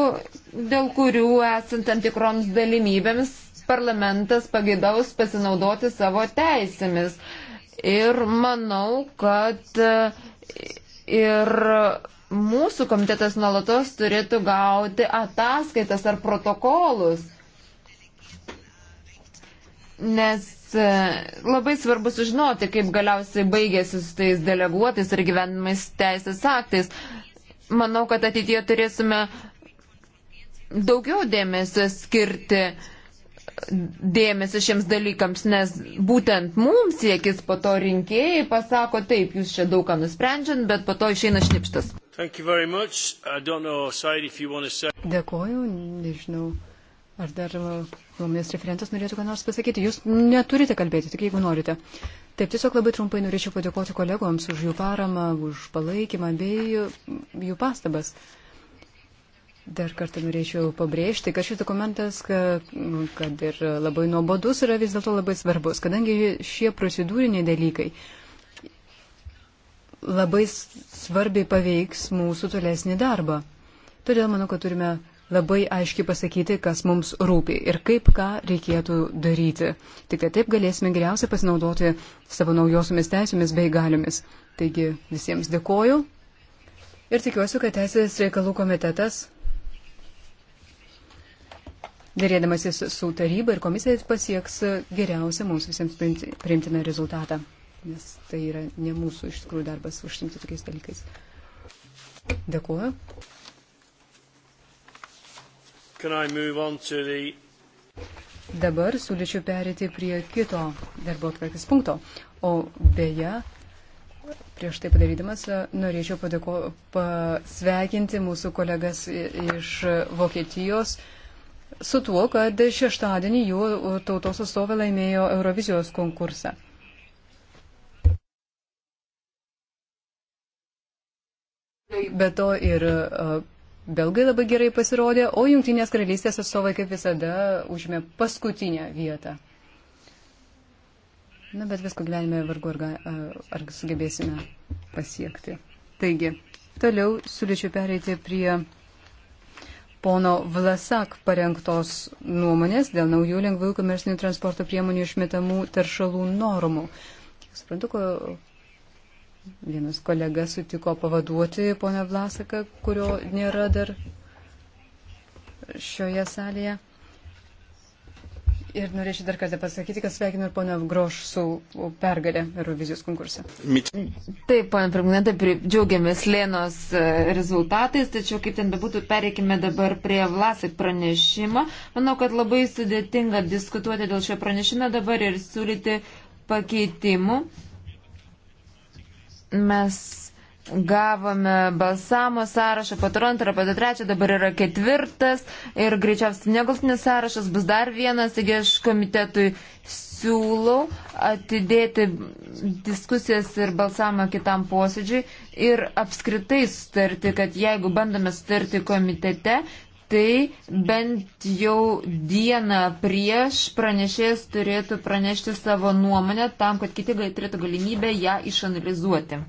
dėl kurių esant tam tikroms galimybėms parlamentas pageidaus pasinaudoti savo teisėmis. Ir manau, kad e, ir mūsų komitetas nuolatos turėtų gauti ataskaitas ar protokolus. Nes e, labai svarbu sužinoti, kaip galiausiai baigėsi su tais deleguotais ir gyvenimais teisės aktais manau, kad ateitie turėsime daugiau dėmesio skirti dėmesio šiems dalykams, nes būtent mums siekis po to rinkėjai pasako, taip, jūs čia daug ką nusprendžiant, bet po to išeina šnipštas. Know, Said, say... Dėkoju, nežinau, ar dar nuomonės referentas norėtų ką nors pasakyti. Jūs neturite kalbėti, tik jeigu norite. Taip, tiesiog labai trumpai norėčiau padėkoti kolegoms už jų paramą, už palaikymą bei jų pastabas. Dar kartą norėčiau pabrėžti, kad šis dokumentas, nu, kad ir labai nuobodus, yra vis dėlto labai svarbus, kadangi šie procedūriniai dalykai labai svarbiai paveiks mūsų tolesnį darbą. Todėl manau, kad turime labai aiškiai pasakyti, kas mums rūpi ir kaip ką reikėtų daryti. Tik tai taip galėsime geriausiai pasinaudoti savo naujosiomis teisėmis bei galiomis. Taigi visiems dėkoju ir tikiuosi, kad Teisės reikalų komitetas, dėrėdamasis su taryba ir komisija, pasieks geriausią mums visiems priimtiną rezultatą. Nes tai yra ne mūsų iš tikrųjų darbas užsimti tokiais dalykais. Dėkuoju the... Dabar siūlyčiau perėti prie kito darbo atvarkės punkto. O beje, prieš tai padarydamas norėčiau padėko, pasveikinti mūsų kolegas iš Vokietijos su tuo, kad šeštadienį jų tautos atstovė laimėjo Eurovizijos konkursą. Be to ir Belgai labai gerai pasirodė, o Junktinės karalystės atstovai kaip visada užėmė paskutinę vietą. Na, bet visko gyvenime vargu ar, ar sugebėsime pasiekti. Taigi, toliau siūlyčiau pereiti prie pono Vlasak parengtos nuomonės dėl naujų lengvųjų komersinių transporto priemonių išmetamų teršalų normų. Suprantu, ko Vienas kolega sutiko pavaduoti ponę Vlasaką, kurio nėra dar šioje salėje. Ir norėčiau dar kartą pasakyti, kad sveikinu ir ponę Groš su pergalė Eurovizijos konkurse. Taip, ponė Pragmenė, džiaugiamės Lėnos e, rezultatais, tačiau kaip ten bebūtų, pereikime dabar prie Vlasik pranešimo. Manau, kad labai sudėtinga diskutuoti dėl šio pranešimo dabar ir siūlyti pakeitimų. Mes gavome balsamo sąrašą, po to antrą, po to trečią, dabar yra ketvirtas ir greičiausiai negultinis sąrašas bus dar vienas, taigi aš komitetui siūlau atidėti diskusijas ir balsamą kitam posėdžiui ir apskritai sutarti, kad jeigu bandome sutarti komitete, tai bent jau dieną prieš pranešėjas turėtų pranešti savo nuomonę tam, kad kiti turėtų galimybę ją išanalizuoti.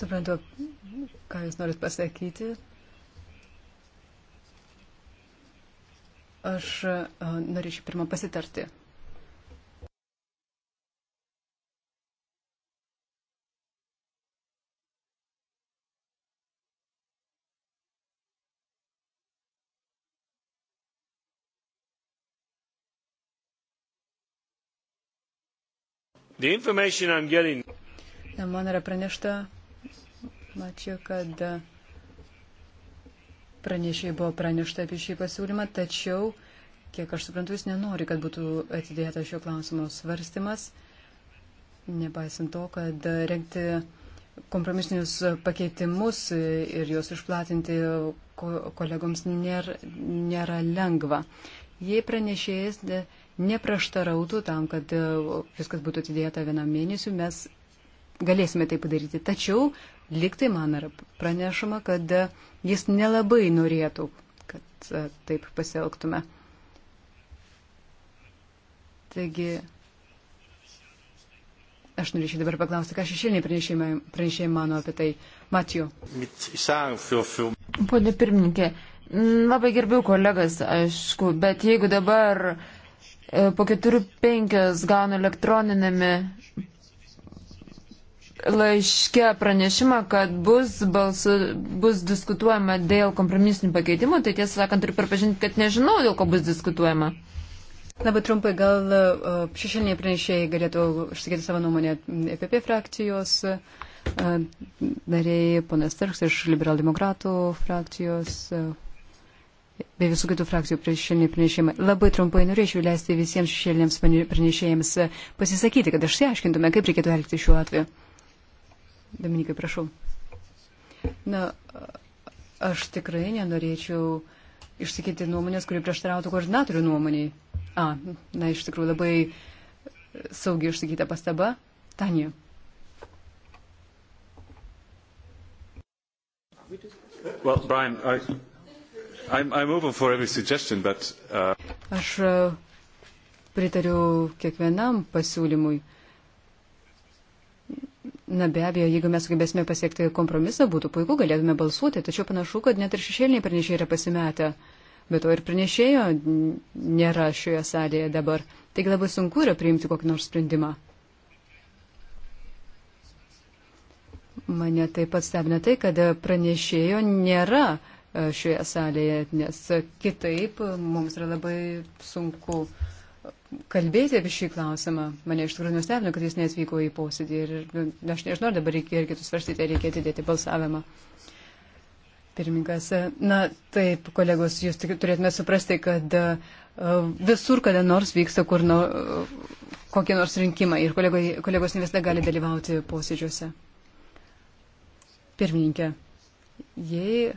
Suprantu, ką Jūs norit pasakyti. Aš e, norėčiau pirmą pasitarti Getting... Man yra pranešta, mačiau, kad e, pranešiai buvo pranešta apie šį pasiūlymą, tačiau, kiek aš suprantu, jis nenori, kad būtų atidėta šio klausimo svarstymas, nepaisant to, kad renkti kompromisinius pakeitimus ir juos išplatinti kolegoms nėra, nėra lengva. Jei pranešėjas. De, neprieštarautų tam, kad e, viskas būtų atidėta vienam mėnesiu, mes galėsime tai padaryti. Tačiau liktai man yra pranešama, kad e, jis nelabai norėtų, kad e, taip pasielgtume. Taigi, aš norėčiau dabar paklausti, ką šešėliniai pranešėjai mano apie tai. Matiju. Pone pirmininkė, labai gerbiu kolegas, aišku, bet jeigu dabar E, po 4-5 gaunu elektroninėme laiške pranešimą, kad bus, balsu, bus diskutuojama dėl kompromisinių pakeitimų, tai tiesą sakant, turiu pripažinti, kad nežinau, dėl ko bus diskutuojama. Labai trumpai, gal e, šešėliniai pranešėjai galėtų išsakyti savo nuomonę EPP frakcijos e, nariai, ponas Tarks iš liberaldemokratų frakcijos. A, bei visų kitų frakcijų prieš šiandien pranešimą. Labai trumpai norėčiau leisti visiems šešėlėms pranešėjams e, pasisakyti, kad išsiaiškintume, kaip reikėtų elgti šiuo atveju. Dominikai, prašau. Na, aš tikrai nenorėčiau išsakyti nuomonės, kuri prieštarautų koordinatorių nuomoniai. A, na, iš tikrųjų labai saugiai išsakyta pastaba. Tanija. Well, Brian, I... I'm, I'm open for every suggestion, but. Uh... Aš uh, pritariu kiekvienam pasiūlymui. Na be abejo, jeigu mes sugebėsime pasiekti kompromisą, būtų puiku, galėtume balsuoti, tačiau panašu, kad net ir šešėliniai pranešėjai yra pasimetę. Bet to ir pranešėjo nėra šioje salėje dabar. Taigi labai sunku yra priimti kokį nors sprendimą. Mane taip pat stebina tai, kad pranešėjo nėra E, šioje salėje, nes kitaip mums yra labai sunku kalbėti apie šį klausimą. Mane iš tikrųjų nustebino, kad jis neatvyko į posėdį ir aš nežinau, dabar reikia ir kitus svarstyti, ar reikia atidėti balsavimą. Pirmininkas, na taip, kolegos, jūs tik turėtume suprasti, kad e, visur kada nors vyksta kur no, kokie nors rinkimai ir kolegos, kolegos ne visada gali dalyvauti posėdžiuose. Pirmininkė, jei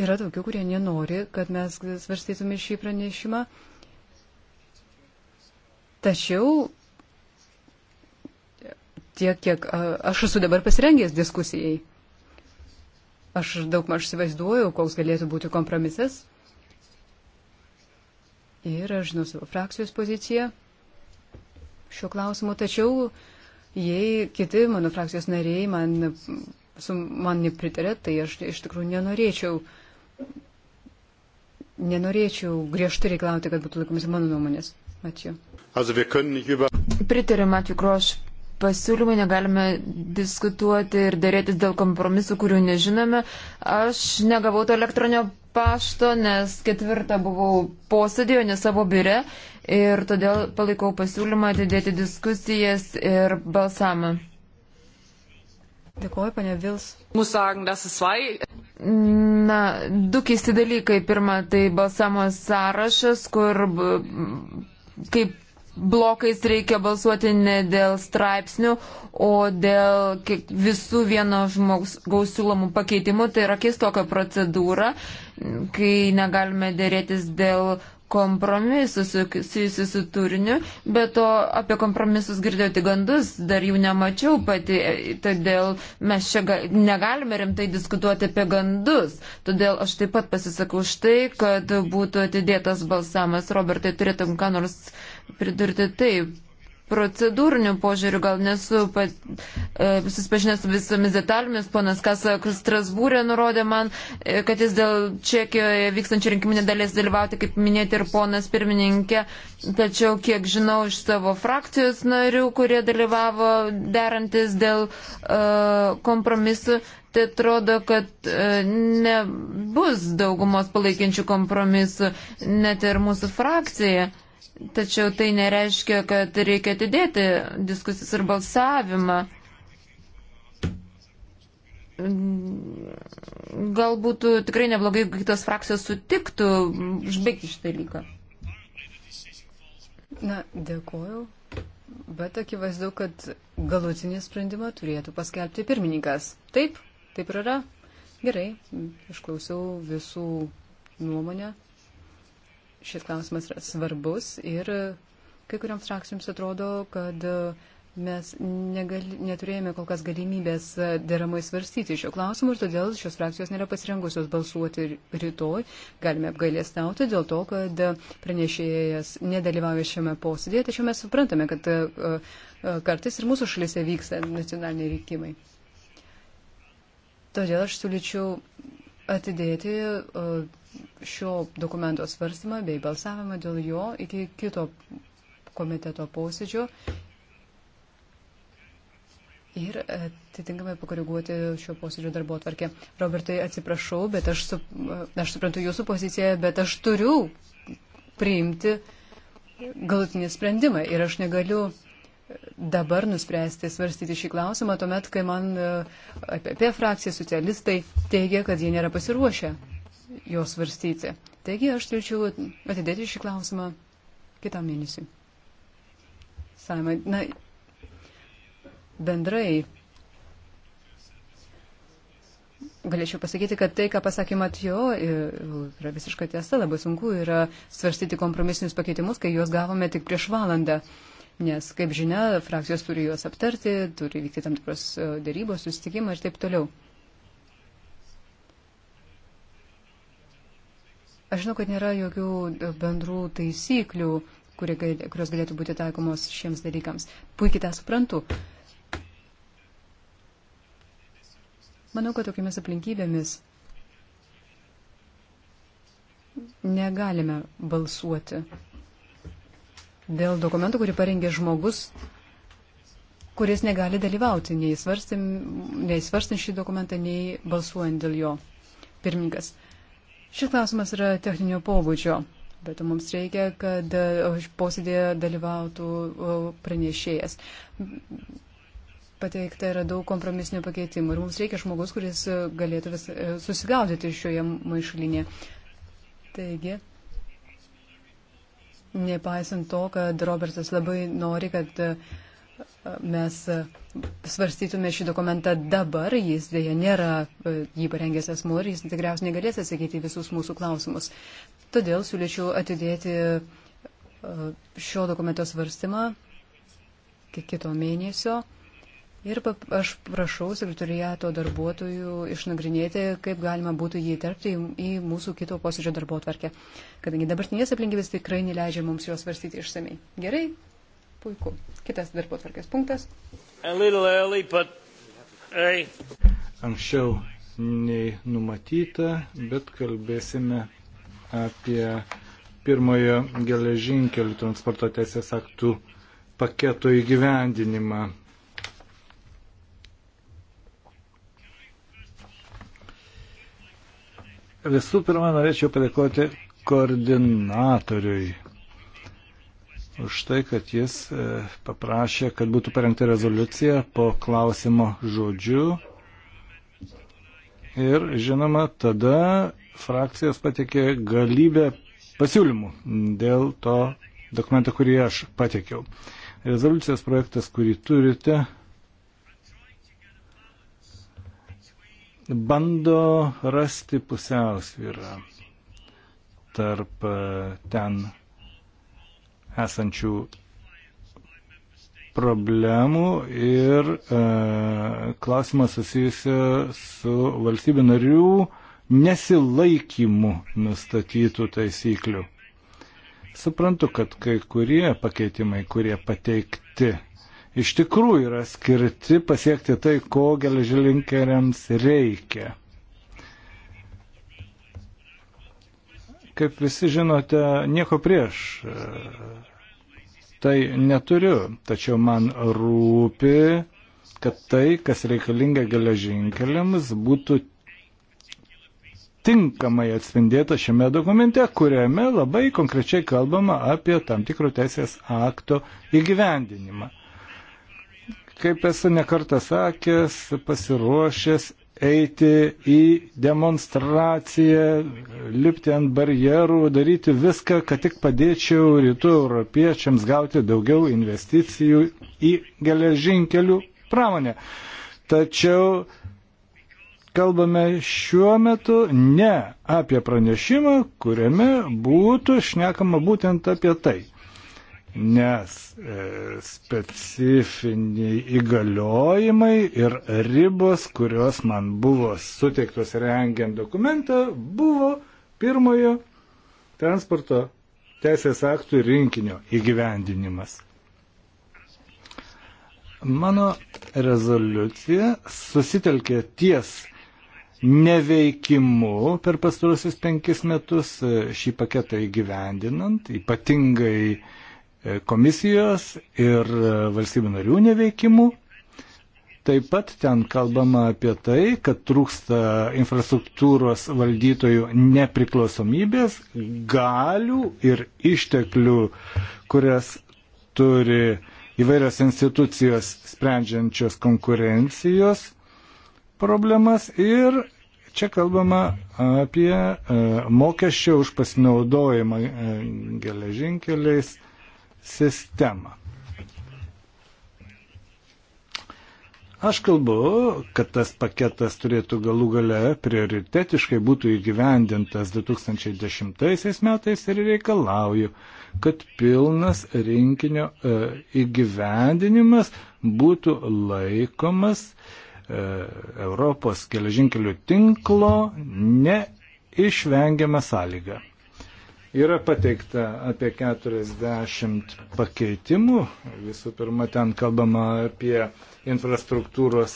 Yra tokių, kurie nenori, kad mes svarstytume šį pranešimą. Tačiau tiek, kiek aš esu dabar pasirengęs diskusijai. Aš daug maž įsivaizduoju, koks galėtų būti kompromisas. Ir aš žinau savo frakcijos poziciją šiuo klausimu, tačiau jei kiti mano frakcijos nariai man, su, man nepritarė, tai aš iš tikrųjų nenorėčiau uh, nenorėčiau griežtai reikalauti, kad būtų laikomasi mano nuomonės. Ačiū. Pritariu, Matiu Kroš. Pasiūlymai negalime diskutuoti ir dėrėtis dėl kompromisų, kurių nežinome. Aš negavau to elektroninio pašto, nes ketvirtą buvau posėdėje, ne savo biure. Ir todėl palaikau pasiūlymą atidėti diskusijas ir balsamą. Dėkuoju, panė Vils. Na, du keisti dalykai. Pirma, tai balsamo sąrašas, kur kaip blokais reikia balsuoti ne dėl straipsnių, o dėl visų vieno žmogaus siūlomų pakeitimų. Tai yra keistoka procedūra, kai negalime dėrėtis dėl kompromisus susijusius su turiniu, bet to apie kompromisus girdėjau tik gandus, dar jų nemačiau pati, todėl mes čia negalime rimtai diskutuoti apie gandus. Todėl aš taip pat pasisakau už tai, kad būtų atidėtas balsamas. Robertai, turėtum ką nors pridurti taip procedūrinių požiūrių, gal nesu pat, e, susipažinęs su visomis detalėmis, ponas Kasa Strasbūrė nurodė man, e, kad jis dėl Čekijoje vykstančių rinkiminė dalies dalyvauti, kaip minėti ir ponas pirmininkė, tačiau kiek žinau iš savo frakcijos narių, kurie dalyvavo derantis dėl e, kompromisų, tai atrodo, kad e, nebus daugumos palaikinčių kompromisų, net ir mūsų frakcija. Tačiau tai nereiškia, kad reikia atidėti diskusijas ir balsavimą. Galbūt tikrai neblogai, jeigu kitos frakcijos sutiktų užbaigti šitą dalyką. Na, dėkuoju, bet akivaizdu, kad galutinį sprendimą turėtų paskelbti pirmininkas. Taip, taip ir yra. Gerai, išklausiau visų nuomonę šis klausimas yra svarbus ir kai kuriams frakcijoms atrodo, kad mes negali, neturėjome kol kas galimybės deramai svarstyti šio klausimo ir todėl šios frakcijos nėra pasirengusios balsuoti rytoj. Galime apgailėstauti dėl to, kad pranešėjas nedalyvauja šiame posėdėje, tačiau mes suprantame, kad e, e, kartais ir mūsų šalise vyksta nacionaliniai rinkimai. Todėl aš siūlyčiau atidėti e, šio dokumento svarstymą bei balsavimą dėl jo iki kito komiteto posėdžio ir atitinkamai pakoreguoti šio posėdžio darbo atvarkę. Robertai, atsiprašau, bet aš, su, aš suprantu jūsų poziciją, bet aš turiu priimti galutinį sprendimą ir aš negaliu uh, dabar nuspręsti svarstyti šį klausimą, tuomet, kai man e, apie frakciją socialistai teigia, kad jie nėra pasiruošę jo svarstyti. Taigi aš turėčiau atidėti šį klausimą kitam mėnesiui. Saimai, na, bendrai galėčiau pasakyti, kad tai, ką pasakė Matijo, e, yra visiška tiesa, labai sunku yra svarstyti kompromisinius pakeitimus, kai juos gavome tik prieš valandą. Uh, nes, kaip žinia, frakcijos turi juos aptarti, turi vykti tam tikros e, dėrybos, susitikimai ir taip toliau. Aš žinau, kad nėra jokių e, bendrų taisyklių, kurios galėtų būti taikomos šiems dalykams. Puikiai tą suprantu. Manau, kad tokiamis aplinkybėmis negalime balsuoti dėl dokumento, kurį parengė žmogus, kuris negali dalyvauti nei svarstant šį dokumentą, nei balsuojant dėl jo. Pirmininkas. Šis klausimas yra techninio pobūdžio, bet mums reikia, kad e, posėdėje dalyvautų pranešėjas. Pateikta yra daug kompromisinių pakeitimų ir mums reikia žmogus, kuris galėtų vis, e, susigaudyti šioje maišlinėje. Taigi, nepaisant to, kad Robertas labai nori, kad e, mes e, svarstytume šį dokumentą dabar, jis dėja nėra e, jį parengęs asmuo ir jis tikriausiai negalės atsakyti visus mūsų klausimus. Todėl siūlyčiau atidėti šio dokumento svarstymą iki kito mėnesio. Ir aš prašau sekretoriato darbuotojų išnagrinėti, kaip galima būtų jį įterpti į mūsų kito posėdžio darbo atvarkę, kadangi dabartinės aplinkybės tikrai neleidžia mums juos svarstyti išsamei. Gerai, puiku. Kitas darbo atvarkės punktas. Early, but... hey. Anksčiau nei numatyta, bet kalbėsime apie pirmojo geležinkelių transporto teisės aktų paketo įgyvendinimą. Visų pirma, norėčiau padėkoti koordinatoriui už tai, kad jis e, paprašė, kad būtų parengta rezoliucija po klausimo žodžių. Ir žinoma, tada frakcijos patikė galybę pasiūlymų dėl to dokumento, kurį aš patikiau. Rezoliucijos projektas, kurį turite, bando rasti pusiausvyrą tarp e, ten esančių problemų ir e, klausimą susijusią su valstybių narių nesilaikymu nustatytų taisyklių. Suprantu, kad kai kurie pakeitimai, kurie pateikti iš tikrųjų yra skirti pasiekti tai, ko geležilinkeriams reikia. Kaip visi žinote, nieko prieš e, tai neturiu, tačiau man rūpi, kad tai, kas reikalinga geležinkeliams, būtų tinkamai atspindėta šiame dokumente, kuriame labai konkrečiai kalbama apie tam tikro teisės akto įgyvendinimą kaip esu nekartą sakęs, pasiruošęs eiti į demonstraciją, lipti ant barjerų, daryti viską, kad tik padėčiau rytų europiečiams gauti daugiau investicijų į geležinkelių pramonę. Tačiau kalbame šiuo metu ne apie pranešimą, kuriame būtų šnekama būtent apie tai nes e, specifiniai įgaliojimai ir ribos, kurios man buvo suteiktos rengiant dokumentą, buvo pirmojo transporto teisės aktų rinkinio įgyvendinimas. Mano rezoliucija susitelkė ties neveikimu per pastarusius penkis metus e, šį paketą įgyvendinant, ypatingai uh, E, komisijos ir e, valstybių narių neveikimu. Taip pat ten kalbama apie tai, kad trūksta infrastruktūros valdytojų nepriklausomybės, galių ir išteklių, kurias turi įvairios institucijos sprendžiančios konkurencijos problemas ir čia kalbama apie e, mokesčio už pasinaudojimą geležinkeliais sistemą. Aš kalbu, kad tas paketas turėtų galų gale prioritetiškai būtų įgyvendintas 2010 metais ir reikalauju, kad pilnas rinkinio e, įgyvendinimas būtų laikomas e, Europos geležinkelių tinklo neišvengiama sąlyga. Yra pateikta apie 40 pakeitimų. Visų pirma, ten kalbama apie infrastruktūros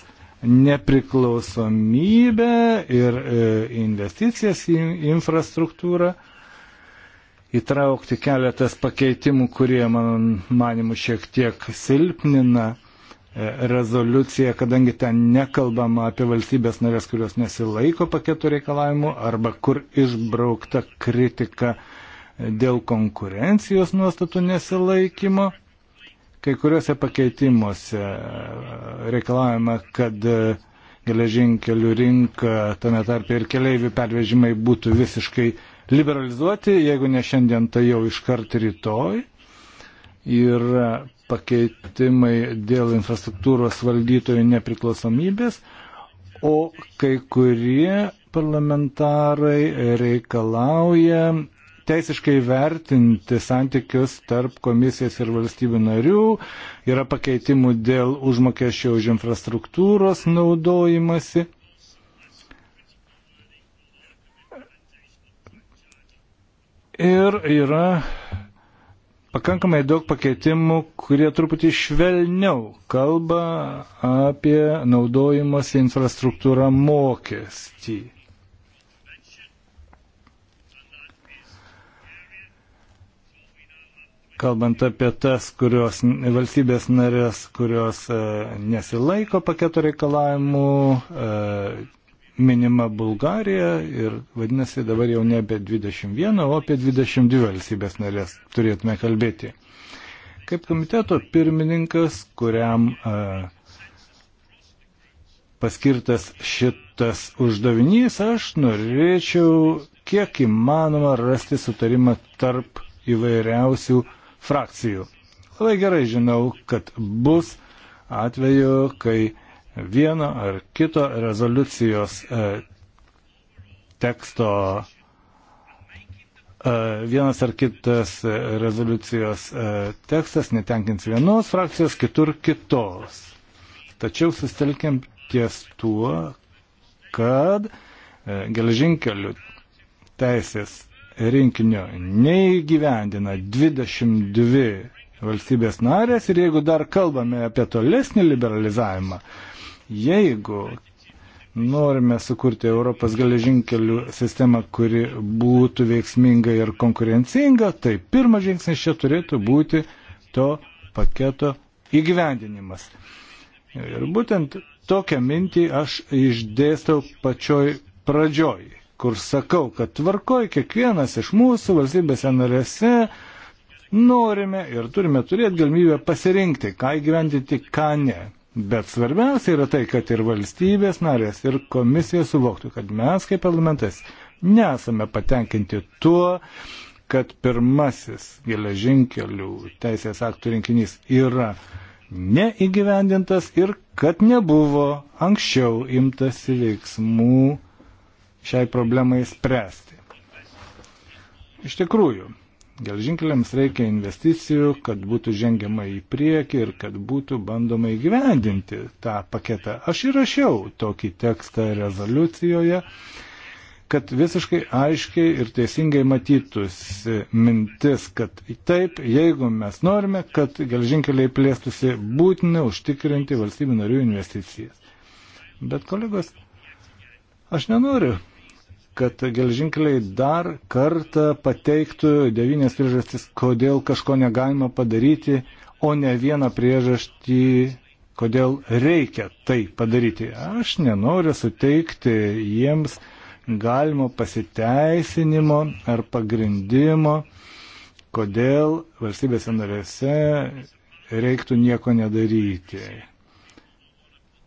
nepriklausomybę ir e, investicijas į infrastruktūrą. Įtraukti keletas pakeitimų, kurie, man manimu, šiek tiek silpnina e, rezoliuciją, kadangi ten nekalbama apie valstybės narės, kurios nesilaiko paketų reikalavimų arba kur išbraukta kritika dėl konkurencijos nuostatų nesilaikymo. Kai kuriuose pakeitimuose e, reikalavome, kad e, geležinkelių rinka, tame tarp ir keleivių pervežimai būtų visiškai liberalizuoti, jeigu ne šiandien, tai jau iškart rytoj. Ir e, pakeitimai dėl infrastruktūros valdytojų nepriklausomybės, o kai kurie parlamentarai reikalauja teisiškai vertinti santykius tarp komisijos ir valstybių narių. Yra pakeitimų dėl užmokesčio už infrastruktūros naudojimasi. Ir yra pakankamai daug pakeitimų, kurie truputį švelniau kalba apie naudojimąsi infrastruktūrą mokestį. kalbant apie tas kurios, valstybės narės, kurios e, nesilaiko paketo reikalavimų, e, minima Bulgarija ir vadinasi dabar jau ne apie 21, o apie 22 valstybės narės turėtume kalbėti. Kaip komiteto pirmininkas, kuriam e, paskirtas šitas uždavinys, aš norėčiau kiek įmanoma rasti sutarimą tarp įvairiausių frakcijų. Labai gerai žinau, kad bus atveju, kai vieno ar kito rezoliucijos e, teksto e, vienas ar kitas rezoliucijos e, tekstas netenkins vienos frakcijos, kitur kitos. Tačiau sustelkiam ties tuo, kad e, geležinkelių teisės rinkinio neįgyvendina 22 valstybės narės ir jeigu dar kalbame apie tolesnį liberalizavimą, jeigu norime sukurti Europos geležinkelių sistemą, kuri būtų veiksminga ir konkurencinga, tai pirmas žingsnis čia turėtų būti to paketo įgyvendinimas. Ir būtent tokią mintį aš išdėstau pačioj pradžioj kur sakau, kad tvarkoj kiekvienas iš mūsų valstybėse narėse norime ir turime turėti galimybę pasirinkti, ką įgyvendinti, ką ne. Bet svarbiausia yra tai, kad ir valstybės narės, ir komisija suvoktų, kad mes kaip parlamentas nesame patenkinti tuo, kad pirmasis geležinkelių teisės aktų rinkinys yra neįgyvendintas ir kad nebuvo anksčiau imtasi veiksmų šiai problemai spręsti. Iš tikrųjų, gelžinkeliams reikia investicijų, kad būtų žengiama į priekį ir kad būtų bandoma įgyvendinti tą paketą. Aš įrašiau tokį tekstą rezoliucijoje, kad visiškai aiškiai ir teisingai matytųsi mintis, kad taip, jeigu mes norime, kad gelžinkeliai plėstusi, būtina užtikrinti valstybių narių investicijas. Bet kolegos, aš nenoriu kad gelžinkeliai dar kartą pateiktų devynės priežastis, kodėl kažko negalima padaryti, o ne vieną priežastį, kodėl reikia tai padaryti. Aš nenoriu suteikti jiems galimo pasiteisinimo ar pagrindimo, kodėl valstybėse narėse reiktų nieko nedaryti.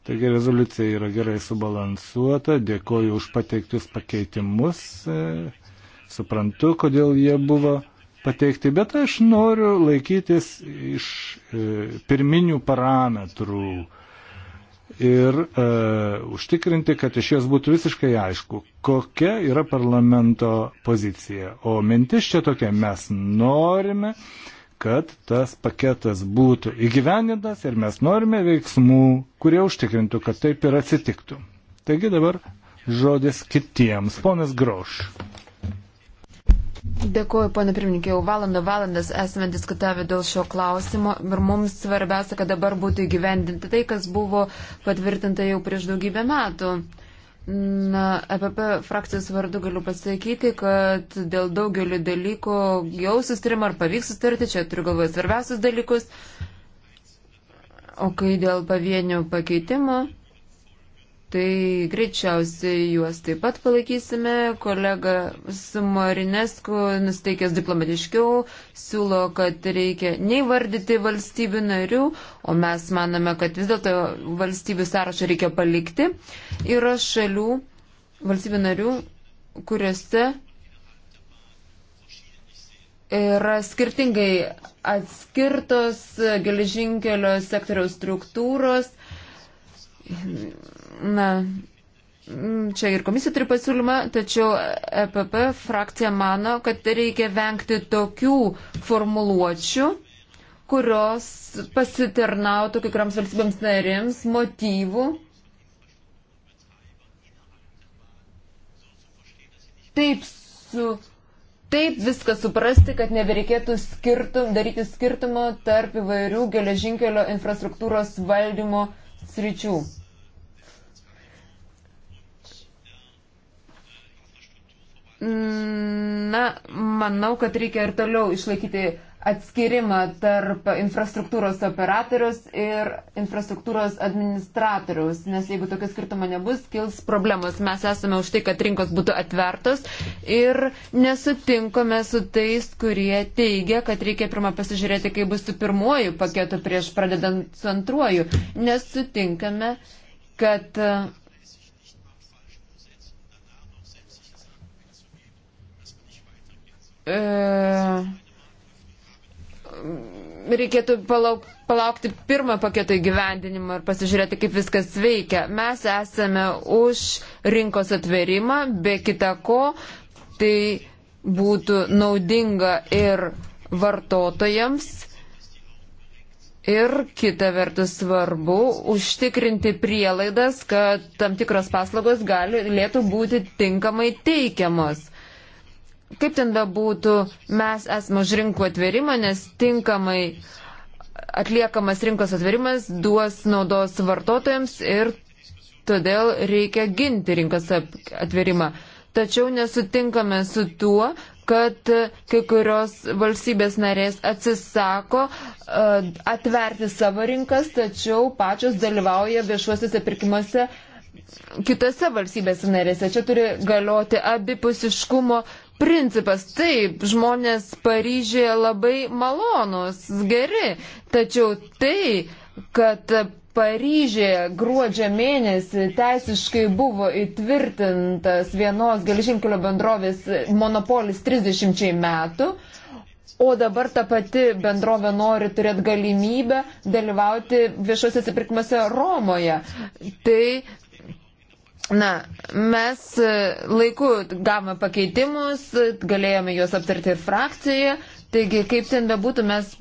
Taigi rezoliucija yra gerai subalansuota, dėkoju už pateiktus pakeitimus, e, suprantu, kodėl jie buvo pateikti, bet aš noriu laikytis iš e, pirminių parametrų ir e, užtikrinti, kad iš jos būtų visiškai aišku, kokia yra parlamento pozicija. O mintis čia tokia, mes norime, e, kad tas paketas būtų įgyvendintas ir mes norime veiksmų, kurie užtikrintų, kad taip ir atsitiktų. Taigi dabar žodis kitiems. Ponas Groš. Dėkuoju, pana pirmininkė, jau valandą valandas esame diskutavę dėl šio klausimo ir mums svarbiausia, kad dabar būtų įgyvendinta tai, kas buvo patvirtinta jau prieš daugybę metų. Na, EPP frakcijos vardu galiu pasakyti, kad dėl daugelio dalykų jau sustarim ar pavyks sustarti, čia turiu galvoje svarbiausius dalykus. O kai dėl pavienių pakeitimų, tai greičiausiai juos taip pat palaikysime. Kolega Samarinesku nusteikęs diplomatiškiau siūlo, kad reikia neįvardyti valstybių narių, o mes manome, kad vis dėlto valstybių sąrašą reikia palikti. Yra šalių, valstybių narių, kuriuose yra skirtingai atskirtos geležinkelio sektoriaus struktūros Na, čia ir komisija turi pasiūlymą, tačiau EPP frakcija mano, kad reikia vengti tokių formuluočių, kurios pasitarnautų kai kuriams valstybėms narėms motyvų. Taip, su, taip viską suprasti, kad nebereikėtų skirtum, daryti skirtumo tarp įvairių geležinkelio infrastruktūros valdymo sričių. Na, manau, kad reikia ir toliau išlaikyti atskirimą tarp infrastruktūros operatorius ir infrastruktūros administratorius, nes jeigu tokio skirtumo nebus, kils problemos. Mes esame už tai, kad rinkos būtų atvertos ir nesutinkome su tais, kurie teigia, kad reikia pirmą pasižiūrėti, kaip bus su pirmuoju paketu prieš pradedant su antruoju. Nesutinkame, kad uh, e, reikėtų palauk, palaukti pirmą paketą įgyvendinimą ir pasižiūrėti, kaip viskas veikia. Mes esame už rinkos atverimą, be kita ko, tai būtų naudinga ir vartotojams. Ir kita vertus svarbu užtikrinti prielaidas, kad tam tikros paslaugos galėtų būti tinkamai teikiamos. Kaip ten bebūtų, mes esame už rinkų atverimą, nes tinkamai atliekamas rinkos atverimas duos naudos vartotojams ir todėl reikia ginti rinkos atverimą. Tačiau nesutinkame su tuo, kad kai kurios valstybės narės atsisako e, atverti savo rinkas, tačiau pačios dalyvauja viešuosiuose pirkimuose kitose valstybėse narėse. Čia turi galioti abipusiškumo principas. Taip, žmonės Paryžėje labai malonus, geri, tačiau tai, kad Paryžėje gruodžio mėnesį teisiškai buvo įtvirtintas vienos geležinkelio bendrovės monopolis 30 metų, o dabar ta pati bendrovė nori turėti galimybę dalyvauti viešuosiuose pirkimuose Romoje. Tai Na, mes e, laiku gavome pakeitimus, galėjome juos aptarti ir frakcijoje, taigi kaip ten bebūtų, mes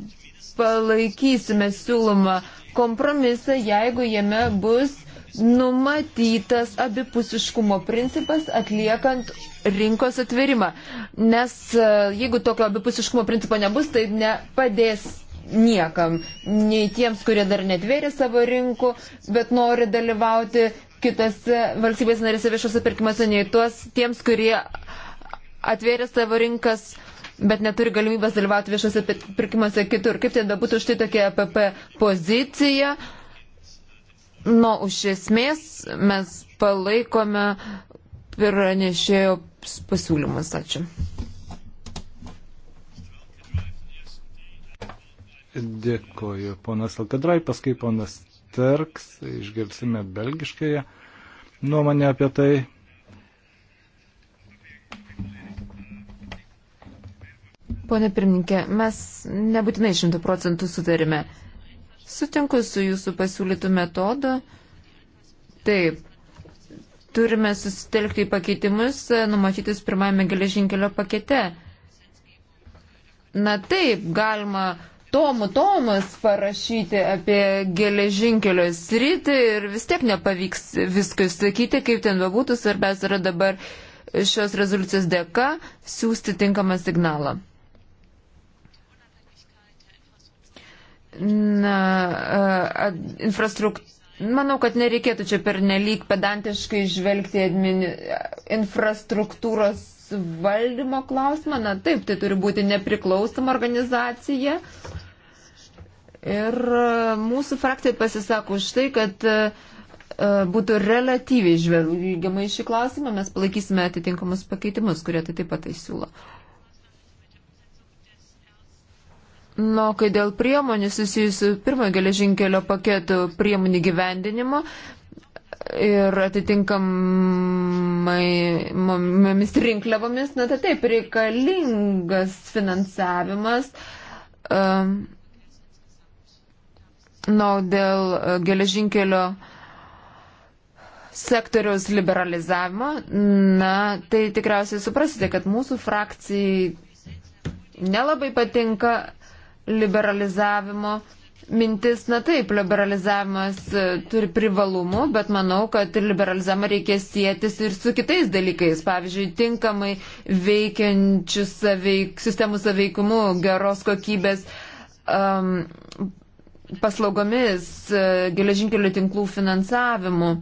palaikysime siūlomą kompromisą, jeigu jame bus numatytas abipusiškumo principas atliekant rinkos atvirimą. Nes e, jeigu tokio abipusiškumo principo nebus, tai nepadės niekam, nei tiems, kurie dar netvėrė savo rinkų, bet nori dalyvauti kitose valstybės narėse viešose pirkimuose, nei tuos tiems, kurie atvėrė savo rinkas, bet neturi galimybės dalyvauti viešose pirkimuose kitur. Kaip tai bebūtų štai tokia APP pozicija, nu, iš esmės mes palaikome pranešėjo pasiūlymus. Ačiū. Dėkoju, ponas Alkadrai, paskui ponas aptarks, išgirsime belgiškąją nuomonę apie tai. Pone pirmininkė, mes nebūtinai šimtų procentų sutarime. Sutinku su jūsų pasiūlytų metodu. Taip, turime susitelkti į pakeitimus e, numatytus pirmajame geležinkelio pakete. Na taip, galima tomų tomus parašyti apie geležinkelio sritį ir vis tiek nepavyks viską išsakyti, kaip ten bebūtų, svarbiausia yra dabar šios rezoliucijos dėka siūsti tinkamą signalą. Na, infrastruktūra. Manau, kad nereikėtų čia per nelik pedantiškai žvelgti infrastruktūros valdymo klausimą. Na taip, tai turi būti nepriklausoma organizacija. Ir e, mūsų frakcija pasisako už tai, kad e, e, būtų relatyviai žvelgiama į šį klausimą. Mes palaikysime atitinkamus pakeitimus, kurie tai taip pat tai siūlo. Na, kai dėl priemonių susijusių pirmojo geležinkelio paketų priemonių gyvendinimo, ir atitinkamomis rinkliavomis, na tai taip, reikalingas finansavimas. Um, na, dėl uh, geležinkelio sektoriaus liberalizavimo, na, tai tikriausiai suprasite, kad mūsų frakcijai nelabai patinka liberalizavimo mintis, na taip, liberalizavimas e, turi privalumų, bet manau, kad liberalizavimą reikės sėtis ir su kitais dalykais. Pavyzdžiui, tinkamai veikiančių saveik, sistemų saveikumu, geros kokybės um, paslaugomis, e, geležinkelių tinklų finansavimu.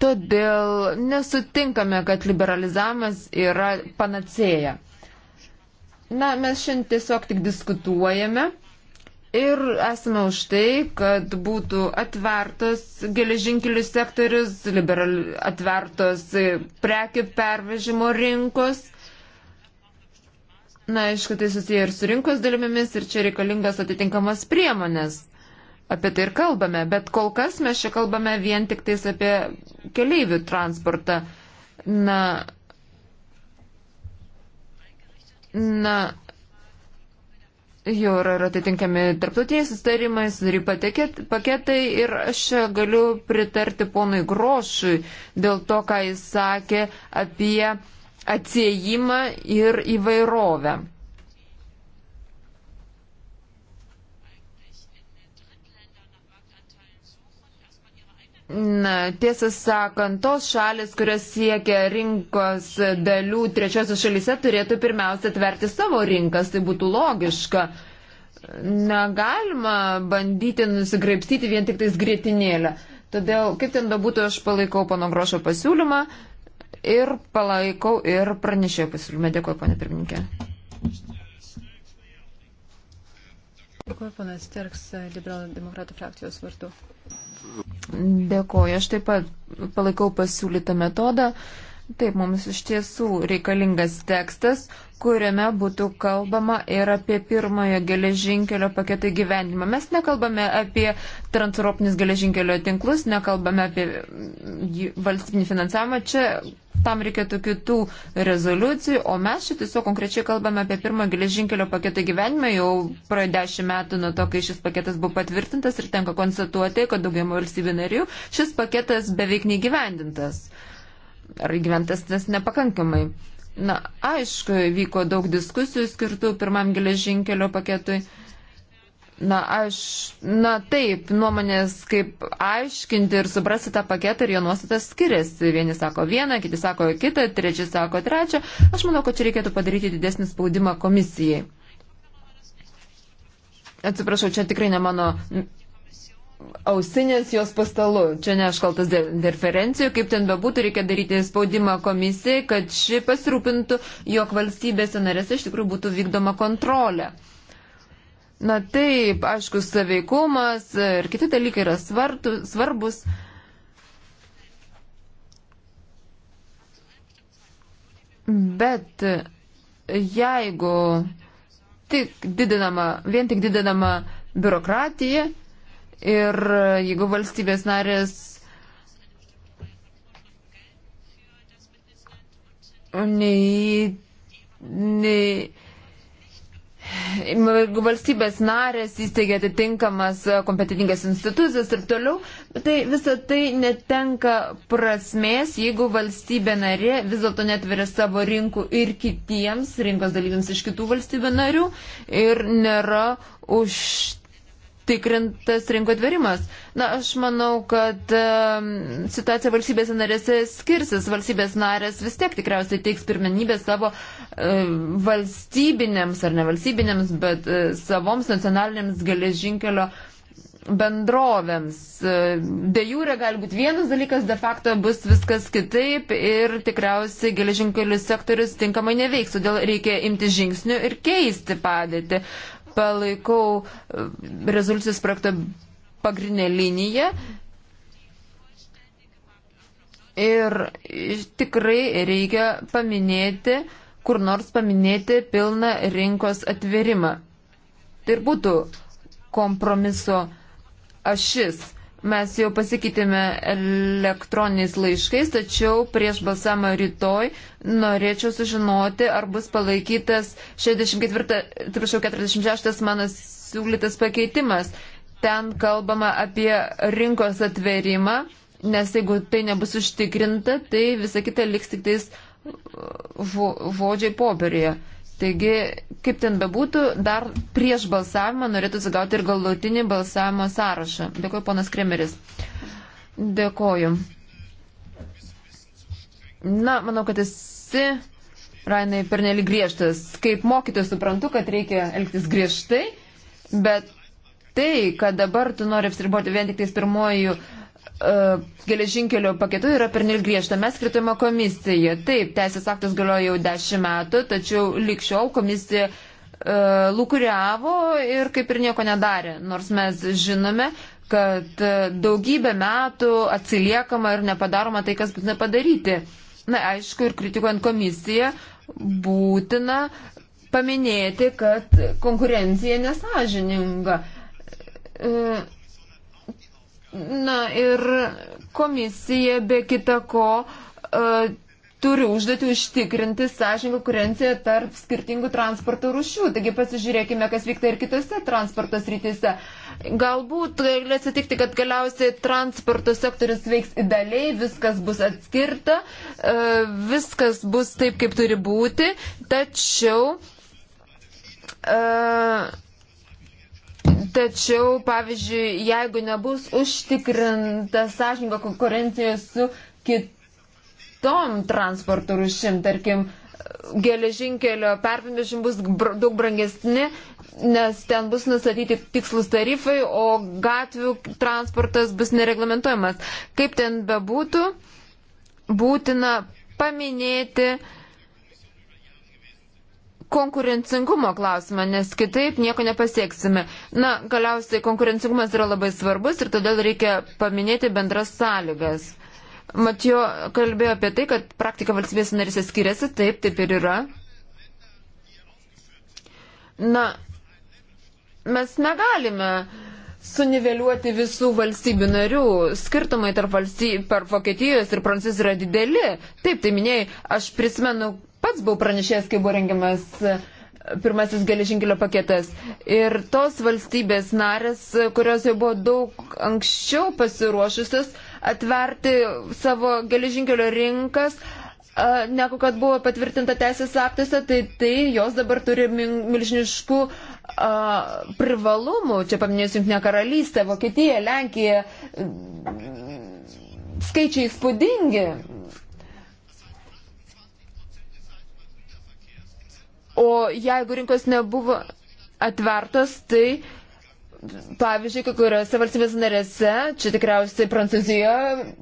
Todėl nesutinkame, kad liberalizavimas yra panacėja. Na, mes šiandien tiesiog tik diskutuojame ir esame už tai, kad būtų atvertos geležinkelių sektorius, liberal, atvertos prekių pervežimo rinkos. Na, aišku, tai susiję ir su rinkos dalimimis ir čia reikalingas atitinkamas priemonės. Apie tai ir kalbame, bet kol kas mes čia kalbame vien tik tais apie keleivių transportą. Na, Na, jau yra atitinkami tarptautiniai sustarimai, sudaryti paketai ir aš galiu pritarti ponui Grošui dėl to, ką jis sakė apie atsiejimą ir įvairovę. Na, tiesą sakant, tos šalis, kurios siekia rinkos dalių trečiosios šalyse, turėtų pirmiausia atverti savo rinkas, tai būtų logiška. Negalima bandyti nusigraipstyti vien tik tais grėtinėlę. Todėl, kaip ten bebūtų, aš palaikau pano Grošo pasiūlymą ir palaikau ir pranešėjo pasiūlymą. Dėkuoju, pane pirmininkė. Dėkuoju, panas Terks, liberalų demokratų frakcijos vardu. Dėkoju, aš taip pat palaikau pasiūlytą metodą. Uh, Taip, mums iš tiesų reikalingas tekstas, kuriame būtų kalbama ir apie pirmojo geležinkelio paketą gyvenimą. Mes nekalbame apie transeuropinis geležinkelio tinklus, nekalbame apie mm, valstybinį finansavimą. Čia tam reikėtų kitų rezoliucijų, o mes čia tiesiog konkrečiai kalbame apie pirmojo geležinkelio paketą gyvenimą. Jau praėjo dešimt metų nuo to, kai šis paketas buvo patvirtintas ir tenka konstatuoti, kad daugiau valstybių narių šis paketas beveik negyvendintas ar įgyventas nes nepakankamai. Na, aišku, vyko daug diskusijų skirtų pirmam geležinkelio paketui. Na, aš, na taip, nuomonės kaip aiškinti ir suprasti tą paketą ir jo nuostatas skiriasi. Vieni sako vieną, kiti sako kitą, trečias sako trečią. Aš manau, kad čia reikėtų padaryti didesnį spaudimą komisijai. Atsiprašau, čia tikrai ne mano ausinės jos pastalu. Čia ne aš kaltas dėl interferencijų, kaip ten bebūtų, reikia daryti spaudimą komisijai, kad ši pasirūpintų, jog valstybėse narėse iš tikrųjų būtų vykdoma kontrolė. Na taip, aišku, saveikumas ir kiti dalykai yra svartu, svarbus. Bet jeigu tik didinama, vien tik didinama biurokratija, Ir jeigu valstybės narės nei, nei, jeigu valstybės narės įsteigia atitinkamas kompetitingas institucijas ir toliau, tai visa tai netenka prasmės, jeigu valstybė narė vis dėlto netveria savo rinkų ir kitiems rinkos dalyviams iš kitų valstybių narių ir nėra už užtikrintas rinko atverimas. Na, aš manau, kad e, situacija valstybėse narėse skirsis. Valstybės narės vis tiek tikriausiai teiks pirmenybę savo e, valstybinėms ar nevalstybinėms, bet e, savoms nacionalinėms geležinkelio bendrovėms. De e, jūre gali būti vienas dalykas, de facto bus viskas kitaip ir tikriausiai geležinkelių sektorius tinkamai neveiks, todėl reikia imti žingsnių ir keisti padėtį palaikau e, rezoliucijos projekto pagrindinę liniją. Ir tikrai reikia paminėti, kur nors paminėti pilną rinkos atverimą. Tai ir būtų kompromiso ašis. Mes jau pasikeitėme elektroniniais laiškais, tačiau prieš balsamą rytoj norėčiau sužinoti, ar bus palaikytas 64, 46 mano siūlytas pakeitimas. Ten kalbama apie rinkos atverimą, nes jeigu tai nebus užtikrinta, tai visa kita liks tik tais žodžiai popieriuje. Taigi, kaip ten bebūtų, dar prieš balsavimą norėtųsi gauti ir galutinį balsavimo sąrašą. Dėkuoju, ponas Kremeris. Dėkuoju. Na, manau, kad esi, Rainai, pernelyg griežtas. Kaip mokytojas suprantu, kad reikia elgtis griežtai, bet tai, kad dabar tu nori apsiriboti vien tik tais pirmojų uh, E, geležinkelio paketu yra pernil griežta. Mes kritimo komisiją. Taip, teisės aktas galioja jau dešimt metų, tačiau likščiol komisija e, lūkuriavo ir kaip ir nieko nedarė. Nors mes žinome, kad e, daugybę metų atsiliekama ir nepadaroma tai, kas būtina padaryti. Na, aišku, ir kritikuojant komisiją būtina paminėti, kad konkurencija nesažininga. E, Na ir komisija be kita ko uh, turi užduotį užtikrinti sąžininką konkurenciją tarp skirtingų transporto rušių. Taigi pasižiūrėkime, kas vyksta ir kitose transporto srityse. Galbūt gali atsitikti, kad galiausiai transporto sektorius veiks idealiai, viskas bus atskirta, e, viskas bus taip, kaip turi būti, tačiau. Uh, Tačiau, pavyzdžiui, jeigu nebus užtikrinta sąžininga konkurencija su kitom transporto rušim, tarkim, geležinkelio pervežim bus daug brangesni, nes ten bus nustatyti tikslus tarifai, o gatvių transportas bus nereglamentojamas. Kaip ten bebūtų, būtina paminėti, konkurencingumo klausimą, nes kitaip nieko nepasieksime. Na, galiausiai konkurencingumas yra labai svarbus ir todėl reikia paminėti bendras sąlygas. Matijo kalbėjo apie tai, kad praktika valstybės narėse skiriasi, taip, taip ir yra. Na, mes negalime suniveliuoti visų valstybių narių. Skirtumai tarp, valstyb, tarp Vokietijos ir Prancūzijos yra dideli. Taip, tai minėjai, aš prisimenu pats buvau pranešęs, kai buvo rengiamas e, pirmasis geležinkelio paketas. Ir tos valstybės narės, kurios jau buvo daug anksčiau pasiruošusios atverti savo geležinkelio rinkas, e, negu kad buvo patvirtinta teisės aktuose, tai, tai jos dabar turi milžiniškų a, e, privalumų. Čia paminėsiu Junktinę karalystę, Vokietiją, Lenkiją. Skaičiai spūdingi. O jeigu rinkos nebuvo atvertos, tai pavyzdžiui, kai kuriuose valstybės narėse, čia tikriausiai Prancūzijoje,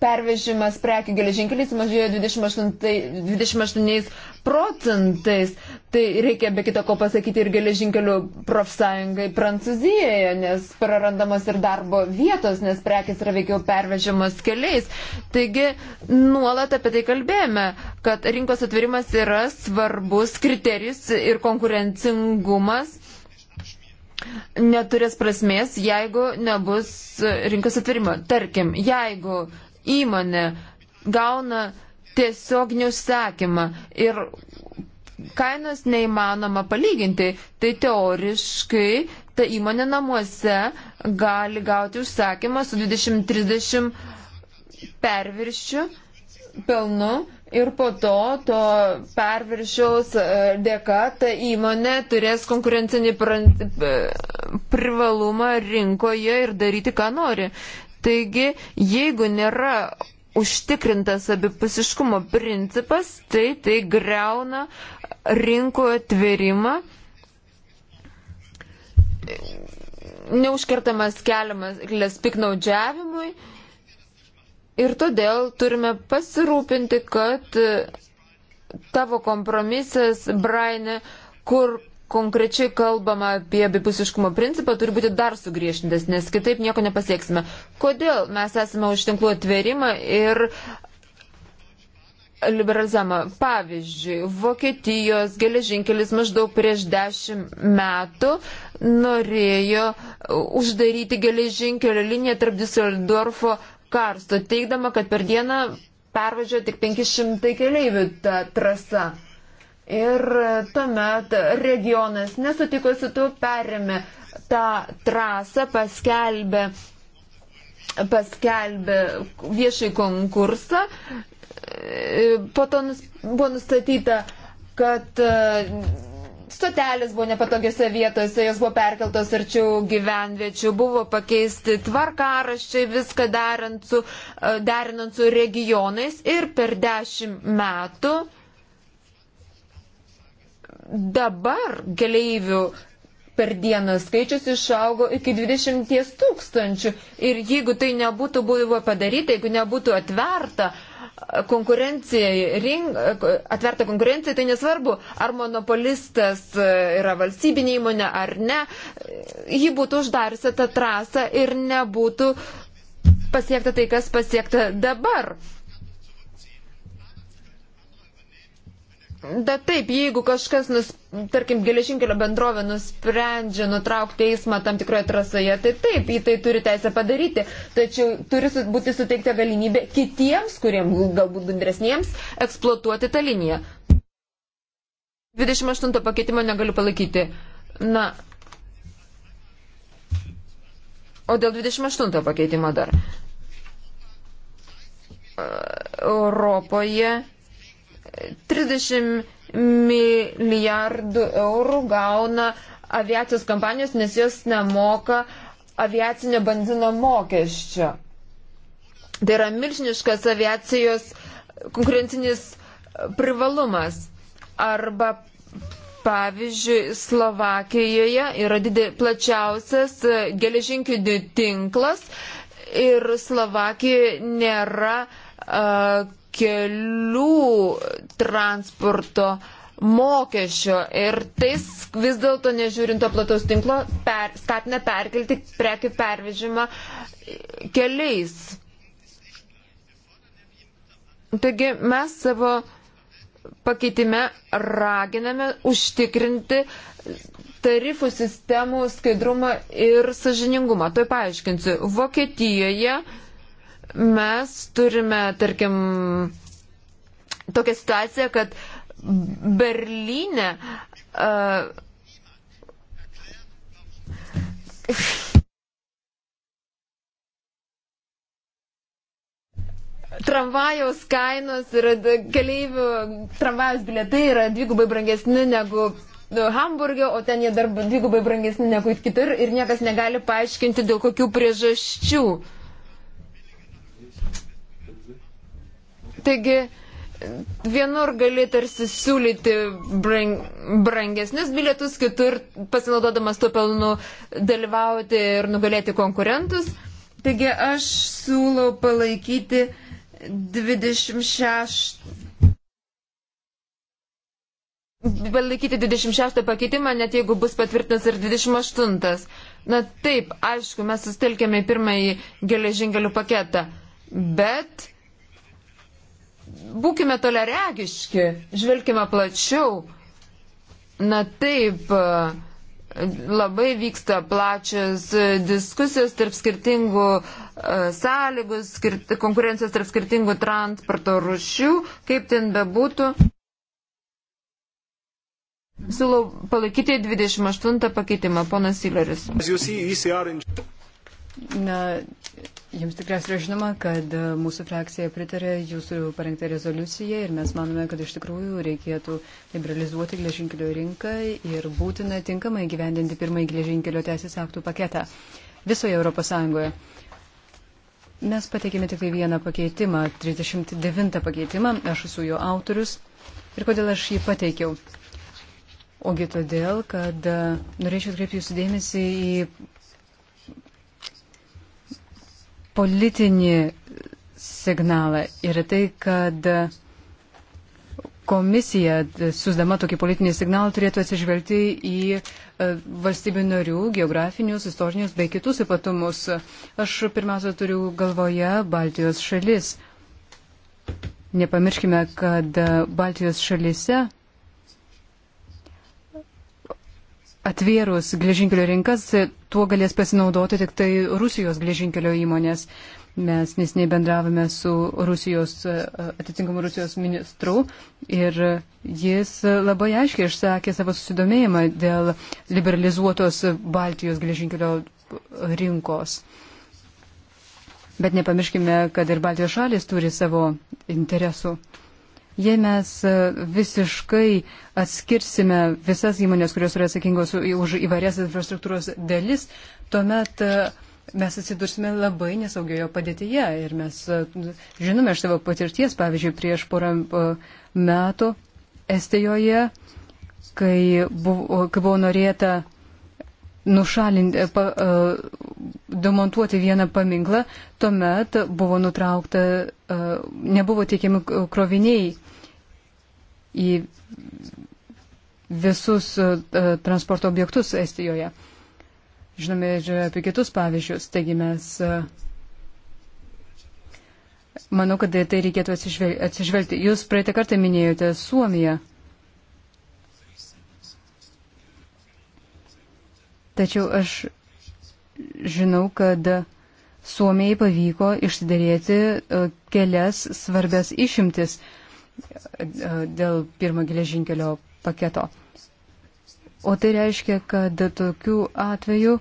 pervežimas prekių geležinkeliais mažėjo 28, 28 procentais. Tai reikia be kita ko pasakyti ir geležinkelių profsąjungai Prancūzijoje, nes prarandamos ir darbo vietos, nes prekis yra veikiau pervežimas keliais. Taigi nuolat apie tai kalbėjome, kad rinkos atvirimas yra svarbus kriterijus ir konkurencingumas neturės prasmės, jeigu nebus rinkos atvirimo. Tarkim, jeigu įmonė gauna tiesiognių sekimą ir kainos neįmanoma palyginti, tai teoriškai ta įmonė namuose gali gauti užsakymą su 20-30 perviršiu pelnu ir po to to perviršiaus e, dėka ta įmonė turės konkurencinį privalumą rinkoje ir daryti, ką nori. Taigi, jeigu nėra užtikrintas abipusiškumo principas, tai tai greuna rinkų atvėrimą, neužkertamas keliamas piknaudžiavimui ir todėl turime pasirūpinti, kad tavo kompromisas, Brainė, kur konkrečiai kalbama apie abipusiškumo principą, turi būti dar sugriežtintas, nes kitaip nieko nepasieksime. Kodėl mes esame už tinklų atverimą ir liberalizavimą? Pavyzdžiui, Vokietijos geležinkelis maždaug prieš dešimt metų norėjo uždaryti geležinkelio liniją tarp Düsseldorfo karsto, teikdama, kad per dieną pervažiuoja tik 500 keleivių ta trasa. Ir tuomet regionas nesutiko su tuo, perėmė tą trasą, paskelbė, paskelbė viešai konkursą. Po to nus, buvo nustatyta, kad e, stotelės buvo nepatogiose vietose, jos buvo perkeltos arčiau gyvenviečių, buvo pakeisti tvarkaraščiai, viską su, e, derinant su regionais ir per dešimt metų dabar keleivių per dieną skaičius išaugo iki 20 tūkstančių. Ir jeigu tai nebūtų buvo padaryta, jeigu nebūtų atverta konkurencija, rink, atverta konkurencija, tai nesvarbu, ar monopolistas yra valstybinė įmonė ar ne, ji būtų uždariusi tą trasą ir nebūtų pasiekta tai, kas pasiekta dabar. Bet taip, jeigu kažkas, nus, tarkim, geležinkelio bendrovė nusprendžia nutraukti eismą tam tikroje trasoje, tai taip, į tai turi teisę padaryti. Tačiau turi būti suteikta galimybė kitiems, kuriems galbūt bendresniems, eksploatuoti tą liniją. 28 pakeitimo negaliu palaikyti. Na. O dėl 28 pakeitimo dar. Europoje 30 milijardų eurų gauna aviacijos kompanijos, nes jos nemoka aviacinio benzino mokesčio. Tai yra milžiniškas aviacijos konkurencinis privalumas. Arba, pavyzdžiui, Slovakijoje yra didė, plačiausias e, geležinkinių tinklas ir Slovakijoje nėra uh, kelių transporto mokesčio ir tais vis dėlto nežiūrinto plataus tinklo per, skatina perkelti prekių pervežimą keliais. Taigi mes savo pakeitime raginame užtikrinti tarifų sistemų skaidrumą ir sažiningumą. Tai paaiškinsiu. Vokietijoje mes turime, tarkim, tokią situaciją, kad Berlyne. Uh, Tramvajaus kainos ir keleivių tramvajaus bilietai yra dvigubai brangesni negu nu, Hamburgė, o ten jie dar dvigubai brangesni negu kitur ir niekas negali paaiškinti dėl kokių priežasčių. Uh, Taigi, vienur gali tarsi siūlyti brang, brangesnius bilietus, kitur pasinaudodamas tuo pelnu dalyvauti ir nugalėti konkurentus. Taigi aš siūlau palaikyti 26. Palaikyti 26 pakeitimą, net jeigu bus patvirtintas ir 28. Na taip, aišku, mes sustelkėme į pirmąjį geležinkelių paketą, bet būkime toleregiški, žvelkime plačiau. Na taip, labai vyksta plačios diskusijos tarp skirtingų e, sąlygų, skirt, konkurencijos tarp skirtingų transporto rušių, kaip ten bebūtų. Siūlau palaikyti 28 pakeitimą, ponas Sileris. Na, jums tikriausiai yra žinoma, kad e, mūsų frakcija pritarė jūsų parengtą rezoliuciją ir mes manome, kad iš tikrųjų reikėtų liberalizuoti geležinkelio rinką ir būtina tinkamai gyvendinti pirmąjį geležinkelio teisės aktų paketą visoje Europos Sąjungoje. Mes pateikėme tik tai vieną pakeitimą, 39 pakeitimą, aš esu jo autorius. Ir kodėl aš jį pateikiau? Ogi todėl, kad e, norėčiau atkreipti jūsų dėmesį į politinį signalą ir tai, kad komisija, susdama tokį politinį signalą, turėtų atsižvelgti į e, valstybių narių geografinius, istorinius bei kitus ypatumus. Aš pirmiausia turiu galvoje Baltijos šalis. Nepamirškime, kad Baltijos šalise atvėrus geležinkelio rinkas, tuo galės pasinaudoti tik tai Rusijos geležinkelio įmonės. Mes nesiniai bendravome su Rusijos, atitinkamu Rusijos ministru ir jis labai aiškiai išsakė savo susidomėjimą dėl liberalizuotos Baltijos geležinkelio rinkos. Bet nepamirškime, kad ir Baltijos šalis turi savo interesų. Jei mes e, visiškai atskirsime visas įmonės, kurios yra atsakingos už įvairias infrastruktūros dalis, tuomet e, mes atsidursime labai nesaugioje padėtyje. Ir mes e, žinome iš savo patirties, pavyzdžiui, prieš porą metų Estijoje, kai buvo, kai buvo norėta nušalinti, e, pa, e, demontuoti vieną paminklą, tuomet buvo nutraukta, e, nebuvo teikiami kroviniai į visus transporto objektus Estijoje. Žinome ir apie kitus pavyzdžius. Taigi mes Manau, kad tai reikėtų atsižvelgti. Jūs praeitą kartą minėjote Suomiją. Tačiau aš žinau, kad Suomijai pavyko išsidarėti e, kelias svarbias išimtis e, dėl pirmo geležinkelio paketo. O tai reiškia, kad tokiu atveju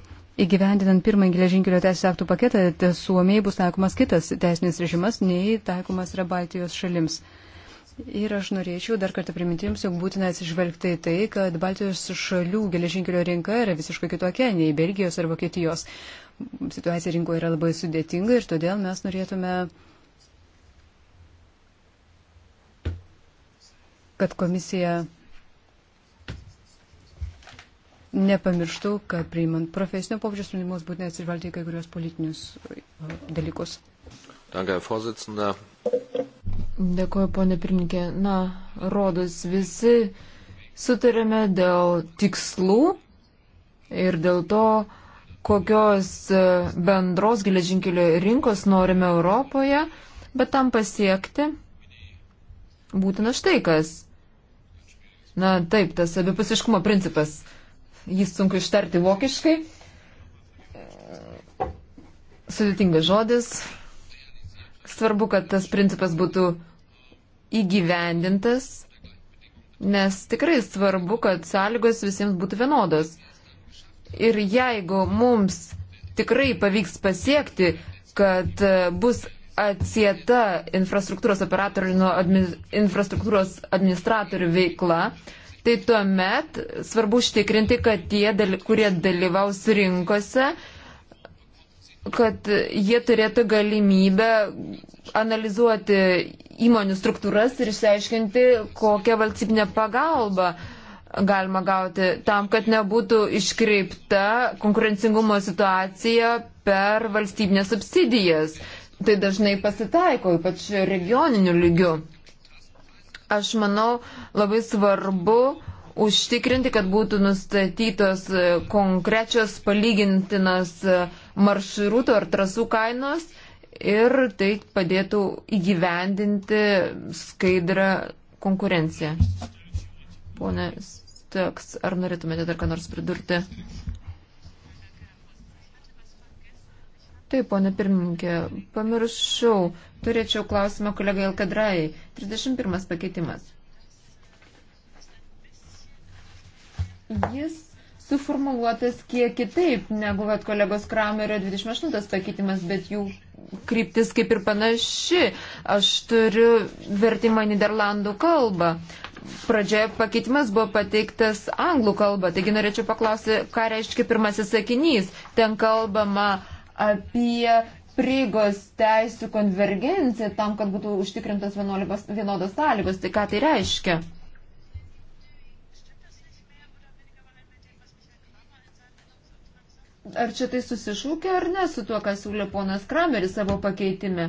įgyvendinant pirmąjį geležinkelio teisės aktų paketą, tai Suomijai bus taikomas kitas teisinis režimas, nei taikomas yra Baltijos šalims. Uh, Ir aš norėčiau dar kartą priminti Jums, jog būtina atsižvelgti tai, kad Baltijos šalių geležinkelio rinka yra visiškai kitokia nei Belgijos ar Vokietijos. Situacija rinkoje yra labai sudėtinga ir todėl mes norėtume, kad komisija nepamirštų, kad priimant profesinio pobūdžio sprendimus būtina atsižvelgti į kai kurios politinius uh, dalykus. Danke, Herr Vorsitzender. Dėkuoju, ponė pirmininkė. Na, rodos visi sutarėme dėl tikslų ir dėl to, kokios e, bendros geležinkelio rinkos norime Europoje, bet tam pasiekti būtina štai kas. Na taip, tas abipusiškumo principas, jis sunku ištarti vokiškai. Sudėtingas žodis, Svarbu, kad tas principas būtų įgyvendintas, nes tikrai svarbu, kad sąlygos visiems būtų vienodos. Ir jeigu mums tikrai pavyks pasiekti, kad e, bus atsieta infrastruktūros operatorių nuo admi infrastruktūros administratorių veikla, tai tuomet svarbu užtikrinti, kad tie, kurie dalyvaus rinkose, kad jie turėtų galimybę analizuoti įmonių struktūras ir išsiaiškinti, kokią valstybinę pagalbą galima gauti tam, kad nebūtų iškreipta konkurencingumo situacija per valstybinės subsidijas. Tai dažnai pasitaiko, ypač regioniniu lygiu. Aš manau, labai svarbu užtikrinti, kad būtų nustatytos konkrečios palygintinas uh, maršrutų ar trasų kainos ir tai padėtų įgyvendinti skaidrą konkurenciją. Pone Steks, ar norėtumėte dar ką nors pridurti? Taip, ponė pirmininkė, pamiršau. Turėčiau klausimą kolegai Alkadrai. 31 pakeitimas. Jis suformuluotas kiek kitaip negu kad kolegos Kramerio 28 pakeitimas, bet jų kryptis kaip ir panaši. Aš turiu vertimą Niderlandų kalbą. Pradžioje pakeitimas buvo pateiktas anglų kalba, taigi norėčiau paklausyti, ką reiškia pirmasis sakinys. Ten kalbama apie prieigos teisų konvergenciją tam, kad būtų užtikrintas vienodos sąlygos. Tai ką tai reiškia? ar čia tai susišūkia ar ne su tuo, ką siūlė ponas Krameris savo pakeitime,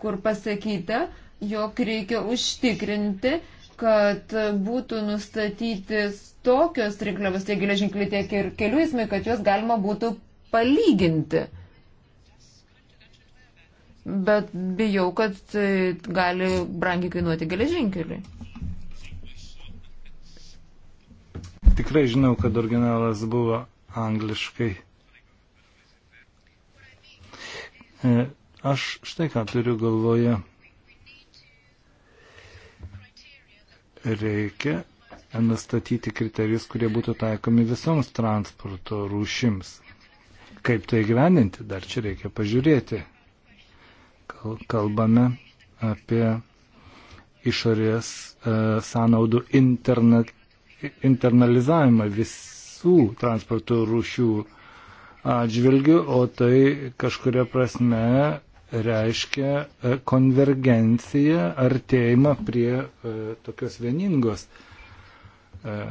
kur pasakyta, jog reikia užtikrinti, kad būtų nustatyti tokios rinkliavos tiek geležinkeliai, tiek ir kelių eismai, kad juos galima būtų palyginti. Bet bijau, kad tai gali brangiai kainuoti geležinkeliai. Tikrai žinau, kad originalas buvo angliškai. E, aš štai ką turiu galvoje. Reikia nustatyti kriterijus, kurie būtų taikomi visoms transporto rūšims. Kaip tai gyveninti, dar čia reikia pažiūrėti. Kalbame apie išorės e, sąnaudų interna, internalizavimą. Vis, visų transporto rūšių atžvilgių, o tai kažkuria prasme reiškia e, konvergenciją, artėjimą prie e, tokios vieningos e,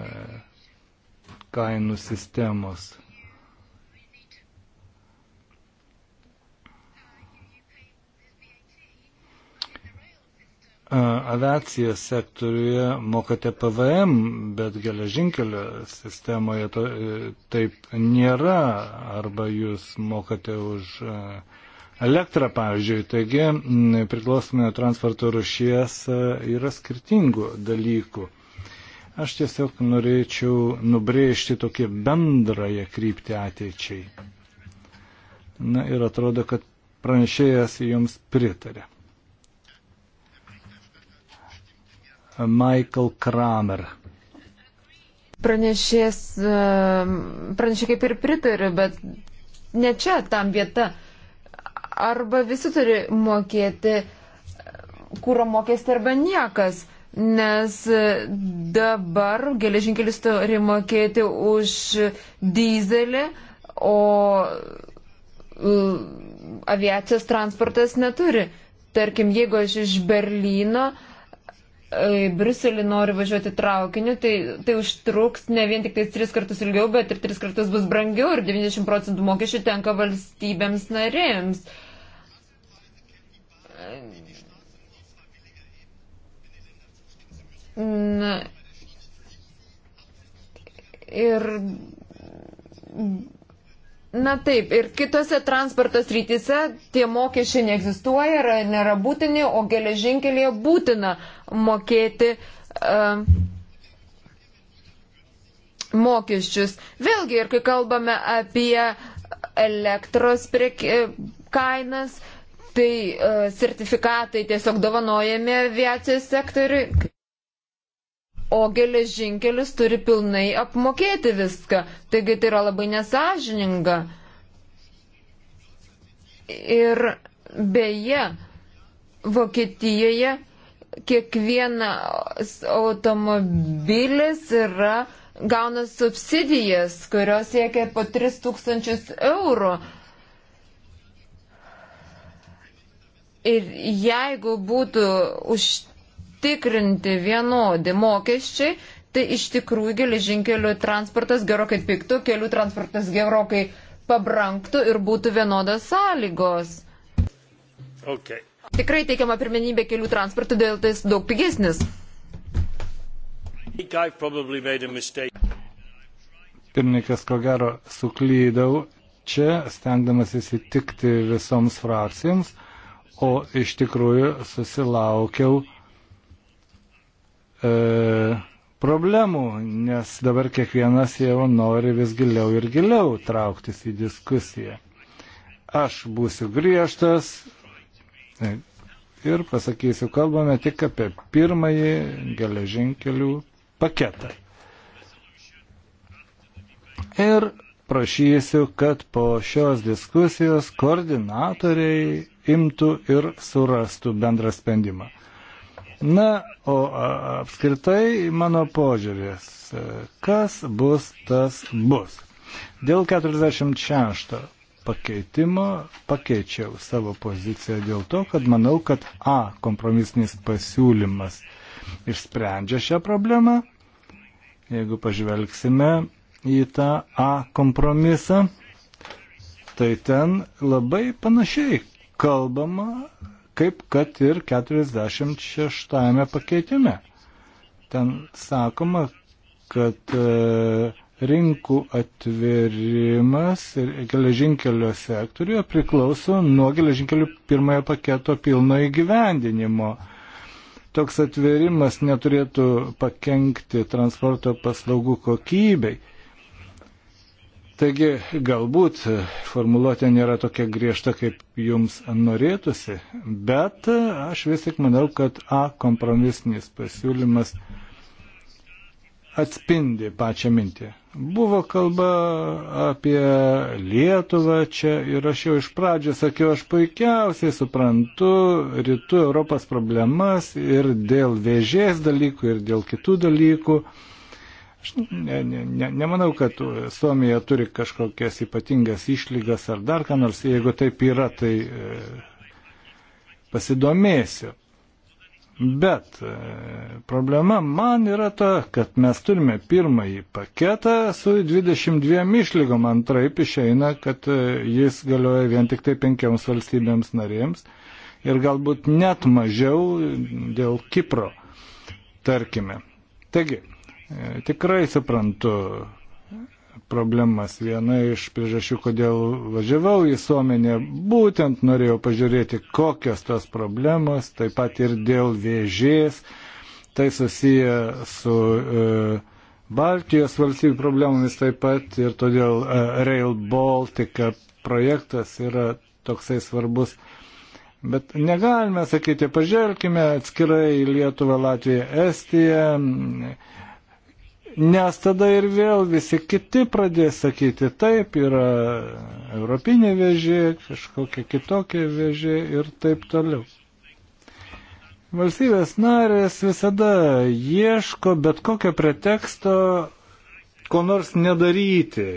kainų sistemos. aviacijos sektoriuje mokate PVM, bet geležinkelio sistemoje to, e, taip nėra, arba jūs mokate už e, elektrą, pavyzdžiui. Taigi, priklausomai nuo transporto rušies e, yra skirtingų dalykų. Aš tiesiog norėčiau nubrėžti tokį bendrąją kryptį ateičiai. Na ir atrodo, kad pranešėjas jums pritarė. Michael Kramer. Pranešės, e, pranešė kaip ir pritariu, bet ne čia tam vieta. Arba visi turi mokėti kūro mokestį arba niekas, nes dabar geležinkelis turi mokėti už dizelį, o e, aviacijos transportas neturi. Tarkim, jeigu aš iš Berlyno uh, į Briuselį nori važiuoti traukiniu, tai, tai užtruks ne vien tik tais tris kartus ilgiau, bet ir tris kartus bus brangiau ir 90 procentų mokesčių tenka valstybėms narėms. Na, ir Na taip, ir kitose transportos rytise tie mokesčiai neegzistuoja, yra, nėra būtini, o geležinkelėje būtina mokėti uh, mokesčius. Vėlgi, ir kai kalbame apie elektros priek, e, kainas, tai uh, sertifikatai tiesiog dovanojami aviacijos sektoriui o geležinkelis turi pilnai apmokėti viską. Taigi tai yra labai nesažininga. Ir beje, Vokietijoje kiekvienas automobilis yra gauna subsidijas, kurios siekia po 3000 eurų. Ir jeigu būtų už užtikrinti vienodi mokesčiai, tai iš tikrųjų geležinkelių transportas gerokai piktų, kelių transportas gerokai pabranktų ir būtų vienodos sąlygos. Okay. Tikrai teikiama pirmenybė kelių transportų, dėl tai jis daug pigesnis. Pirmininkas, ko gero, suklydau čia, stengdamas įsitikti visoms frakcijoms, o iš tikrųjų susilaukiau uh, E, problemų, nes dabar kiekvienas jau nori vis giliau ir giliau trauktis į diskusiją. Aš būsiu griežtas e, ir pasakysiu, kalbame tik apie pirmąjį geležinkelių paketą. Ir prašysiu, kad po šios diskusijos koordinatoriai imtų ir surastų bendrą sprendimą. Na, o apskritai mano požiūris, e, kas bus, tas bus. Dėl 46 pakeitimo pakeičiau savo poziciją dėl to, kad manau, kad A kompromisinis pasiūlymas išsprendžia šią problemą. Jeigu pažvelgsime į tą A kompromisą, tai ten labai panašiai kalbama kaip kad ir 46 pakeitime. Ten sakoma, kad e, rinkų atvėrimas geležinkelio sektoriuje priklauso nuo geležinkelių pirmojo paketo pilno įgyvendinimo. Toks atvėrimas neturėtų pakengti transporto paslaugų kokybei Taigi galbūt formuluotė nėra tokia griežta, kaip jums norėtųsi, bet aš vis tik manau, kad A kompromisinis pasiūlymas atspindi pačią mintį. Buvo kalba apie Lietuvą čia ir aš jau iš pradžio sakiau, aš puikiausiai suprantu rytų Europos problemas ir dėl vėžės dalykų, ir dėl kitų dalykų. Uh, Aš ne, ne, ne, nemanau, kad Suomija turi kažkokias ypatingas išlygas ar dar ką nors. Jeigu taip yra, tai e, pasidomėsiu. Bet e, problema man yra ta, kad mes turime pirmąjį paketą su 22 išlygom, antraip išeina, kad e, jis galioja vien tik tai penkioms valstybėms narėms ir galbūt net mažiau dėl Kipro, tarkime. Taigi, E, tikrai suprantu problemas. Viena iš priežasčių, kodėl važiavau į Suomenę, būtent norėjau pažiūrėti, kokios tos problemos, taip pat ir dėl vėžės. Tai susiję su e, Baltijos valstybių problemomis taip pat ir todėl e, Rail Baltica projektas yra toksai svarbus. Bet negalime sakyti, pažvelkime atskirai Lietuvą, Latviją, Estiją. E, Nes tada ir vėl visi kiti pradės sakyti, taip, yra europinė vėžė, kažkokia kitokia vėžė ir taip toliau. Valstybės narės visada ieško bet kokio preteksto, ko nors nedaryti,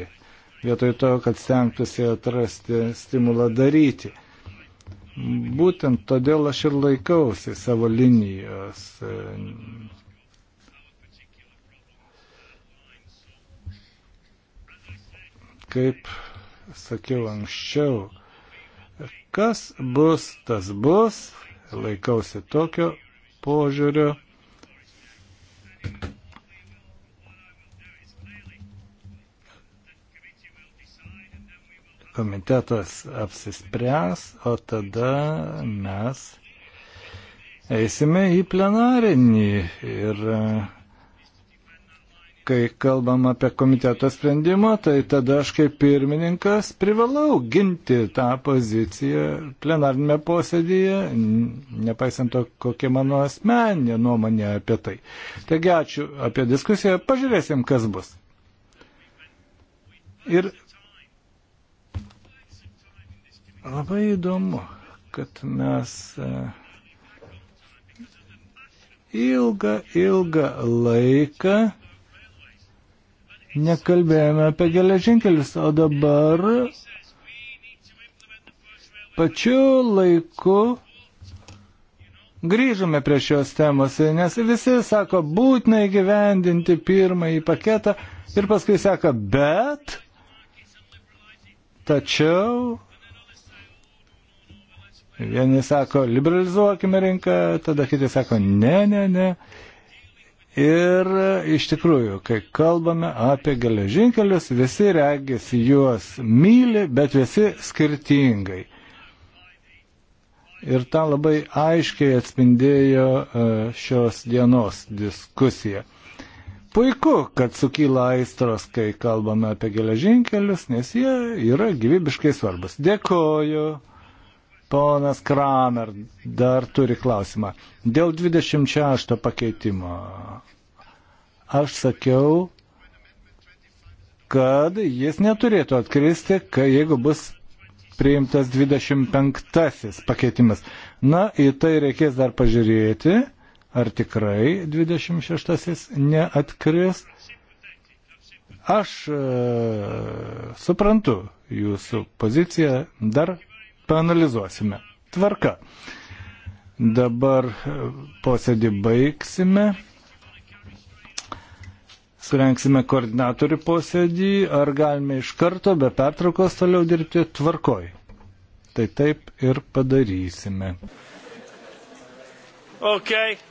vietoj to, kad stengtųsi atrasti stimulą daryti. Būtent todėl aš ir laikausi savo linijos Kaip sakiau anksčiau, kas bus, tas bus, laikausi tokio požiūrio. komitetas apsispręs, o tada mes eisime į plenarinį ir kai kalbam apie komiteto sprendimą, tai tada aš kaip pirmininkas privalau ginti tą poziciją plenarnėme posėdėje, nepaisant to, kokia mano asmeninė nuomonė apie tai. Taigi ačiū apie diskusiją, pažiūrėsim, kas bus. Ir labai įdomu, kad mes. Uh, ilgą, ilgą laiką nekalbėjome apie geležinkelius, o dabar pačiu laiku grįžome prie šios temos, nes visi sako, būtina įgyvendinti pirmąjį paketą ir paskui sako, bet, tačiau, vieni sako, liberalizuokime rinką, tada kiti sako, ne, ne, ne. Ir e, iš tikrųjų, kai kalbame apie geležinkelius, visi regisi juos myli, bet visi skirtingai. Ir tą labai aiškiai atspindėjo e, šios dienos diskusija. Puiku, kad sukyla aistros, kai kalbame apie geležinkelius, nes jie yra gyvybiškai svarbus. Dėkoju. Ponas Kramer dar turi klausimą. Dėl 26 pakeitimo. Aš sakiau, kad jis neturėtų atkristi, kai jeigu bus priimtas 25 pakeitimas. Na, į tai reikės dar pažiūrėti, ar tikrai 26 neatkris. Aš e, suprantu jūsų poziciją, dar Panalizuosime. Tvarka. Dabar e, posėdį baigsime. Surenksime koordinatorių posėdį. Ar galime iš karto be pertraukos toliau dirbti tvarkoj? Tai taip ir padarysime. Okay.